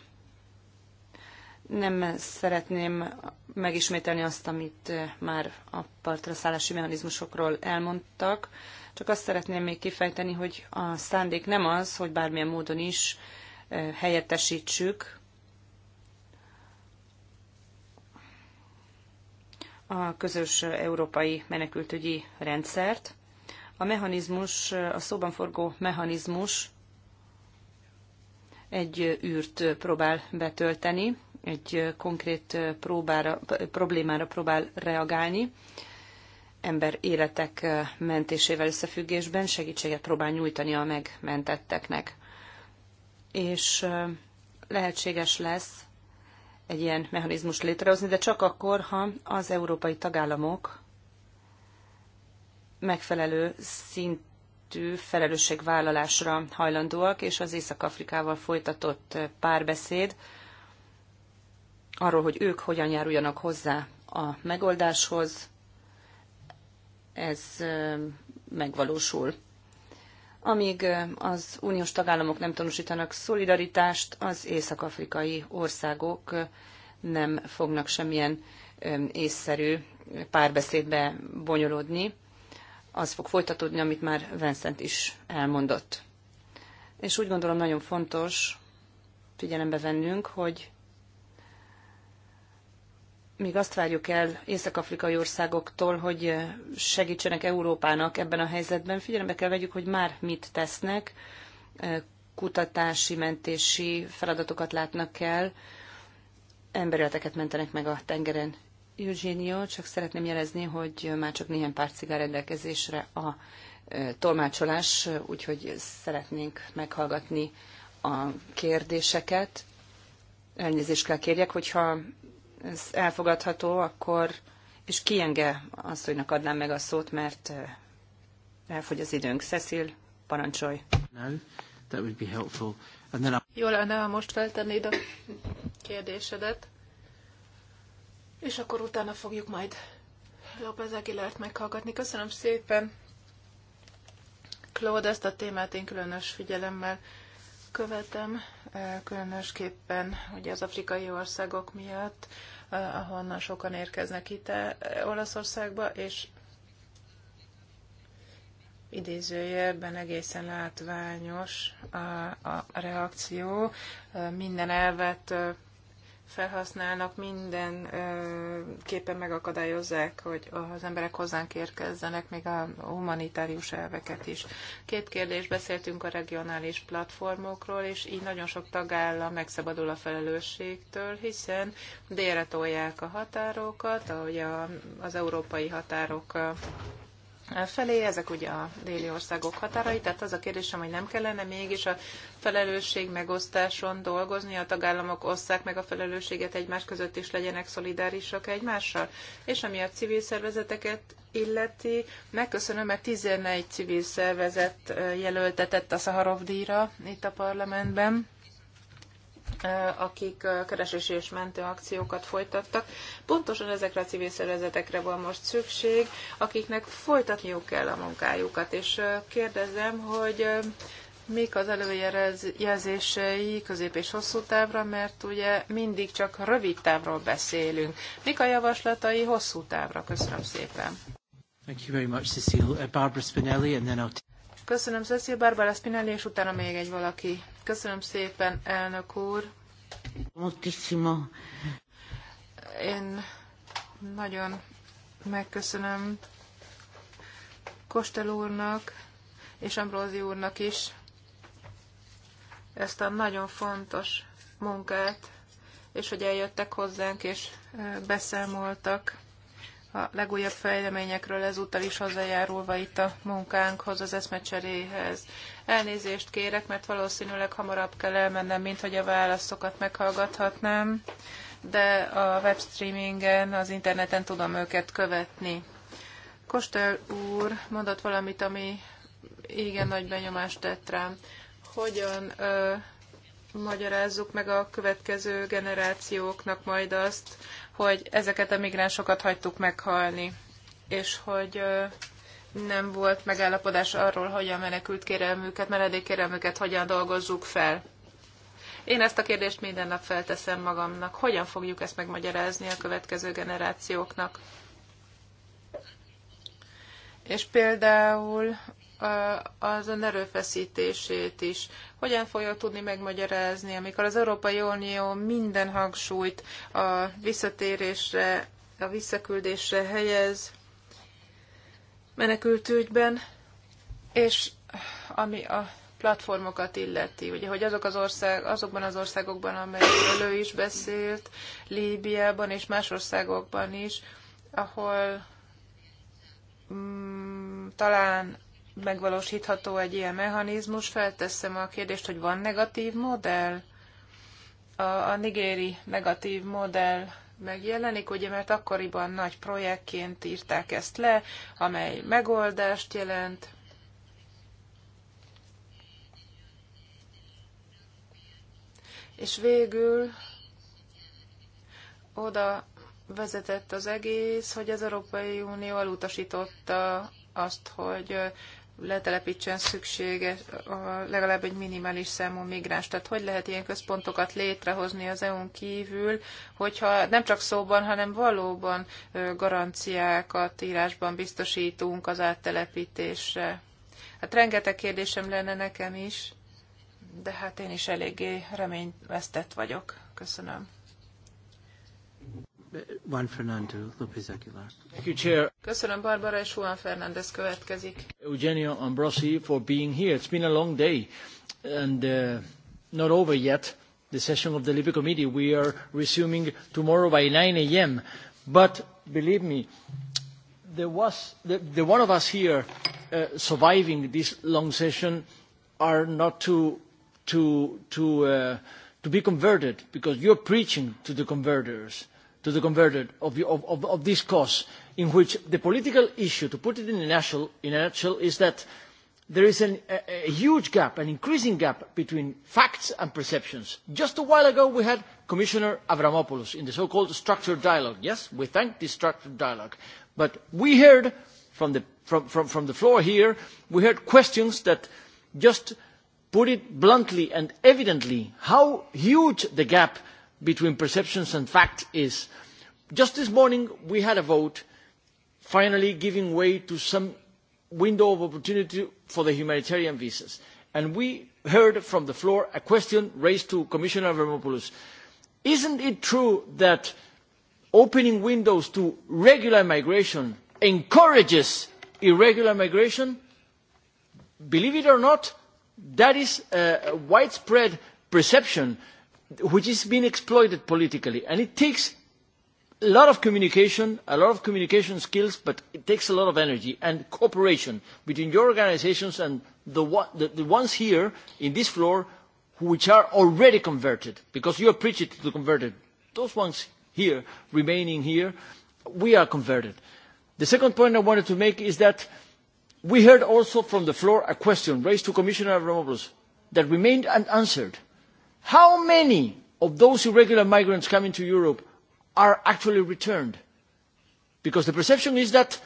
Nem szeretném megismételni azt, amit már a partra szállási mechanizmusokról elmondtak, csak azt szeretném még kifejteni, hogy a szándék nem az, hogy bármilyen módon is helyettesítsük a közös európai menekültügyi rendszert. A mechanizmus, a szóban forgó mechanizmus egy űrt próbál betölteni, egy konkrét próbára, problémára próbál reagálni, ember életek mentésével összefüggésben segítséget próbál nyújtani a megmentetteknek. És lehetséges lesz egy ilyen mechanizmus létrehozni, de csak akkor, ha az európai tagállamok megfelelő szintű felelősségvállalásra hajlandóak, és az Észak-Afrikával folytatott párbeszéd arról, hogy ők hogyan járuljanak hozzá a megoldáshoz, ez megvalósul amíg az uniós tagállamok nem tanúsítanak szolidaritást, az észak-afrikai országok nem fognak semmilyen észszerű párbeszédbe bonyolódni. Az fog folytatódni, amit már Vincent is elmondott. És úgy gondolom nagyon fontos figyelembe vennünk, hogy míg azt várjuk el észak-afrikai országoktól, hogy segítsenek Európának ebben a helyzetben, figyelembe kell vegyük, hogy már mit tesznek, kutatási, mentési feladatokat látnak el, emberületeket mentenek meg a tengeren. Eugenio, csak szeretném jelezni, hogy már csak néhány pár cigár rendelkezésre a tolmácsolás, úgyhogy szeretnénk meghallgatni a kérdéseket. Elnézést kell kérjek, hogyha ez elfogadható, akkor és kienge asszonynak adnám meg a szót, mert elfogy az időnk. Cecil, parancsolj. No, that would be helpful. And then Jó lenne, ha most feltennéd a kérdésedet, és akkor utána fogjuk majd López Aguilert meghallgatni. Köszönöm szépen, Claude, ezt a témát én különös figyelemmel követem, különösképpen ugye az afrikai országok miatt Eh, ahonnan sokan érkeznek itt eh, Olaszországba, és idézőjelben egészen látványos a, a reakció. Eh, minden elvet felhasználnak, minden képen megakadályozzák, hogy az emberek hozzánk érkezzenek, még a humanitárius elveket is. Két kérdés beszéltünk a regionális platformokról, és így nagyon sok tagállam megszabadul a felelősségtől, hiszen délre tolják a határokat, ahogy a, az európai határok felé, ezek ugye a déli országok határai, tehát az a kérdésem, hogy nem kellene mégis a felelősség megosztáson dolgozni, a tagállamok osszák meg a felelősséget egymás között is legyenek szolidárisak egymással. És ami a civil szervezeteket illeti, megköszönöm, mert 11 civil szervezet jelöltetett a Szaharov díjra itt a parlamentben akik keresési és mentő akciókat folytattak. Pontosan ezekre a civil szervezetekre van most szükség, akiknek folytatniuk kell a munkájukat. És kérdezem, hogy mik az előjelzései közép és hosszú távra, mert ugye mindig csak rövid távról beszélünk. Mik a javaslatai hosszú távra? Köszönöm szépen. Thank you very much, Cecile. Uh, Barbara Spinelli, and then I'll... Köszönöm, Cecil Barbara Spinelli, és utána még egy valaki. Köszönöm szépen, elnök úr. Moltissimo. Én nagyon megköszönöm Kostel úrnak és Ambrózi úrnak is ezt a nagyon fontos munkát, és hogy eljöttek hozzánk és eh, beszámoltak a legújabb fejleményekről ezúttal is hozzájárulva itt a munkánkhoz, az eszmecseréhez. Elnézést kérek, mert valószínűleg hamarabb kell elmennem, mint hogy a válaszokat meghallgathatnám, de a webstreamingen, az interneten tudom őket követni. Kostel úr mondott valamit, ami igen nagy benyomást tett rám. Hogyan ö, magyarázzuk meg a következő generációknak majd azt, hogy ezeket a migránsokat hagytuk meghalni, és hogy nem volt megállapodás arról, hogy a menekült kérelmüket, menedékkérelmüket hogyan dolgozzuk fel. Én ezt a kérdést minden nap felteszem magamnak. Hogyan fogjuk ezt megmagyarázni a következő generációknak? És például az ön erőfeszítését is. Hogyan fogja tudni megmagyarázni, amikor az Európai Unió minden hangsúlyt a visszatérésre, a visszaküldésre helyez menekült ügyben, és ami a platformokat illeti, ugye, hogy azok az ország, azokban az országokban, amelyekről ő is beszélt, Líbiában és más országokban is, ahol mm, talán megvalósítható egy ilyen mechanizmus. Felteszem a kérdést, hogy van negatív modell? A, a nigéri negatív modell megjelenik, ugye, mert akkoriban nagy projektként írták ezt le, amely megoldást jelent. És végül oda vezetett az egész, hogy az Európai Unió elutasította azt, hogy letelepítsen szükséges legalább egy minimális számú migráns. Tehát hogy lehet ilyen központokat létrehozni az EU-n kívül, hogyha nem csak szóban, hanem valóban garanciákat írásban biztosítunk az áttelepítésre? Hát rengeteg kérdésem lenne nekem is, de hát én is eléggé reményvesztett vagyok. Köszönöm. Juan Fernando López Aguilar. Thank you, Chair. Köszönöm Barbara és Juan Fernández következik. Eugenio Ambrosi for being here. It's been a long day and uh, not over yet. The session of the Libre Committee we are resuming tomorrow by 9 a.m. But believe me, there was the, the one of us here uh, surviving this long session are not to to to uh, to be converted because you're preaching to the converters to the converted of, the, of, of, of this cause, in which the political issue, to put it in a nutshell, in a nutshell is that there is an, a, a huge gap, an increasing gap between facts and perceptions. Just a while ago, we had Commissioner Avramopoulos in the so-called structured dialogue. Yes, we thank this structured dialogue. But we heard from the, from, from, from the floor here, we heard questions that just put it bluntly and evidently how huge the gap between perceptions and fact is just this morning we had a vote finally giving way to some window of opportunity for the humanitarian visas and we heard from the floor a question raised to commissioner avramopoulos isn't it true that opening windows to regular migration encourages irregular migration? believe it or not that is a widespread perception which is being exploited politically. And it takes a lot of communication, a lot of communication skills, but it takes a lot of energy and cooperation between your organisations and the, the, the ones here in this floor which are already converted, because you are preaching to the converted. Those ones here, remaining here, we are converted. The second point I wanted to make is that we heard also from the floor a question raised to Commissioner Avramopoulos that remained unanswered. How many of those irregular migrants coming to Europe are actually returned? Because the perception is that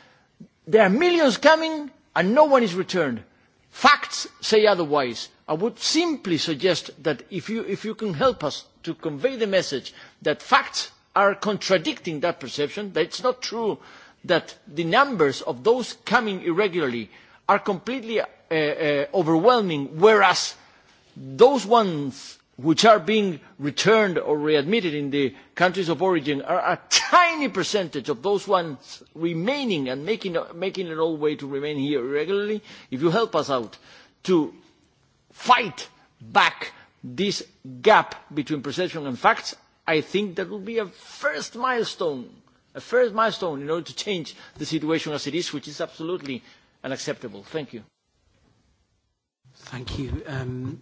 there are millions coming and no one is returned. Facts say otherwise. I would simply suggest that if you, if you can help us to convey the message that facts are contradicting that perception, that it's not true that the numbers of those coming irregularly are completely uh, uh, overwhelming, whereas those ones which are being returned or readmitted in the countries of origin are a tiny percentage of those ones remaining and making, making an old way to remain here regularly. if you help us out to fight back this gap between perception and facts, I think that will be a first milestone, a first milestone in order to change the situation as it is, which is absolutely unacceptable. Thank you. Thank you. Um,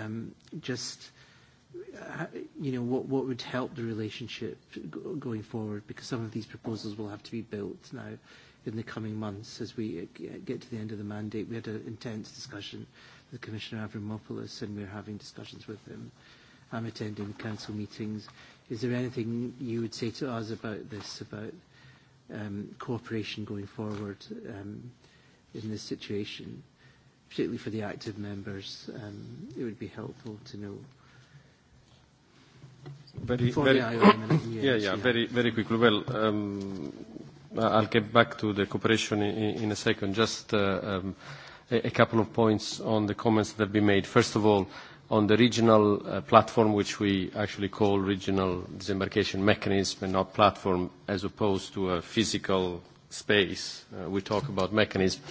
um, just uh, you know what what would help the relationship going forward because some of these proposals will have to be built now in the coming months as we uh, uh, get to the end of the mandate. We had an intense discussion with Commissioner Avramopoulos and we're having discussions with him. I'm attending council meetings. Is there anything you would say to us about this, about um, cooperation going forward um, in this situation? particularly for the active members, um, it would be helpful to know. Very, very, minute, yeah, yeah, yeah, very, very quickly. Well, um, I'll get back to the cooperation in, in a second. Just uh, um, a, a couple of points on the comments that have been made. First of all, on the regional uh, platform, which we actually call regional disembarkation mechanism and not platform, as opposed to a physical space. Uh, we talk about mechanism. Uh,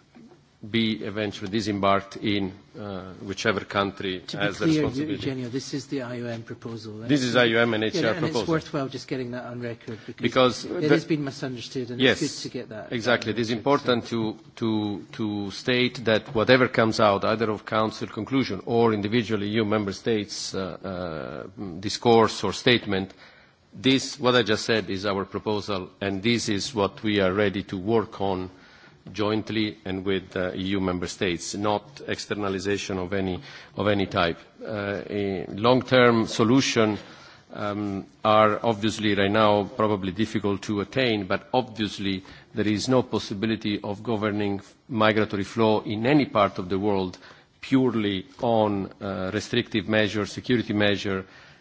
be eventually disembarked in uh, whichever country to has be clear, the responsibility. Eugenio, this is the IOM proposal. Right? This is IOM and HR yeah, and proposal. And it's worthwhile just getting that on record because, because it has been misunderstood and yes, it's good to get that. Uh, exactly. It is important so. to, to, to state that whatever comes out, either of Council conclusion or individually EU member states' uh, uh, discourse or statement, this, what I just said, is our proposal and this is what we are ready to work on jointly and with uh, EU member states, not externalization of any, of any type. Uh, a long-term solution um, are obviously right now probably difficult to attain, but obviously there is no possibility of governing migratory flow in any part of the world purely on uh, restrictive measures, security measures,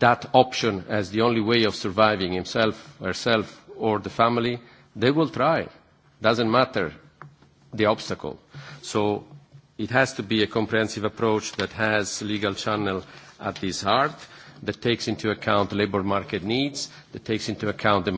that option as the only way of surviving himself, herself, or the family, they will try. Doesn't matter the obstacle. So it has to be a comprehensive approach that has legal channel at its heart, that takes into account labour market needs, that takes into account the